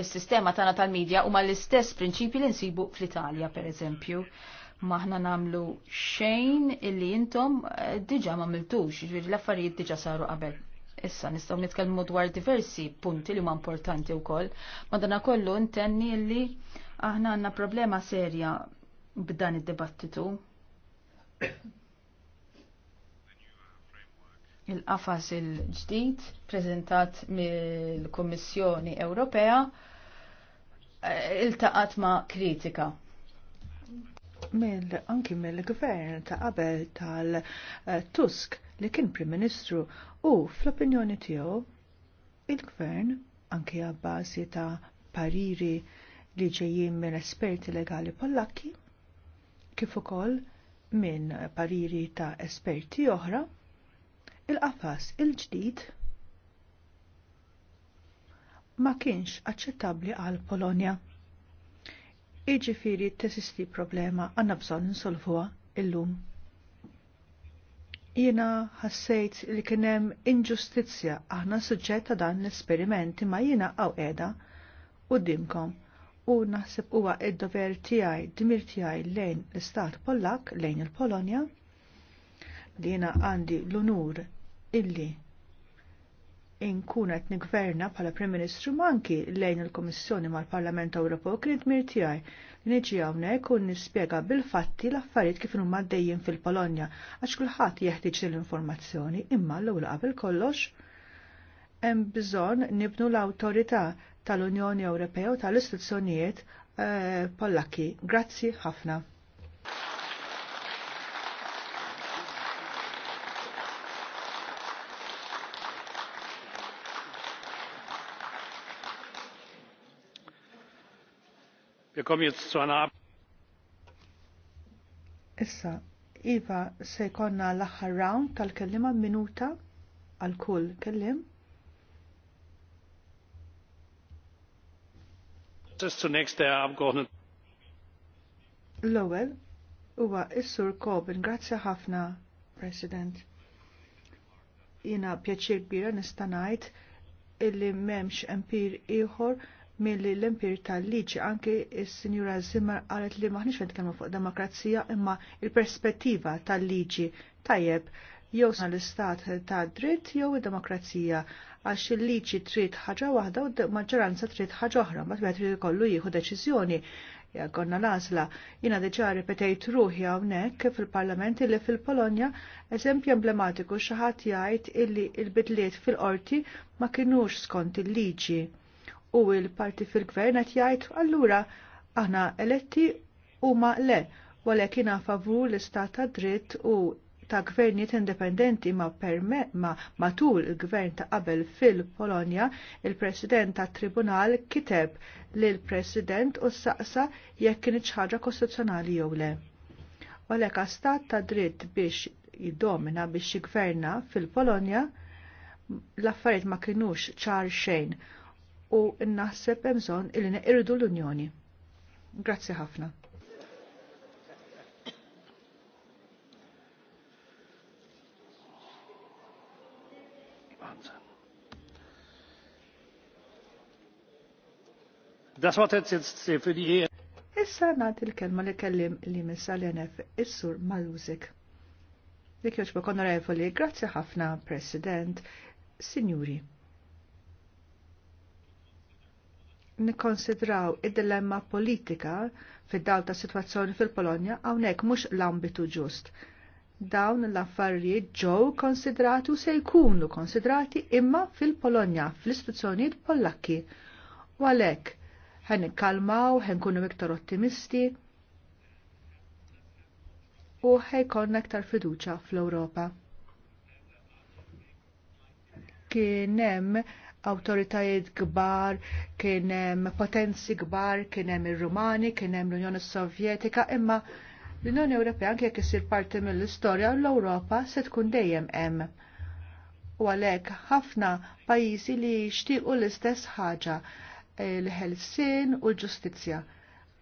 is-sistema tagħna tal-medja huma l-istess prinċipji li nsibu fl-Italja pereżempju. Maħna namlu xejn illi intom eh, diġa ma miltux, ġifieri l-affarijiet diġa saru qabel. Issa nistgħu nitkellmu dwar diversi punti li huma importanti wkoll. kollu intenni illi aħna għandna problema serja b'dan id-dibattitu il-qafas il-ġdid prezentat mill-Kummissjoni Ewropea eh, il-taqat ma' kritika. Mill anki mill-gvern ta' qabel tal-Tusk eh, li kien Prim Ministru u fl-opinjoni tiegħu il-gvern anki għabbażi ta' pariri li ġejjin minn esperti legali pollakki kif ukoll minn pariri ta' esperti oħra il-qafas il-ġdid ma kienx aċċettabbli għal Polonja. Iġifiri tesisti problema għanna bżon insolvuha illum. Jiena ħassejt li kienem inġustizzja aħna suġġett ta' dan l-esperimenti ma jiena għaw edha u dimkom u naħseb huwa id-dover tiegħi, dimir tiegħi lejn l-Istat Pollak, lejn il-Polonja, li għandi l-unur illi inkunet qed nigverna bħala Prim Ministru manki lejn il-Komissjoni mal-Parlament Ewropew kien mirtijaj tiegħi li niġi hawnhekk u nispjega bil-fatti l-affarijiet kif huma dejjin fil-Polonja għax kulħadd jeħtieġ l-informazzjoni imma l-ewwel qabel kollox hemm bżonn nibnu l-awtorità tal-Unjoni Ewropea u tal-istituzzjonijiet eh, pollaki. Grazzi ħafna. Issa, Iva, se jkollna l aħħar round tal-kellima minuta għal kull kellim. L-ewwel huwa s-Sur Corbyn, ħafna, President. Jina pjaċir bira nista' illi m'hemmx empir ieħor mill-impir tal-liġi anki s-Sinjura Zimmer qalet li maħniex qed nitkellmu fuq demokrazija imma il-perspettiva tal-liġi tajjeb jew l-istat ta' dritt jew id-demokrazija għax il-liġi trid ħaġa waħda u maġġoranza trid ħaġa oħra, ma trid ikollu jieħu deċiżjoni għonna lazla. Jina deġa ripetajt ruħi għawnek fil parlamenti li fil-Polonja eżempju emblematiku xaħat jgħid illi il-bidliet fil-qorti ma kienux skont il-liġi u l-parti fil-gvern qed jgħid allura aħna eletti huma le walek jiena favur l-istat ta' dritt u ta' gvernijiet indipendenti ma' perme, ma' matul il-gvern ta' qabel fil-Polonja, il-President ta' Tribunal kiteb lill president u saqsa jekk kien ħaġa kostituzzjonali jew le. Għalhekk Stat ta' dritt biex jiddomina biex jgverna fil-Polonja, l-affarijiet ma kienux ċar xejn u naħseb hemm bżonn illi neqirdu l-Unjoni. Grazzi ħafna. Das war jetzt jetzt äh, für die Issa nagħti l-kelma li kellim li missa l is-sur Maluzik. Dik joġbok onorevoli, grazzi ħafna, President, Signuri. nikkonsidraw id-dilemma politika fid-dawl ta' situazzjoni fil-Polonja hawnhekk mhux l-ambitu ġust. Dawn l-affarijiet ġew konsidrati u se jkunu konsidrati imma fil-Polonja fl-istituzzjonijiet Pollakki. U għalhekk ħen ikkalmaw, ħen kunu iktar ottimisti u ħejkon iktar fiduċa fl-Ewropa. Kien hemm awtoritajiet kbar, kien hemm potenzi kbar, kien hemm ir-Rumani, kien hemm l-Unjoni Sovjetika, imma l-Unjoni Ewropea anke jekk isir parti mill-istorja l-Ewropa se tkun dejjem hemm. U għalhekk ħafna pajjiżi li jixtiequ l-istess ħaġa l-ħelsien u l-ġustizzja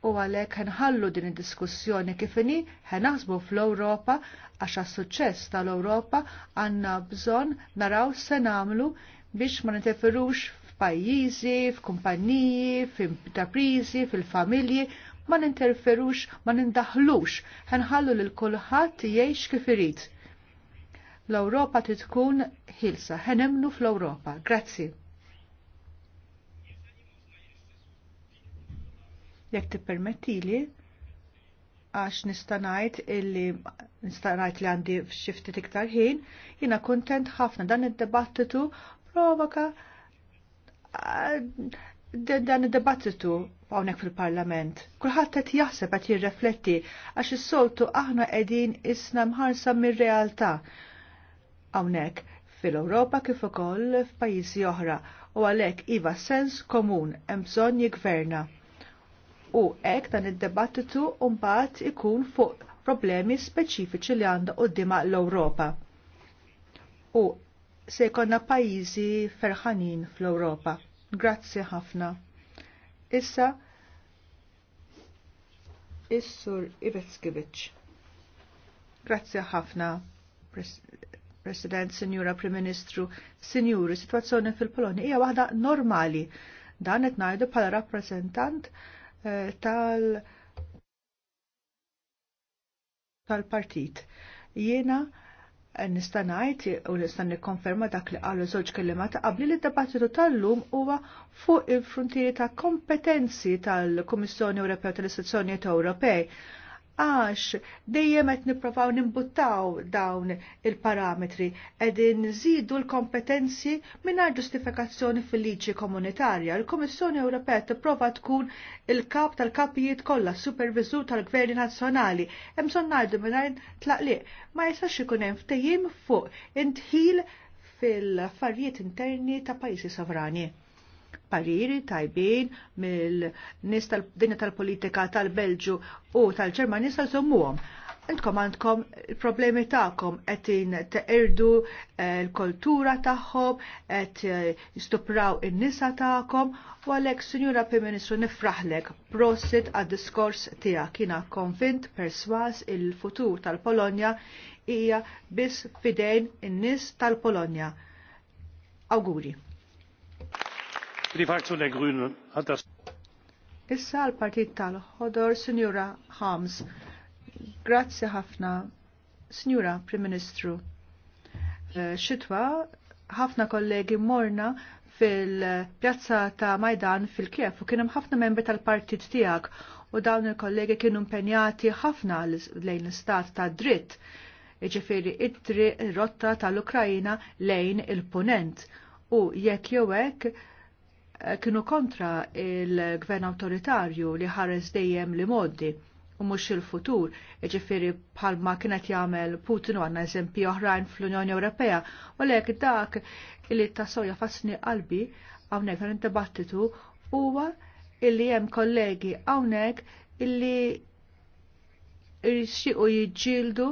u għalhekk ħanħallu din id-diskussjoni kif ħe ħenaħsbu fl ewropa għax suċċess tal ewropa għandna bżonn naraw se namlu biex ma ninteferux f'pajjiżi, f'kumpaniji, f'intraprizi, fil-familji, ma ninterferux, ma nindaħlux, ħanħallu lil kulħadd jgħix kif irid. L-Ewropa trid tkun ħilsa, ħenemnu fl-Ewropa. Grazzi. Jekk tippermettili, għax nistanajt illi nistanajt li għandi f'xifti iktar ħin, jina kontent ħafna dan id-debattitu jipprovoka dan id-debattitu hawnhekk fil-Parlament. Kulħadd qed jaħseb qed jirrefletti għax is-soltu aħna qegħdin isna mħarsa mir-realtà hawnhekk fil-Ewropa kif ukoll f'pajjiżi oħra u għalhekk iva sens komun hemm bżonn jiggverna. U hekk dan id-debattitu mbagħad ikun fuq problemi speċifiċi li għandha qudiema l-Ewropa. U se jkollna pajjiżi ferħanin fl-Ewropa. Grazzi ħafna. Issa Issur sur Ivetskiewicz. Grazzi ħafna, Pres President, Signora Prim Ministru, Sinjuri, situazzjoni fil-Polonja hija waħda normali. Dan qed ngħidu bħala rappreżentant eh, tal tal-partit. Jiena nista' ngħid u nista' nikkonferma dak li qalu żewġ kellimat ta' qabli li d-dibattitu tal-lum huwa fuq il-frontieri ta' kompetenzi tal-Kummissjoni Ewropea tal-Istituzzjonijiet Ewropej għax dejjem qed nipprovaw nimbuttaw dawn il-parametri qegħdin nżidu l-kompetenzi mingħajr ġustifikazzjoni fil-liġi komunitarja. Il-Kummissjoni Ewropea tipprova tkun il-kap tal-kapijiet kollha s-superviżur tal-Gvern Nazzjonali hemm son ngħidu mingħajr tlaqliq ma jistax ikun hemm ftehim fuq intħil fil-affarijiet interni ta' pajjiżi sovrani pariri tajbin mill-nis tal-dinja tal-politika tal-Belġu u tal-Ġermani sa' sommuhom. Intkom għandkom il-problemi ta'kom qed teqirdu eh, l-kultura tagħhom, qed eh, jistupraw in-nisa tagħkom u għalhekk Sinjura Prim Ministru nifraħlek prosit għad-diskors tiegħek Kina konvint perswas il-futur tal-Polonja hija biss fidejn in-nies tal-Polonja. Auguri. Issa l-partit tal-ħodor, Sinjura Hams. Grazzi ħafna, Sinjura Prim Ministru. Eh, xitwa, ħafna kollegi morna fil-pjazza ta' Majdan fil-Kiev u kienem ħafna membri tal-partit tijak u dawn il-kollegi kienu impenjati ħafna lejn l-istat ta' dritt, iġifiri id-dritt rotta tal-Ukrajina lejn il-ponent u jekk jew hekk kienu kontra il-gvern autoritarju li ħares dejjem li moddi u mhux il-futur, ġifiri bħalma kienet jagħmel Putin u għanna eżempji oħrajn fl-Unjoni Ewropea, u lek dak li tassoja fasni qalbi hawnhekk dan id-dibattitu huwa li hemm kollegi hawnhekk illi jixtiequ jiġġieldu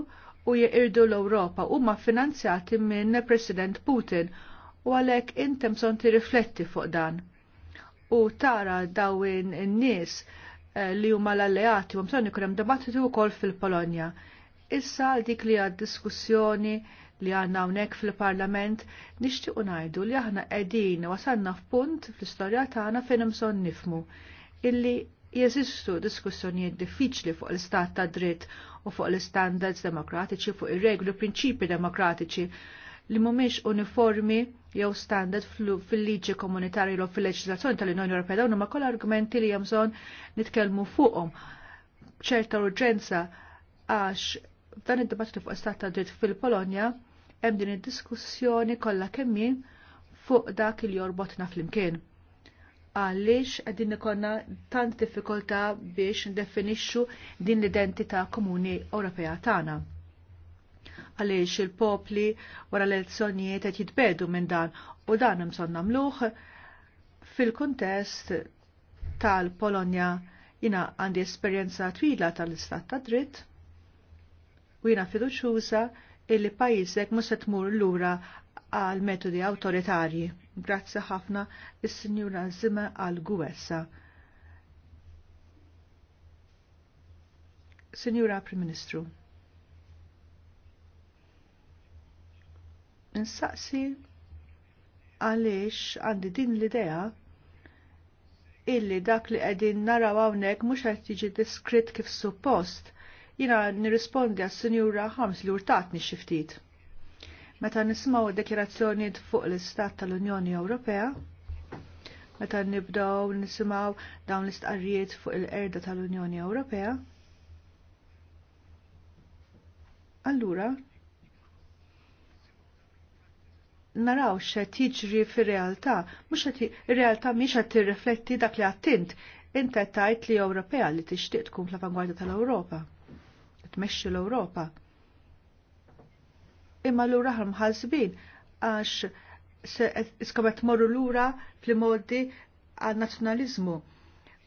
u jirdu l-Ewropa huma finanzjati minn President Putin u għalhekk son bżonn tirrifletti fuq dan u tara dawin n-nies eh, li huma l-alleati u mson ikun hemm dibattitu wkoll fil-Polonja. Issa għal dik li għad diskussjoni li għanna hawnhekk fil-Parlament nixtiequ ngħidu li aħna qegħdin wasanna f'punt fl-istorja tagħna fejn imson nifmu illi jeżistu diskussjonijiet diffiċli fuq l-istat ta' dritt u fuq l-standards demokratiċi, fuq ir reglu u prinċipi demokratiċi li mhumiex uniformi jew standard fil-liġi komunitarju jew fil leġislazzjoni tal-Unjoni Ewropea dawn huma kollha argumenti li hemm bżonn nitkellmu fuqhom b'ċerta urġenza għax dan id-dibattitu fuq istat ta' dritt fil-Polonja hemm din id-diskussjoni kollha kemm fuq dak li jorbotna fl-imkien. Għaliex qegħdin ikollna tant diffikultà biex ndefinixxu din l-identità komuni Ewropea tagħna għaliex il-popli wara l-elezzjonijiet qed jitbedu minn dan u dan imson nagħmluh fil-kuntest tal-Polonja jina għandi esperjenza twila tal-istat ta' dritt u jina fiduċuża illi pajjiżek mhux se tmur lura għal metodi awtoritarji. Grazzi ħafna is-Sinjura Zima għal Guessa. Signora Prim Ministru. Nsaqsi għaliex għandi din l-idea illi dak li qegħdin naraw hawnhekk mhux qed jiġi diskrit kif suppost, jiena nirrispondi għas-Sinjura ħams li urtatni xiftit. ftit. Meta nisimgħu d fuq l-Istat tal-Unjoni Ewropea, meta nibdaw nisimgħu dawn l-istqarrijiet fuq il erda tal-Unjoni Ewropea, allura naraw xe tiġri fir-realtà, mhux ir-realtà mi qed tirrifletti dak li għattint. Inta tajt li Ewropea li tixtieq tkun fl avangwarda tal-Ewropa. Tmexxi l-Ewropa. Imma lura ħarm ħażbin għax iskomet morru lura fl-modi għal nazzjonaliżmu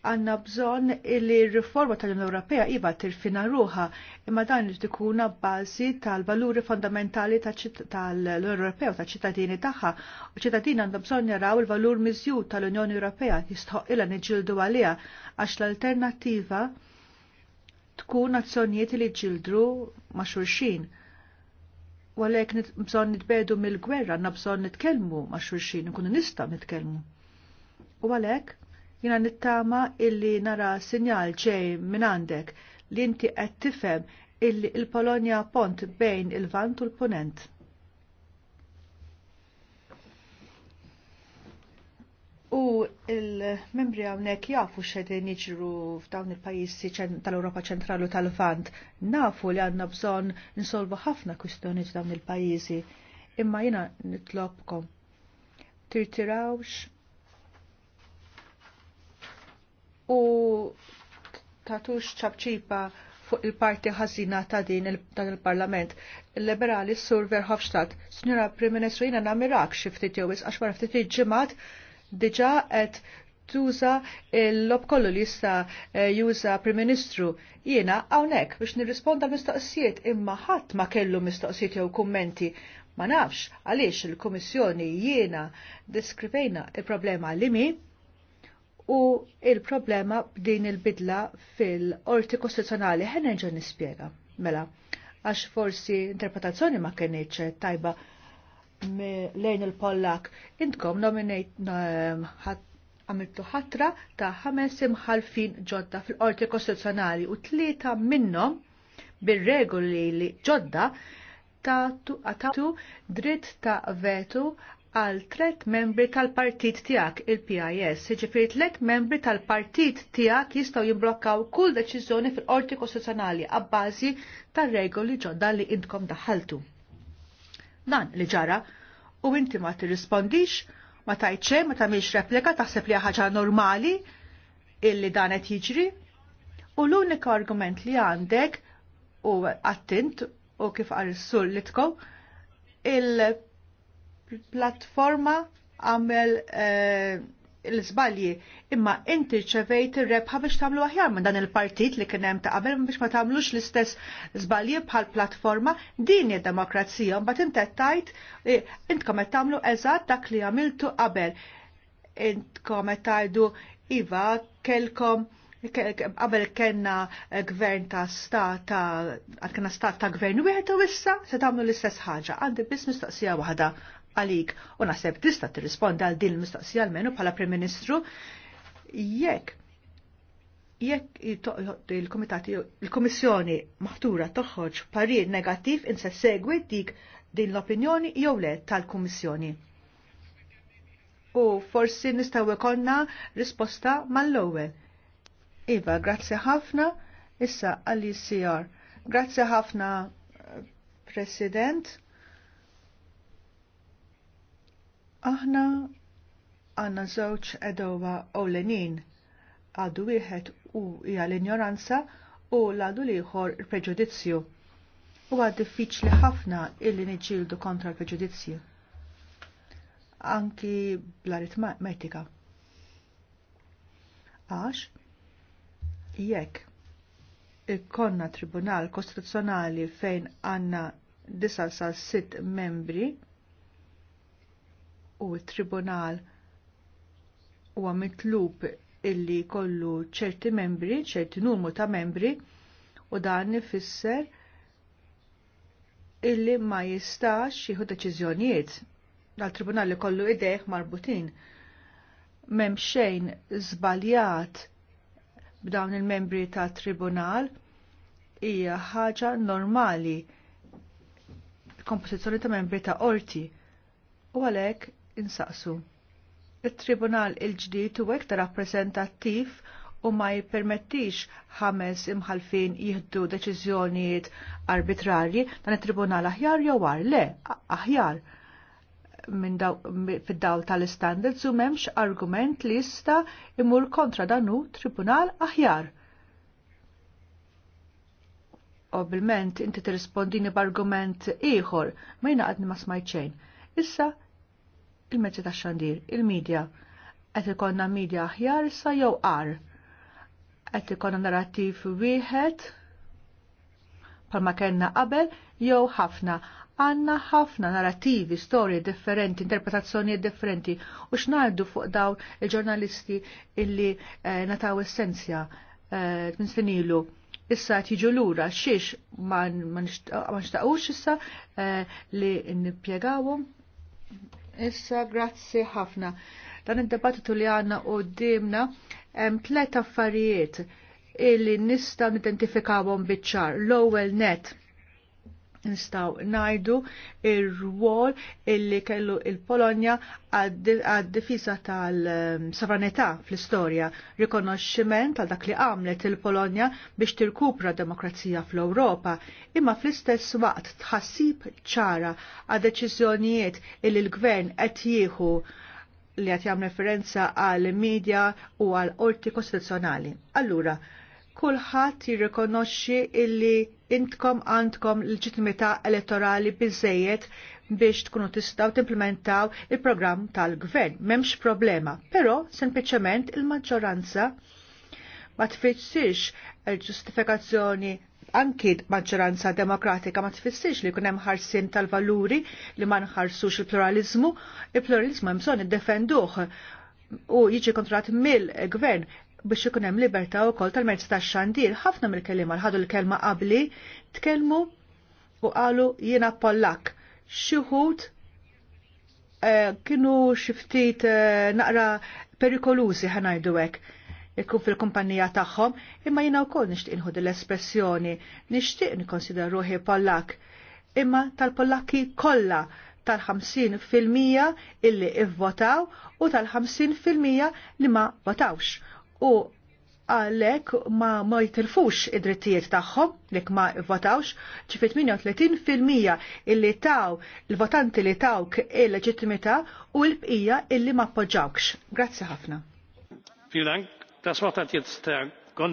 għanna bżon li riforma tal-Unjoni Ewropea iva tirfina ruħa imma dan li tikuna bażi tal-valuri fondamentali tal-Unjoni Ewropea u tal-ċittadini tagħha u ċittadini għandhom bżonn jaraw il-valur miżju tal-Unjoni Ewropea jistħoqilha niġġieldu għaliha għax l-alternattiva tkun azzjonijiet li ġildru ma' xulxin u għalek bżon nitbedu mill-gwerra, għanna bżon nitkelmu ma' xurxin, nkunu nista' nitkelmu. U għalek, Jina nittama illi nara sinjal ġej minn għandek li inti qed tifhem illi il-Polonja pont bejn il-Vant u l-Punent. U il-membri għawnek jafu xedin jiġru f'dawn il-pajissi tal-Europa ċentralu tal-Vant. Nafu li għanna bżon nisolvu ħafna kwistjoni f'dawn il-pajisi. Imma jina nitlobkom. Tirtirawx u tatux ċabċipa fuq il-parti ħażina ta' din il-Parlament. Il-Liberali Sur Verhofstadt, Signora Prim Ministru, jina namirak xiftit jowis, għax wara ftit ġimat diġa qed tuża l-lob kollu li jista juża Prim Ministru. Jiena hawnhekk biex nirrisponda mistoqsijiet imma ħadd ma kellu mistoqsijiet jew kummenti. Ma nafx għaliex il-Kummissjoni jiena diskrivejna il-problema li mi u il-problema b'din il-bidla fil-orti kostituzzjonali ħenerġa' nispjega. Mela, għax forsi interpretazzjoni ma kienieċ tajba lejn il-Pollak. Intkom nominate għamiltu ħatra ta' ħames imħalfin ġodda fil-qorti kostituzzjonali u tlieta minnhom bir-regoli li ġodda ta' tu dritt ta' vetu għal tret membri tal-partit tijak il-PIS, ġifiri tret membri tal-partit tijak jistaw jimblokkaw kull deċiżjoni fil-qorti kostituzzjonali għabbażi tal-regoli ġodda li intkom daħaltu. Dan li ġara, u inti ma tirrispondix, ma tajċe, ma tamiex replika, taħseb li ħaġa normali illi danet jiġri, u l-unika argument li għandek u għattint u kif għarissu sur litkow, il platforma għamel eh, l-sbalji imma inti ċevejt ir-rebħa biex tagħmlu aħjar minn dan il-partit li kien hemm ta' qabel biex ma tagħmlux l-istess żbalji bħal platforma din hija demokrazija mbagħad inti tajt eh, intkom qed tagħmlu eżatt dak li għamiltu qabel. Intkom kome tajdu iva kelkom qabel kena eh, gvern ta' stata, kena ta' gvern wieħed u issa se tagħmlu l-istess ħaġa. Għandi biss mistoqsija waħda għalik u naħseb tista' tirrisponda għal din l-mistoqsija menu bħala Prim Ministru jekk jekk il komissjoni maħtura toħroġ parir negattiv se segwi dik din l-opinjoni jew le tal-kummissjoni. U forsi nistgħu ikonna risposta mal-ewwel. Iva, grazzi ħafna issa għal icr Grazzi ħafna President. Aħna għanna żewġ edowa ewlenin għadu wieħed u hija l ignoranza u l-għadu liħor il-preġudizzju. Huwa diffiċli ħafna illi niġġieldu kontra l-preġudizzju. Anki bl-aritmetika. Għax, jekk ikkonna tribunal kostituzzjonali fejn għanna disal sa 6 membri u t-tribunal huwa mitlub illi kollu ċerti membri, ċerti numru ta' membri u dan ifisser illi ma jistax jieħu deċiżjonijiet dal-tribunal li kollu ideħ marbutin. memxejn xejn zbaljat b'dawn il-membri ta' tribunal hija ħaġa normali kompożizzjoni ta' membri ta' orti u għalhekk insaqsu. Il-tribunal il-ġdid u ektar rappresentattiv u ma jipermettix ħames imħalfin jihdu deċiżjonijiet arbitrarji dan it-tribunal aħjar jew war le aħjar minn fid-dawl tal-standards u memx argument li jista imur kontra danu tribunal aħjar. Obilment inti tirrispondini b'argument ieħor ma għadni ma smajċejn. Issa il-mezzi ta' xandir, il-medja. Qed ikonna medja aħjar sa jew qar. Qed ikonna narrattiv wieħed palma kellna qabel jew ħafna. Għanna ħafna narrativi, storji differenti, interpretazzjonijiet differenti u x'ngħaddu fuq dawn il-ġurnalisti illi eh, nataw essenzja eh, sinilu issa tiġu lura xiex ma nxtaqux issa eh, li nippjegawhom Issa, grazzi ħafna. Dan id-debattitu li għanna u dimna hemm tlet affarijiet illi nista' nidentifikawhom biċ-ċar. L-ewwel net nistaw najdu ir-rwol illi kellu il-Polonja għad-difisa tal-sovranità fl-istorja, rikonoxximent tal dak li għamlet il-Polonja biex tirkupra demokrazija fl-Ewropa, imma fl-istess waqt tħassib ċara għad deċiżjonijiet illi l-gvern qed jieħu li għat jam referenza għal medja u għal orti kostituzzjonali. Allura, kulħadd jirrikonoxxi illi intkom għandkom leġitimità elettorali biżejjed biex tkunu tistaw timplementaw il-programm tal-gvern. Memx problema, però sempliċement il-maġġoranza ma tfissirx ġustifikazzjoni anki maġġoranza demokratika ma tfissirx li kunem ħarsin tal-valuri li ma nħarsux il-pluralizmu, il-pluralizmu hemm bżonn iddefenduh u jiġi kontrat mill-gvern biex ikun hemm libertà wkoll tal-merz tax-xandir. Ħafna mill-kelima ħadu l-kelma qabli tkellmu u qalu jiena Pollak. Xi wħud eh, kienu xi ftit eh, naqra perikolużi ħanajdu hekk fil-kumpanija tagħhom, imma jiena wkoll nixtieq inħod l-espressjoni, nixtieq nikkonsidra ruħi Pollak, imma tal-Pollakki kollha tal-50 fil-mija illi ivvotaw u tal-50 fil-mija li ma votawx u għalek ma ma jitrfux id-drittijiet tagħhom lek ma votawx, ċifet 38% illi taw il-votanti li tawk il-leġittimità u l-bqija illi ma poġawx. Grazzi ħafna.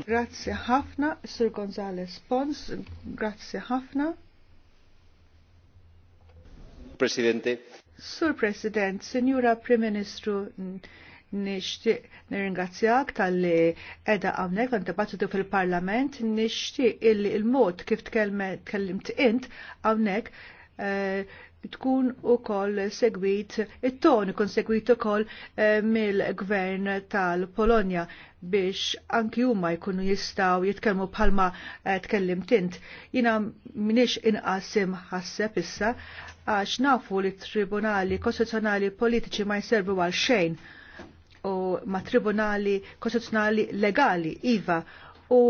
Grazzi ħafna, Sir Gonzales Pons, grazzi ħafna. Presidente. Sur President, Signora Prim Ministru, nixtieq nirringrazzjak tal-li edha għamnek għan dibattitu fil-parlament nixtieq illi il-mod kif tkellimt int għamnek eh, tkun u koll segwit, it-ton kun segwit u koll eh, mill-gvern tal-Polonja biex anki huma jkunu jistaw jitkellmu bħalma eh, tkellim tint. Jina minix inqasim ħasseb issa għax nafu li tribunali kostituzzjonali politiċi ma jservu għal xejn u ma' tribunali kostituzzjonali legali, iva, u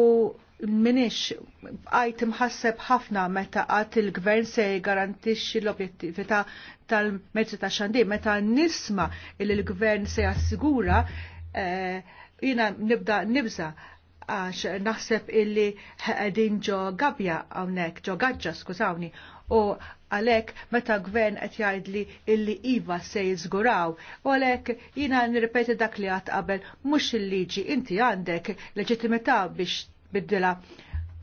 minix għajt imħasseb ħafna meta għat il-gvern se garantixxi l-objettività tal-mezzi ta' xandi, meta nisma il l-gvern se jassigura eh, jina nibda nibza għax naħseb illi ħedin ġo gabja għawnek, ġo għadġa, skużawni, u għalek meta gvern qed jgħidli illi iva se jiżguraw, u għalek jina nirrepeti dak li għat qabel mhux il-liġi inti għandek leġittimità biex biddila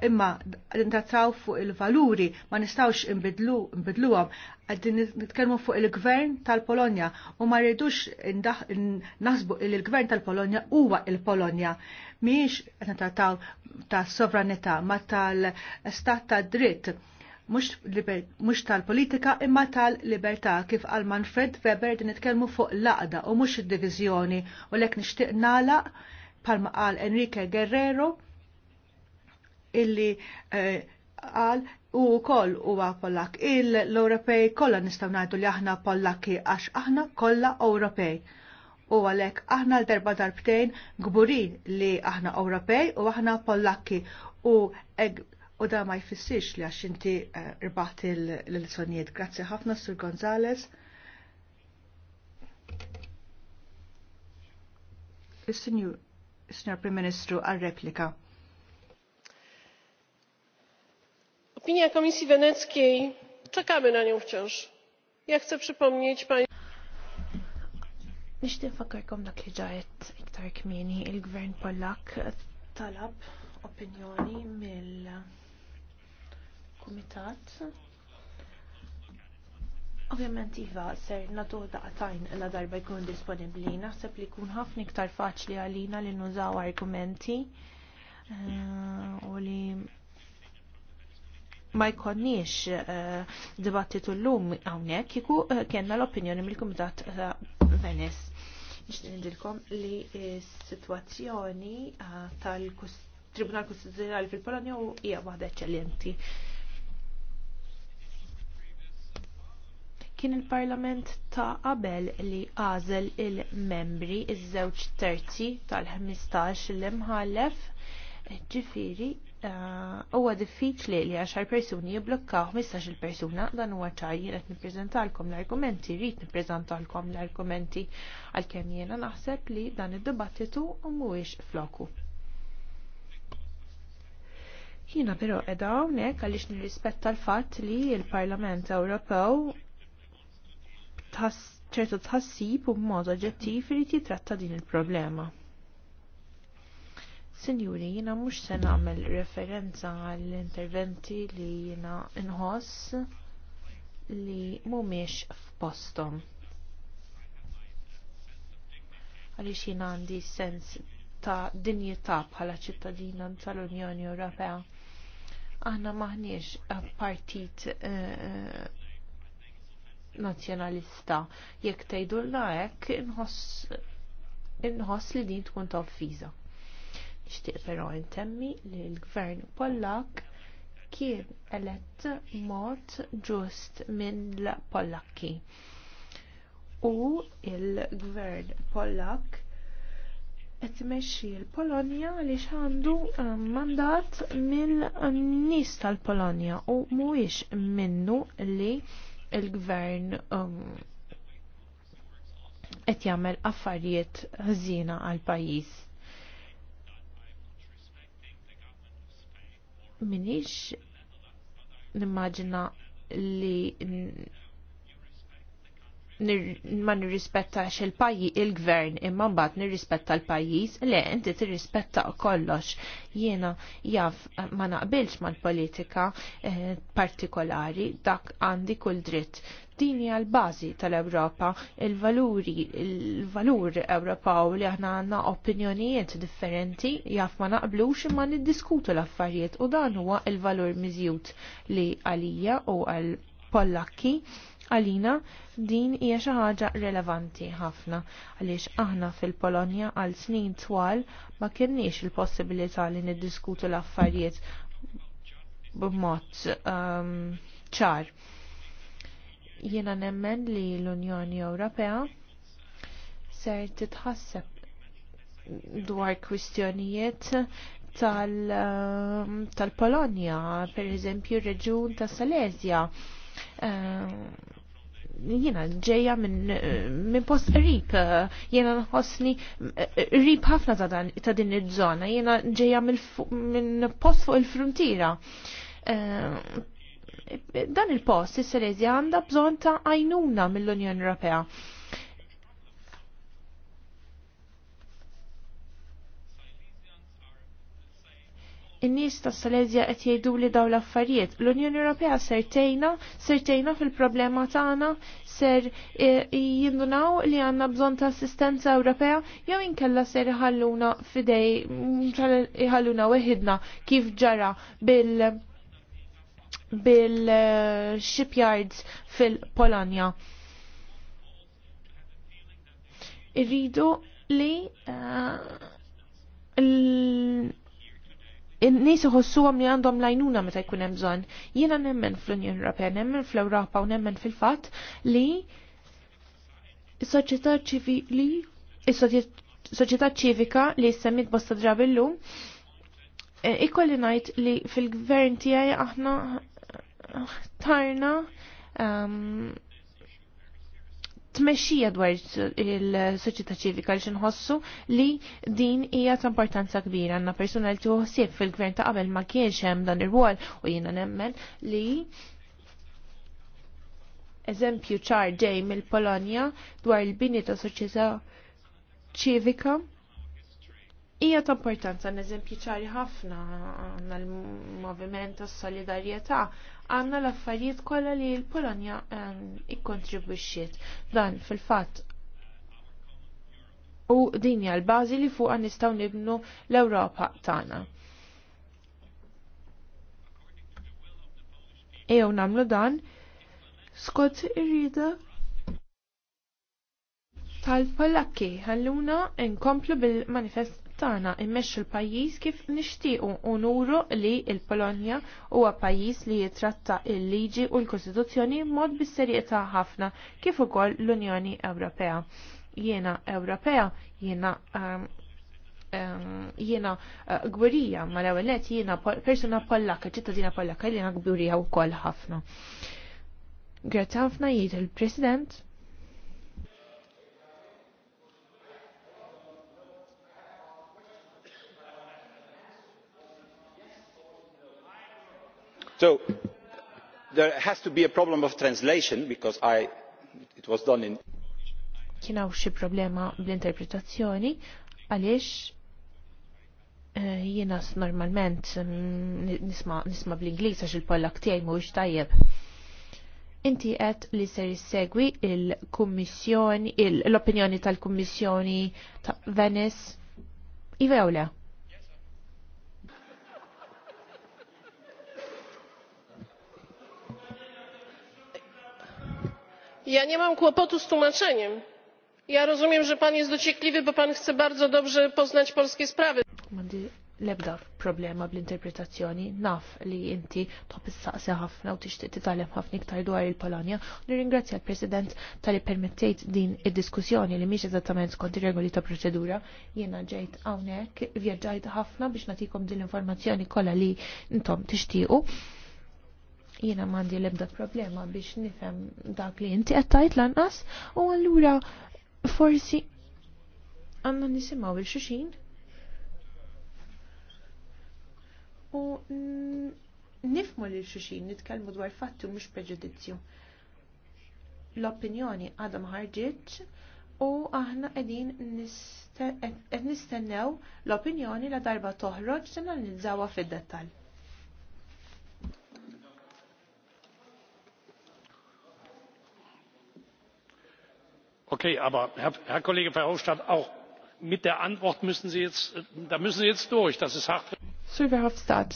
imma nittrattaw fuq il-valuri ma nistawx imbidluhom għaddin nitkellmu fuq il-gvern tal-Polonja u ma rridux naħsbu il gvern tal-Polonja huwa il-Polonja. Miex qed nitrattaw ta' sovranità ma tal-istat ta' dritt mhux tal-politika imma tal-libertà kif għal Manfred Weber din nitkellmu fuq l u mhux id divizjoni u lek nixtieq nagħlaq palma qal Enrique Guerrero illi eh, qal eh, u koll huwa Pollak. Il-Ewropej kollha nistgħu ngħidu li aħna pollaki għax aħna kollha Ewropej u għalek aħna l derba darbtejn gburin li aħna Ewropej u aħna pollaki u u da ma jfissirx li għax inti eh, rbaħt il elezzjonijiet Grazzi ħafna Sur Gonzales. Signor sinjur Prim Ministru għal-replika. Opinia Komisji Weneckiej, czekamy na nią wciąż. Ja chcę przypomnieć Pani... Nishti nfakkarkom dak li ġajet iktar kmieni il-gvern Pollak talab opinjoni mill kumitat Ovvjament iva ser natu daqtajn la darba jkun disponibbli. Naħseb li jkun ħafna iktar faċli għalina li nużaw argumenti eh, u li ma jkonniex eh, dibattitu l-lum għawnek kiku eh, kena l-opinjoni mill-Kumitat Venice. Nixtieq Nixtindilkom li s-situazzjoni tal-Tribunal Kostituzzjonali fil-Polonja hija waħda eċċellenti. kien il-Parlament ta' qabel li għażel il-membri iż-żewġ terzi tal-15 l-imħallef ġifiri uh, huwa diffiċli li għaxar persuni jiblokkaw 15 persuna dan huwa ċar jien qed nippreżentalkom l-argumenti, rrid nippreżentalkom l-argumenti għalkemm jiena naħseb li dan id-dibattitu mhuwiex floku. Jiena però qiegħda hawnhekk għaliex nirrispetta l-fatt li l-Parlament Ewropew ċertu tħassib u b'mod oġġettiv irid jitratta din il-problema. Sinjuri, jiena mhux se nagħmel referenza għall interventi li jiena nħoss li mhumiex f'posthom. Għaliex jina għandi sens ta' dinjità bħala ċittadina tal-Unjoni Ewropea. Aħna maħniex partit uh, nazjonalista. Jekk tgħidu hekk inħoss li din tkun ta' offiża. Nixtieq però intemmi li l-gvern Pollak kien elett mod ġust minn l-Pollakki. U l gvern Pollak qed imexxi l-Polonja għaliex għandu eh, mandat mill-nies tal-Polonja u mhuwiex minnu li il-gvern um, qed jagħmel affarijiet ħżina għal pajjiż. Minix nimmaġina li ma nirrispettax il-pajji il-gvern imma mbagħad nirrispetta l-pajjiż le inti tirrispetta kollox. Jiena jaf ma naqbilx mal-politika eh, partikolari dak għandi kull dritt. Dini għal bażi tal-Ewropa, il-valuri, il-valur Ewropaw li aħna għandna opinjonijiet differenti, jaf ma naqblux imma niddiskutu l-affarijiet u dan huwa il-valur miżjut li għalija u għal Pollakki għalina din hija xi ħaġa relevanti ħafna għaliex aħna fil-Polonja għal snin twal ma kienniex il-possibilità li niddiskutu l-affarijiet b'mod ehm, ċar. Jiena nemmen li l-Unjoni Ewropea ser titħasseb dwar kwistjonijiet ehm, tal-Polonja, tal per eżempju, reġun ta' Salesja. Um, ehm, jena ġeja minn min post rip, jena nħossni rib ħafna ta' din il żona jena ġeja minn post fuq il-frontira. Eh, dan il-post, is-Selezja għandha bżonn ta' għajnuna mill-Unjoni Ewropea in-nies ta' Salezja qed jgħidu li daw l-affarijiet. L-Unjoni Ewropea sertejna, sertejna fil-problema tagħna ser e, jindunaw li għandna bżonn ta' assistenza Ewropea jew inkella ser iħalluna fidej iħalluna weħidna kif ġara bil bil-shipyards fil-Polonja. Irridu li uh, in-nies iħossuhom li għandhom lajnuna meta jkun hemm bżonn. Jiena nemmen fl-Unjoni Ewropea, nemmen fl-Ewropa u nemmen fil-fatt li s soċjetà ċivili soċjetà ċivika li semmit bosta drabi llum e, ikolli ngħid li fil-gvern tiegħi aħna tarna um, tmexxija dwar il-soċjetà ċivika li xinħossu li din hija ta' importanza kbira. Għandna persuna li tuħsib fil-gvern ta' qabel ma kienx hemm dan ir-rwol u jiena nemmen li eżempju ċar ġej mill-Polonja dwar il-bini ta' soċjetà ċivika Ija ta' importanza n-eżempju ċari ħafna għanna l-moviment ta' solidarieta għanna l-affarijiet kolla li l-Polonja ehm, ikkontribuxiet. Dan fil-fat u dinja l-bazi li fuqa nistaw nibnu l-Europa tana. Ejew namlu dan skot irrida tal-Polakki ħalluna nkomplu bil-manifest tagħna immexxu l-pajjiż kif nixtiequ u nuru li l-Polonja huwa pajjiż li jitratta il-liġi u l-Kostituzzjoni mod bis-serjetà ħafna kif ukoll l-Unjoni Ewropea. Jiena Ewropea, jiena um, jiena uh, gwerija ma l jiena persuna pollaka, ċittadina Pollakka li jiena gwerija wkoll ħafna. Grazzi ħafna jgħid il-President. so there has to be a problem of translation because I, it was done in kien hawn xi problema bl-interpretazzjoni għaliex eh, jiena normalment mm, nisma, nisma bl-Ingliż għax il-Pollak tiegħi mhuwiex tajjeb. Inti qed li ser issegwi il kummissjoni l opinjoni tal kummissjoni ta' Venice Iva jew le? ja nie mam kłopotu z tłumaczeniem ja rozumiem że pan jest dociekliwy bo pan chce bardzo dobrze poznać polskie sprawy l-ebda problema bl-interpretazzjoni naf li inti top saqsi ħafna u tixtieq titalem ħafna iktar dwar il-Polonja. Nirringrazzja l-President tal-li permettejt din id-diskussjoni li mhix eżattament skont ir-regoli ta' proċedura. Jiena ġejt hawnhekk, vjaġġajt ħafna biex natikom din l-informazzjoni kollha li intom tixtiequ. Jiena m'għandi l-ebda problema biex nifhem dak li inti qed tgħid lanqas u allura forsi għandna nisimgħu il xuxin u nifmu li xuxin nitkellmu dwar fatti u mhux preġudizzju. L-opinjoni għadha ma ħarġitx u aħna qegħdin qed nistennew l-opinjoni la darba toħroġ se nizzawa fid-dettall. okay aber herr kollege verhofstadt auch mit der antwort müssen sie jetzt äh, da müssen sie jetzt durch das ist hart. Sur Verhofstadt.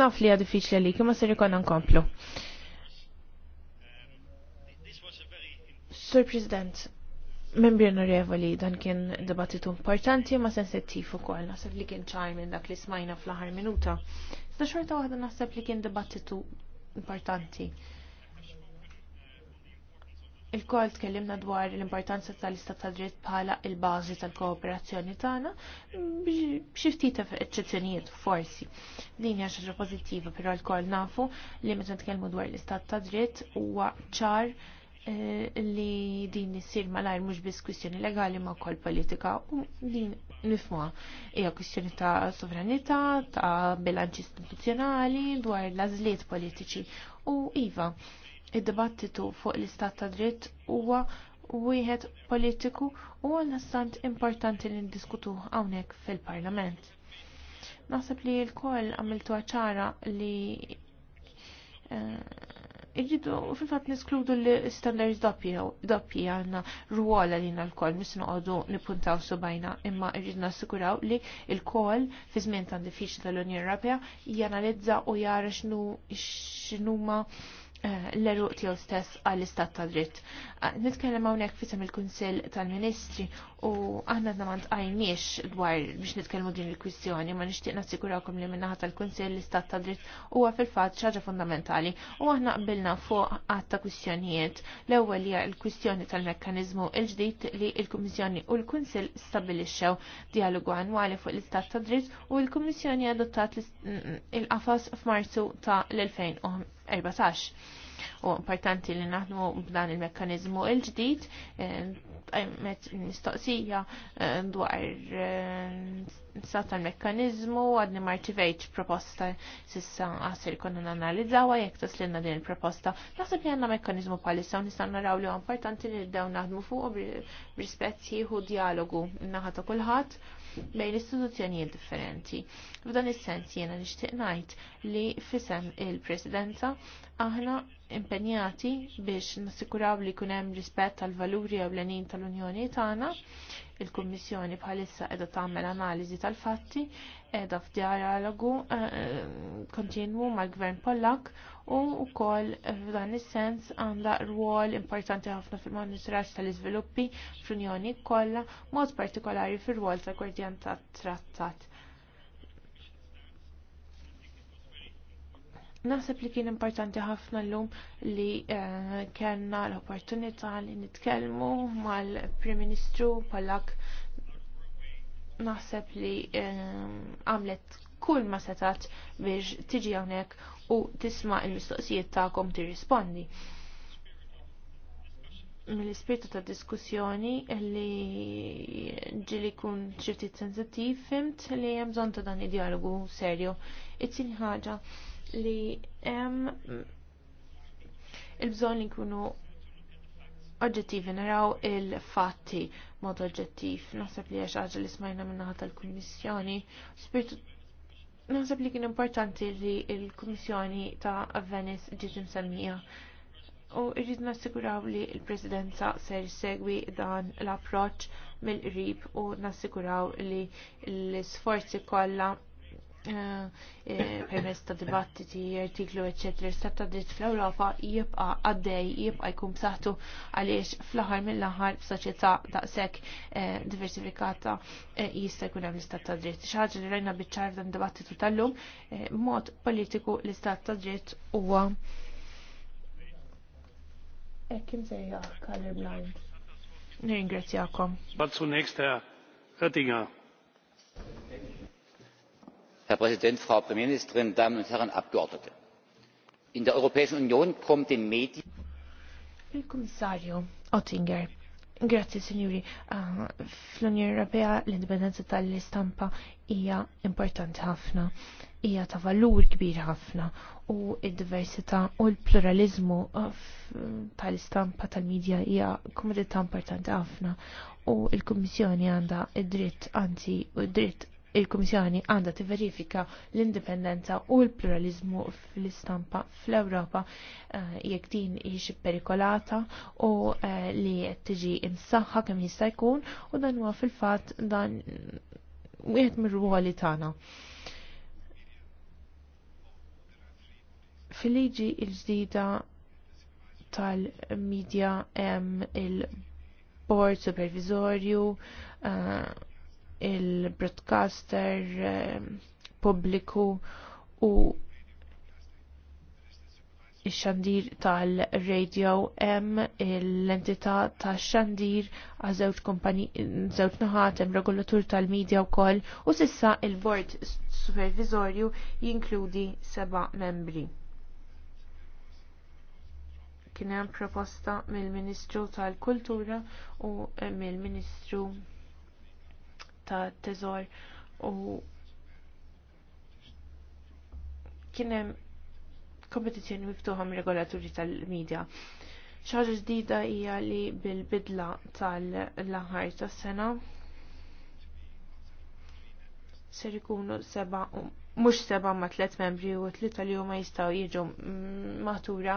Naf li diffiċli li kima ser ikon nkomplu. Sur President, membri onorevoli dan kien dibattitu importanti ma sensittiv ukoll naħseb li kien ċar minn dak li smajna fl-aħħar minuta. Iżda xorta waħda naħseb li kien dibattitu importanti. Il-kol tkellimna dwar l-importanza tal-istat ta' dritt bħala il-bażi tal-kooperazzjoni tagħna b'xi ftit eċċezzjonijiet forsi. Din hija xi ħaġa pożittiva, però l-kol nafu li meta nitkellmu dwar l-istat ta' dritt huwa ċar eh, li din issir malajr mhux biss kwistjoni legali ma' wkoll politika u din nifmuha hija kwistjoni ta' sovranità, ta' bilanċ istituzzjonali, dwar l-għażliet politiċi u iva Id-dibattitu fuq l-istat ta' dritt huwa wieħed politiku u għal-nastant importanti li ndiskutu hawnhekk fil-Parlament. Naħseb li l-koll għamiltu ċara li eh, u fil-fatt niskludu l-standards doppi għanna ruola li l-koll mis noqogħdu nipuntaw subajna imma irridu nassikuraw li l-koll fi żmien tan diffiċli tal-Unjoni Ewropea janalizza u jara x'numa Eh, l-eruq tiegħu stess għall-istat ta' dritt. Ah, nitkellem hawnhekk fisem il-Kunsill tal-Ministri u aħna namant għajniex dwar biex nitkellmu din il-kwistjoni, ma nixtieq nassigurakom li minnaħat tal-Kunsill l-istat ta' dritt huwa fil-fatt xaġa fundamentali u aħna qbilna fuq għadd ta' kwistjonijiet. L-ewwel hija l-kwistjoni tal-mekkaniżmu il-ġdid li l-Kummissjoni u l-Kunsill stabilixxew dialogu annwali fuq l-istat ta' dritt u l-Kummissjoni adottat mm, mm, il-qafas f'Marzu ta' l-2011. 14. U importanti li naħdmu b'dan il-mekkanizmu il-ġdid, eh, għajmet mistoqsija eh, dwar eh, sa tal-mekkanizmu għadni marċivejt proposta sissa għasir konna nanalizzawa jek taslinna din il-proposta. Naħseb li għanna mekkanizmu palissa u nistan naraw li importanti li dawn naħdmu fuq u b'rispetti u dialogu naħata kullħat bejn istituzzjonijiet differenti. F'dan is-sens jiena nixtieq ngħid li fisem il-Presidenza aħna impenjati biex nassikuraw li jkun hemm rispett tal-valuri ewlenin tal-Unjoni tagħna Il-Kummissjoni bħalissa qiegħda tagħmel analiżi tal-fatti, qiegħda f'dialogu eh, kontinwu mal-Gvern Pollak u wkoll f'dan is-sens għandha rwol importanti ħafna fil-monitoraġġ tal-iżviluppi fl-Unjoni kollha, mod partikolari fir-rwol tal-Gwardjan tat-Trattat Naħseb li kien importanti ħafna l-lum li kena eh, kellna l-opportunità li nitkellmu mal-Prim Ministru Palak naħseb li eh, għamlet kull ma setat biex tiġi hawnhekk u tisma' il-mistoqsijiet tagħkom tirrispondi. Mill-ispirtu ta' diskussjoni li ġili kun xiftit sensittiv fimt li hemm bżonn ta' dan id-dialogu serju. It-tieni ħaġa li hemm il-bżonn li kunu oġġettivi naraw il-fatti mod oġġettiv. Naħseb li għax ħaġa li smajna minnaħa tal-Kummissjoni. Spiritu naħseb li kien importanti li l-Kummissjoni ta' Venice ġiet msemmija. u irrid nassiguraw li l-Presidenza ser segwi dan l-approċ mill-qrib u nassiguraw li l-sforzi kollha Eh, eh, permess ta' dibattiti, artiklu, etc. Stat ta' dritt fl europa jibqa' għaddej, jibqa' jkun b'saħħtu għaliex fl-aħħar mill-aħħar f'soċjetà daqshekk eh, diversifikata jista' jkun hemm stat ta' dritt. Xaġa li rajna biċ-ċar dan dibattitu tal-lum, mod politiku l-istat ta' dritt huwa Ekkim sejja blind. Ringrazzjakom. Bat zunächst Herr herr präsident frau premierministerin damen und herren abgeordnete! in der europäischen union kommt den medien Grazzi, Signori. Ah, Fl-Unjoni Ewropea l-indipendenza tal-istampa hija importanti ħafna, hija ta' valur kbir ħafna u id-diversità u l-pluralizmu ah, tal-istampa tal-medja hija komodità importanti ħafna u l-Kummissjoni għandha id-dritt anzi u d-dritt il-Kummissjoni għandha tiverifika l-indipendenza u l-pluralizmu fl-istampa fl-Ewropa eh, jekk din hix perikolata u eh, li qed tiġi imsaħħa kemm jista' jkun u dan huwa fil-fatt dan wieħed mir-ruoli tagħna. Fil-liġi l-ġdida tal-medja hemm il-Board Supervisorju uh, il-broadcaster eh, pubbliku u ix-xandir tal-radio hemm l-entità tax-xandir għal żewġ żewġ naħat hemm regolatur tal-medja wkoll u sissa il-bord supervisorju jinkludi seba' membri. Kien hemm proposta mill-Ministru tal-Kultura u mill-Ministru ta' teżor u kienem kompetizjoni miftuħa mir regolaturi tal-medja. ċaġa ġdida hija li bil-bidla tal-laħar tas-sena ser ikunu seba mhux seba ma' tliet membri u tlet tal ma jistgħu jiġu matura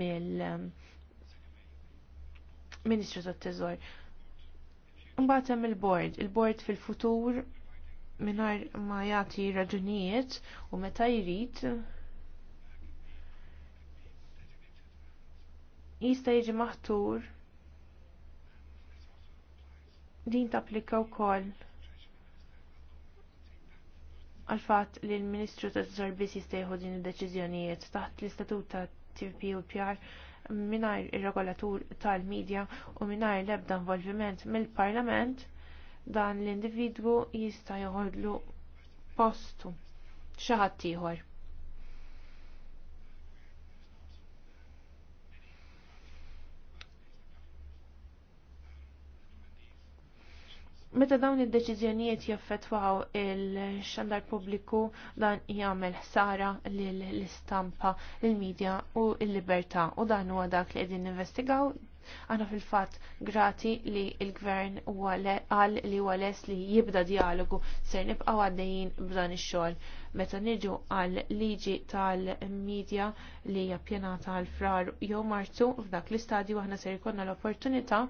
mill-Ministru tat-Teżor Mbagħad hemm il board il board fil-futur minar ma jagħti raġunijiet u meta jrid jista' jiġi maħtur din tapplika wkoll għal fatt li l-Ministru ta' Teżorbis jista' jieħu din id-deċiżjonijiet taħt l-istatut ta' tpupr minnajr ir-regolatur tal-medja u mingħajr l-ebda involviment mill-Parlament dan l-individwu jista' joħodlu postu xi ħadd ieħor. Meta dawn id-deċiżjonijiet jaffettwaw il-xandar pubbliku dan jagħmel ħsara lill-istampa, l medja u l-libertà u dan huwa dak li qegħdin investigaw Aħna fil-fatt grati li il-gvern għal li għales li jibda dialogu ser nibqa għaddejjin b'dan ix-xogħol. Meta niġu għal liġi tal-medja li jappjenata għal frar jew marzu f'dak l-istadju aħna ser jkollna l-opportunità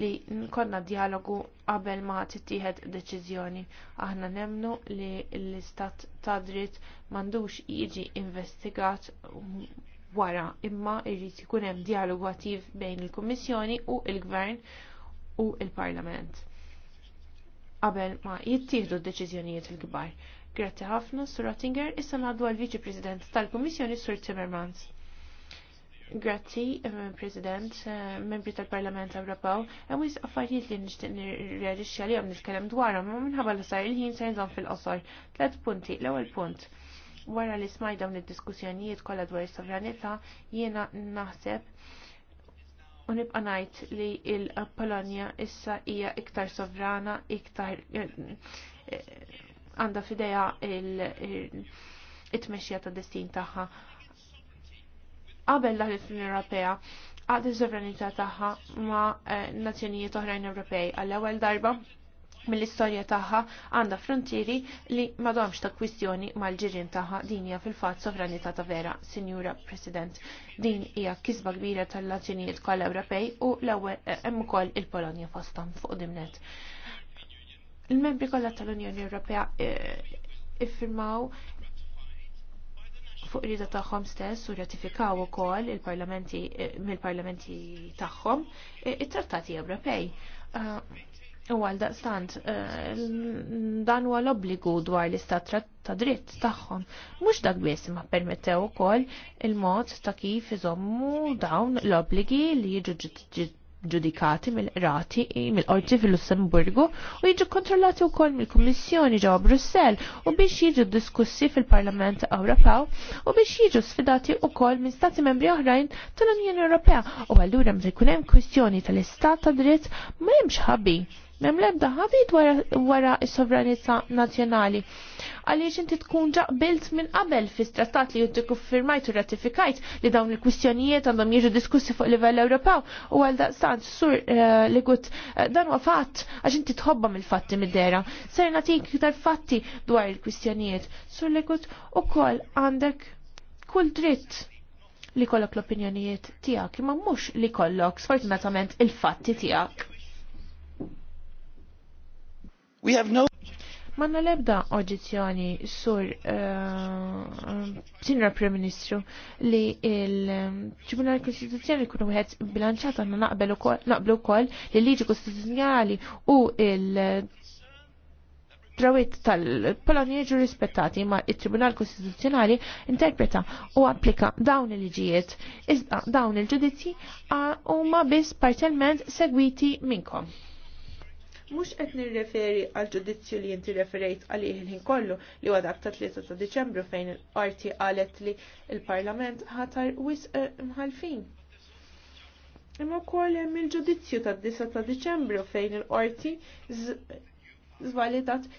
li nkonna dialogu qabel ma tittieħed deċiżjoni. Aħna nemnu li l-istat ta' dritt m'għandux jiġi investigat wara imma jrid ikun hemm dialogu attiv bejn il-Kummissjoni u l gvern u l parlament qabel ma jittieħdu d-deċiżjonijiet il-kbar. Grazzi ħafna, Sur Ratinger, issa ngħaddu għal Viċi President tal-Kummissjoni Sur Timmermans. Grazzi, eh, President, eh, membri tal-Parlament Ewropew, hemm wis affarijiet li nixtieq nirrealixxi għalihom nitkellem dwarhom, ma minħabba li sar il-ħin se nżomm fil-qosor. Tlet punti, l-ewwel punt. Wara li smaj dawn id-diskussjonijiet kollha dwar is-sovranità, jiena naħseb u nibqa' ngħid li l-Polonja issa hija iktar sovrana, iktar eh, għandha f'idejha il-tmexxija tad destin tagħha qabel l l-Unjoni Ewropea għad iż-sovranità tagħha ma' eh, nazzjonijiet oħrajn Ewropej għall-ewwel darba mill-istorja tagħha għandha frontieri li m'għadhomx ta' kwistjoni mal-ġirien tagħha din hija fil-fatt sovranità ta' vera, Sinjura President. Din hija kisba kbira tal-nazzjonijiet kollha Ewropej u l-ewwel eh, hemm ukoll il-Polonja fostam fuq dimnet. Il-membri kollha tal-Unjoni Ewropea eh, iffirmaw fuq rida tagħhom stess u ratifikaw ukoll il-parlamenti eh, mill-parlamenti tagħhom eh, it-trattati Ewropej. Eh, u għal daqstant, dan huwa l-obbligu dwar l-istat ta' dritt tagħhom. Mhux dak biss ma permettew ukoll il-mod ta' kif iżommu dawn l-obbligi li jiġu ġudikati mill irati mill-qorti fil-Lussemburgu u jiġu kontrollati wkoll mill-Kummissjoni ġewwa Brussell u biex jiġu diskussi fil-Parlament Ewropew u biex jiġu sfidati wkoll minn stati membri oħrajn tal-Unjoni Ewropea u allura meta jkun hemm kwistjoni tal-istat ta' dritt ma hemmx ħabi Mem lebda ħabit wara, wara s-sovranità nazjonali. Għaliex inti tkun ġaqbilt minn qabel fi strattat li jutti firmajt u ratifikajt li dawn il-kwistjonijiet għandhom jiġu diskussi fuq livell Ewropew u għal daqstant sur uh, eh, li gut uh, eh, dan huwa fatt għax inti tħobba mill-fatti mid-dera. Ser natik iktar fatti dwar il-kwistjonijiet. Sur li gut ukoll għandek kull dritt li kollok l-opinjonijiet tijak, imma mux li kollok sfortunatament il-fatti tijak. We have no Manna lebda oġizjoni sur eh, Sinra Prim Ministru li il-Tribunal Konstituzzjoni kunu wieħed bilanċat għandna naqblu wkoll li l-liġi kostituzzjonali u il- trawit tal-Polonja ġu rispettati ma il-Tribunal Kostituzzjonali interpreta u applika dawn il-liġijiet. Iżda dawn il-ġudizzi ah, huma biss parzialment segwiti minkom. Mhux qed nirreferi għal ġudizzju li inti referejt għalih il-ħin kollu li huwa dak ta' 3 ta' Diċembru fejn il arti qalet li il-Parlament ħatar wis eh, mħalfin. Imma wkoll hemm il-ġudizzju tad-9 ta' Diċembru fejn il-qorti zvalidat eh,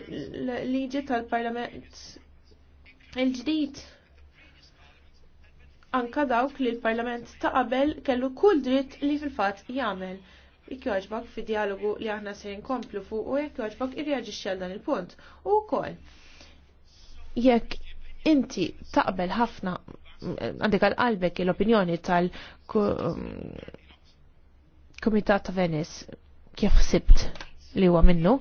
l-liġi tal-Parlament il-ġdid anka dawk li l-Parlament ta' qabel kellu kull dritt li fil-fatt jagħmel jekk joġbok fi dialogu li aħna se nkomplu fuq u jekk joġbok irreaġixxi għal dan il-punt. U kol, jekk inti taqbel ħafna għandek għal qalbek l-opinjoni tal-Komitat mm, ta' Venice kif sibt li huwa minnu,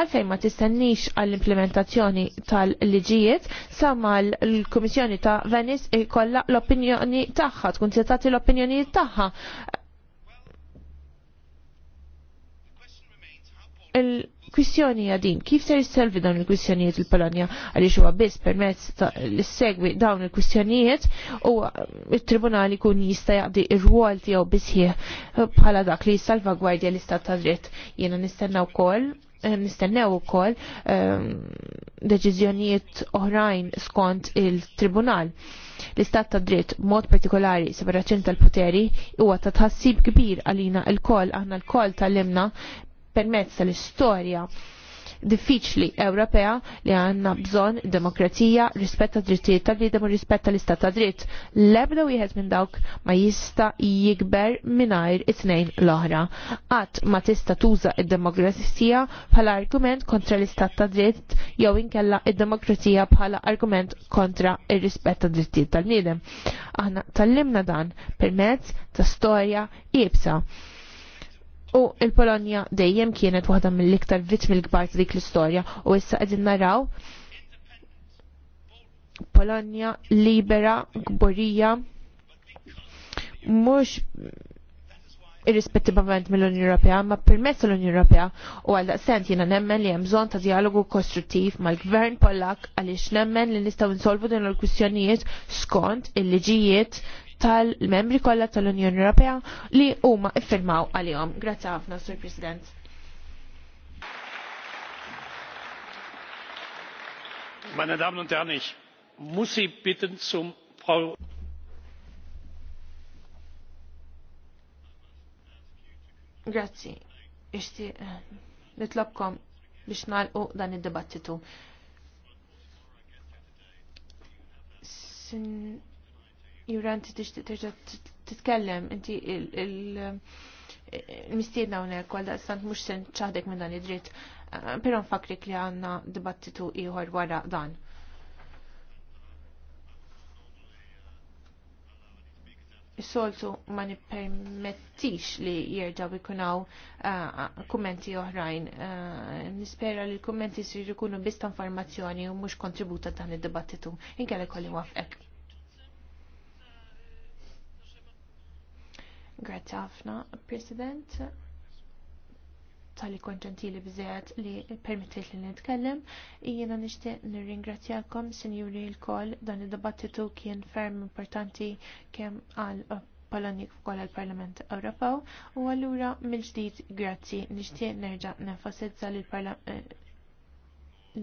għalfejn ma tistennix għall-implementazzjoni tal-liġijiet samma l-Komissjoni ta' Venice ikolla l-opinjoni tagħha, tkun setati tagħti l-opinjoni tagħha il kwissjoni għadin, kif ser jisselvi dawn il-kwistjonijiet il-Polonja għaliex huwa biss permezz l segwi dawn il-kwistjonijiet u il-tribunali kun jista' jaqdi ir-rwol tiegħu bisħieħ eh, bħala dak li jissalvagwardja l-istat ta' dritt. Jiena nistenna wkoll nistennew ukoll eh, ehm, deċiżjonijiet oħrajn skont il-tribunal. L-istat ta' dritt mod partikolari separazzjoni tal-poteri huwa ta' tħassib kbir għalina l-koll aħna l-koll tal-limna permezz tal-istorja diffiċli Ewropea li għanna bżon demokrazija, rispett ta' drittijiet tal-bidem u rispett tal-istat ta' dritt. Lebda wieħed minn dawk ma jista jikber mingħajr it-tnejn l-oħra. Qatt ma tista' tuża id-demokrazija bħala argument kontra l-istat ta' dritt jew inkella id-demokrazija bħala argument kontra il rispett ta' drittijiet tal nidem Aħna tal-limna dan permezz ta' storja ibsa U il-Polonja dejjem kienet waħda mill-iktar vittmi l-kbar ta' dik l-istorja u issa qegħdin naraw Polonja libera, gborija, mhux irrispettivament mill-Unjoni Ewropea, ma permezz l-Unjoni Ewropea u għal daqsent jiena nemmen li hemm bżonn ta' dialogu kostruttiv mal-Gvern Pollak għaliex nemmen li nistgħu insolvu din il-kwistjonijiet skont il-liġijiet tal-membri kollha tal-Unjoni Ewropea li huma iffirmaw għalihom. Grazzi ħafna, Sur President. Meine Damen und Herren, ich muss Sie bitten zum Frau Grazzi. Ixti eh, nitlobkom biex nalqu dan id-dibattitu. Jura inti t-tkellem, inti il-mistiedna hawnhekk għal s-sant mhux se ċaħdek minn dan id-dritt, eh, però nfakrik li għandna dibattitu ieħor wara dan. Is-soltu ma nippermettix li jerġaw ikunaw eh, kummenti oħrajn. Eh, nispera li l-kummenti jsiru jkunu biss ta' informazzjoni u mhux kontributa dan id-dibattitu. Inkella kolli wafqek. Grazzi ħafna, President, Tali li konċentili bżejat li permettet li nitkellem. Jiena nixtieq nirringrazzjakom, sinjuri l-koll, dan id-dibattitu kien ferm importanti kemm għal Polonik f'kol għal-Parlament Ewropew u allura mill-ġdid grazzi nixtieq nerġa' nenfasizza li l-Parlament eh,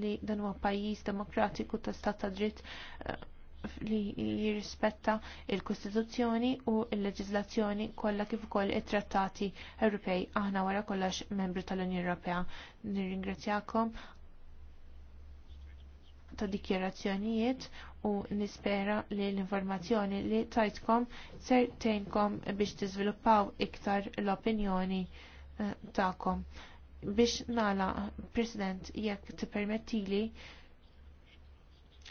li dan huwa pajjiż demokratiku ta' stat ta' dritt eh, li jirrispetta il-Kostituzzjoni u il-leġizlazzjoni kollha kif ukoll it-trattati Ewropej aħna wara kollox membri tal-Unjoni Ewropea. Nirringrazzjakom ta' dikjerazzjonijiet u nispera li l-informazzjoni li tajtkom ser tenkom biex tiżviluppaw iktar l-opinjoni eh, tagħkom. Biex nala, President, jekk tippermettili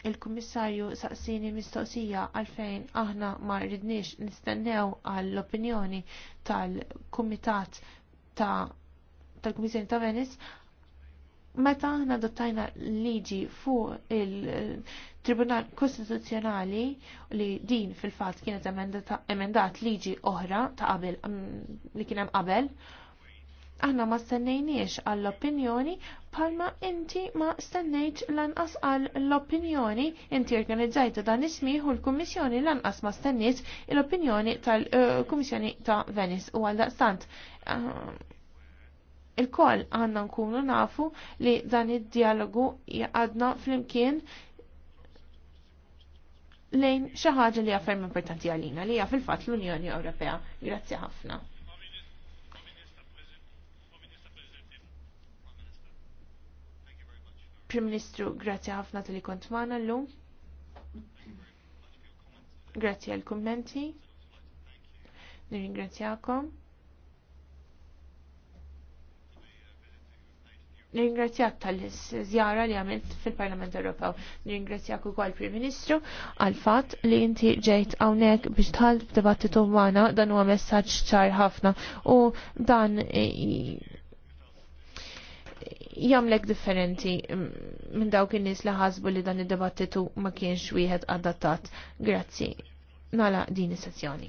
il-Kummissarju saqsini mistoqsija għalfejn aħna ma rridniex nistennew għall-opinjoni tal-Kumitat tal-Kummissjoni ta' Venice meta aħna dottajna liġi fuq il-Tribunal Kostituzzjonali li din fil-fatt kienet emendat liġi oħra ta' qabel mm, li kien hemm qabel Aħna ma stennejniex għall-opinjoni palma inti ma stennejt lanqas għall-opinjoni inti organizzajt dan ismiħ u l-Kummissjoni lanqas ma stennit l-opinjoni tal-Kummissjoni eh, ta' Venice u għal-daqstant. Eh, il-koll għanna nkunu nafu li dan id-dialogu jgħadna fl-imkien lejn xi ħaġa li għafem importanti għalina li hija fil-fatt l-Unjoni Ewropea. Grazzi ħafna. Prim Ministru, grazzi ħafna tal-li kont magħna llum. Grazzi għal kummenti. Nirringrazzjakom. Nirringrazzjak tal-żjara li għamilt fil-Parlament Ewropew. Nirringrazzjak ukoll Prim Ministru għal fatt li inti ġejt hawnhekk biex tħall b'dibattitu maħna dan huwa messaġġ ċar ħafna u dan jamlek differenti minn dawk in-nies li ħasbu li dan id-dibattitu ma kienx wieħed adattat. Grazzi. Nala din is-sessjoni.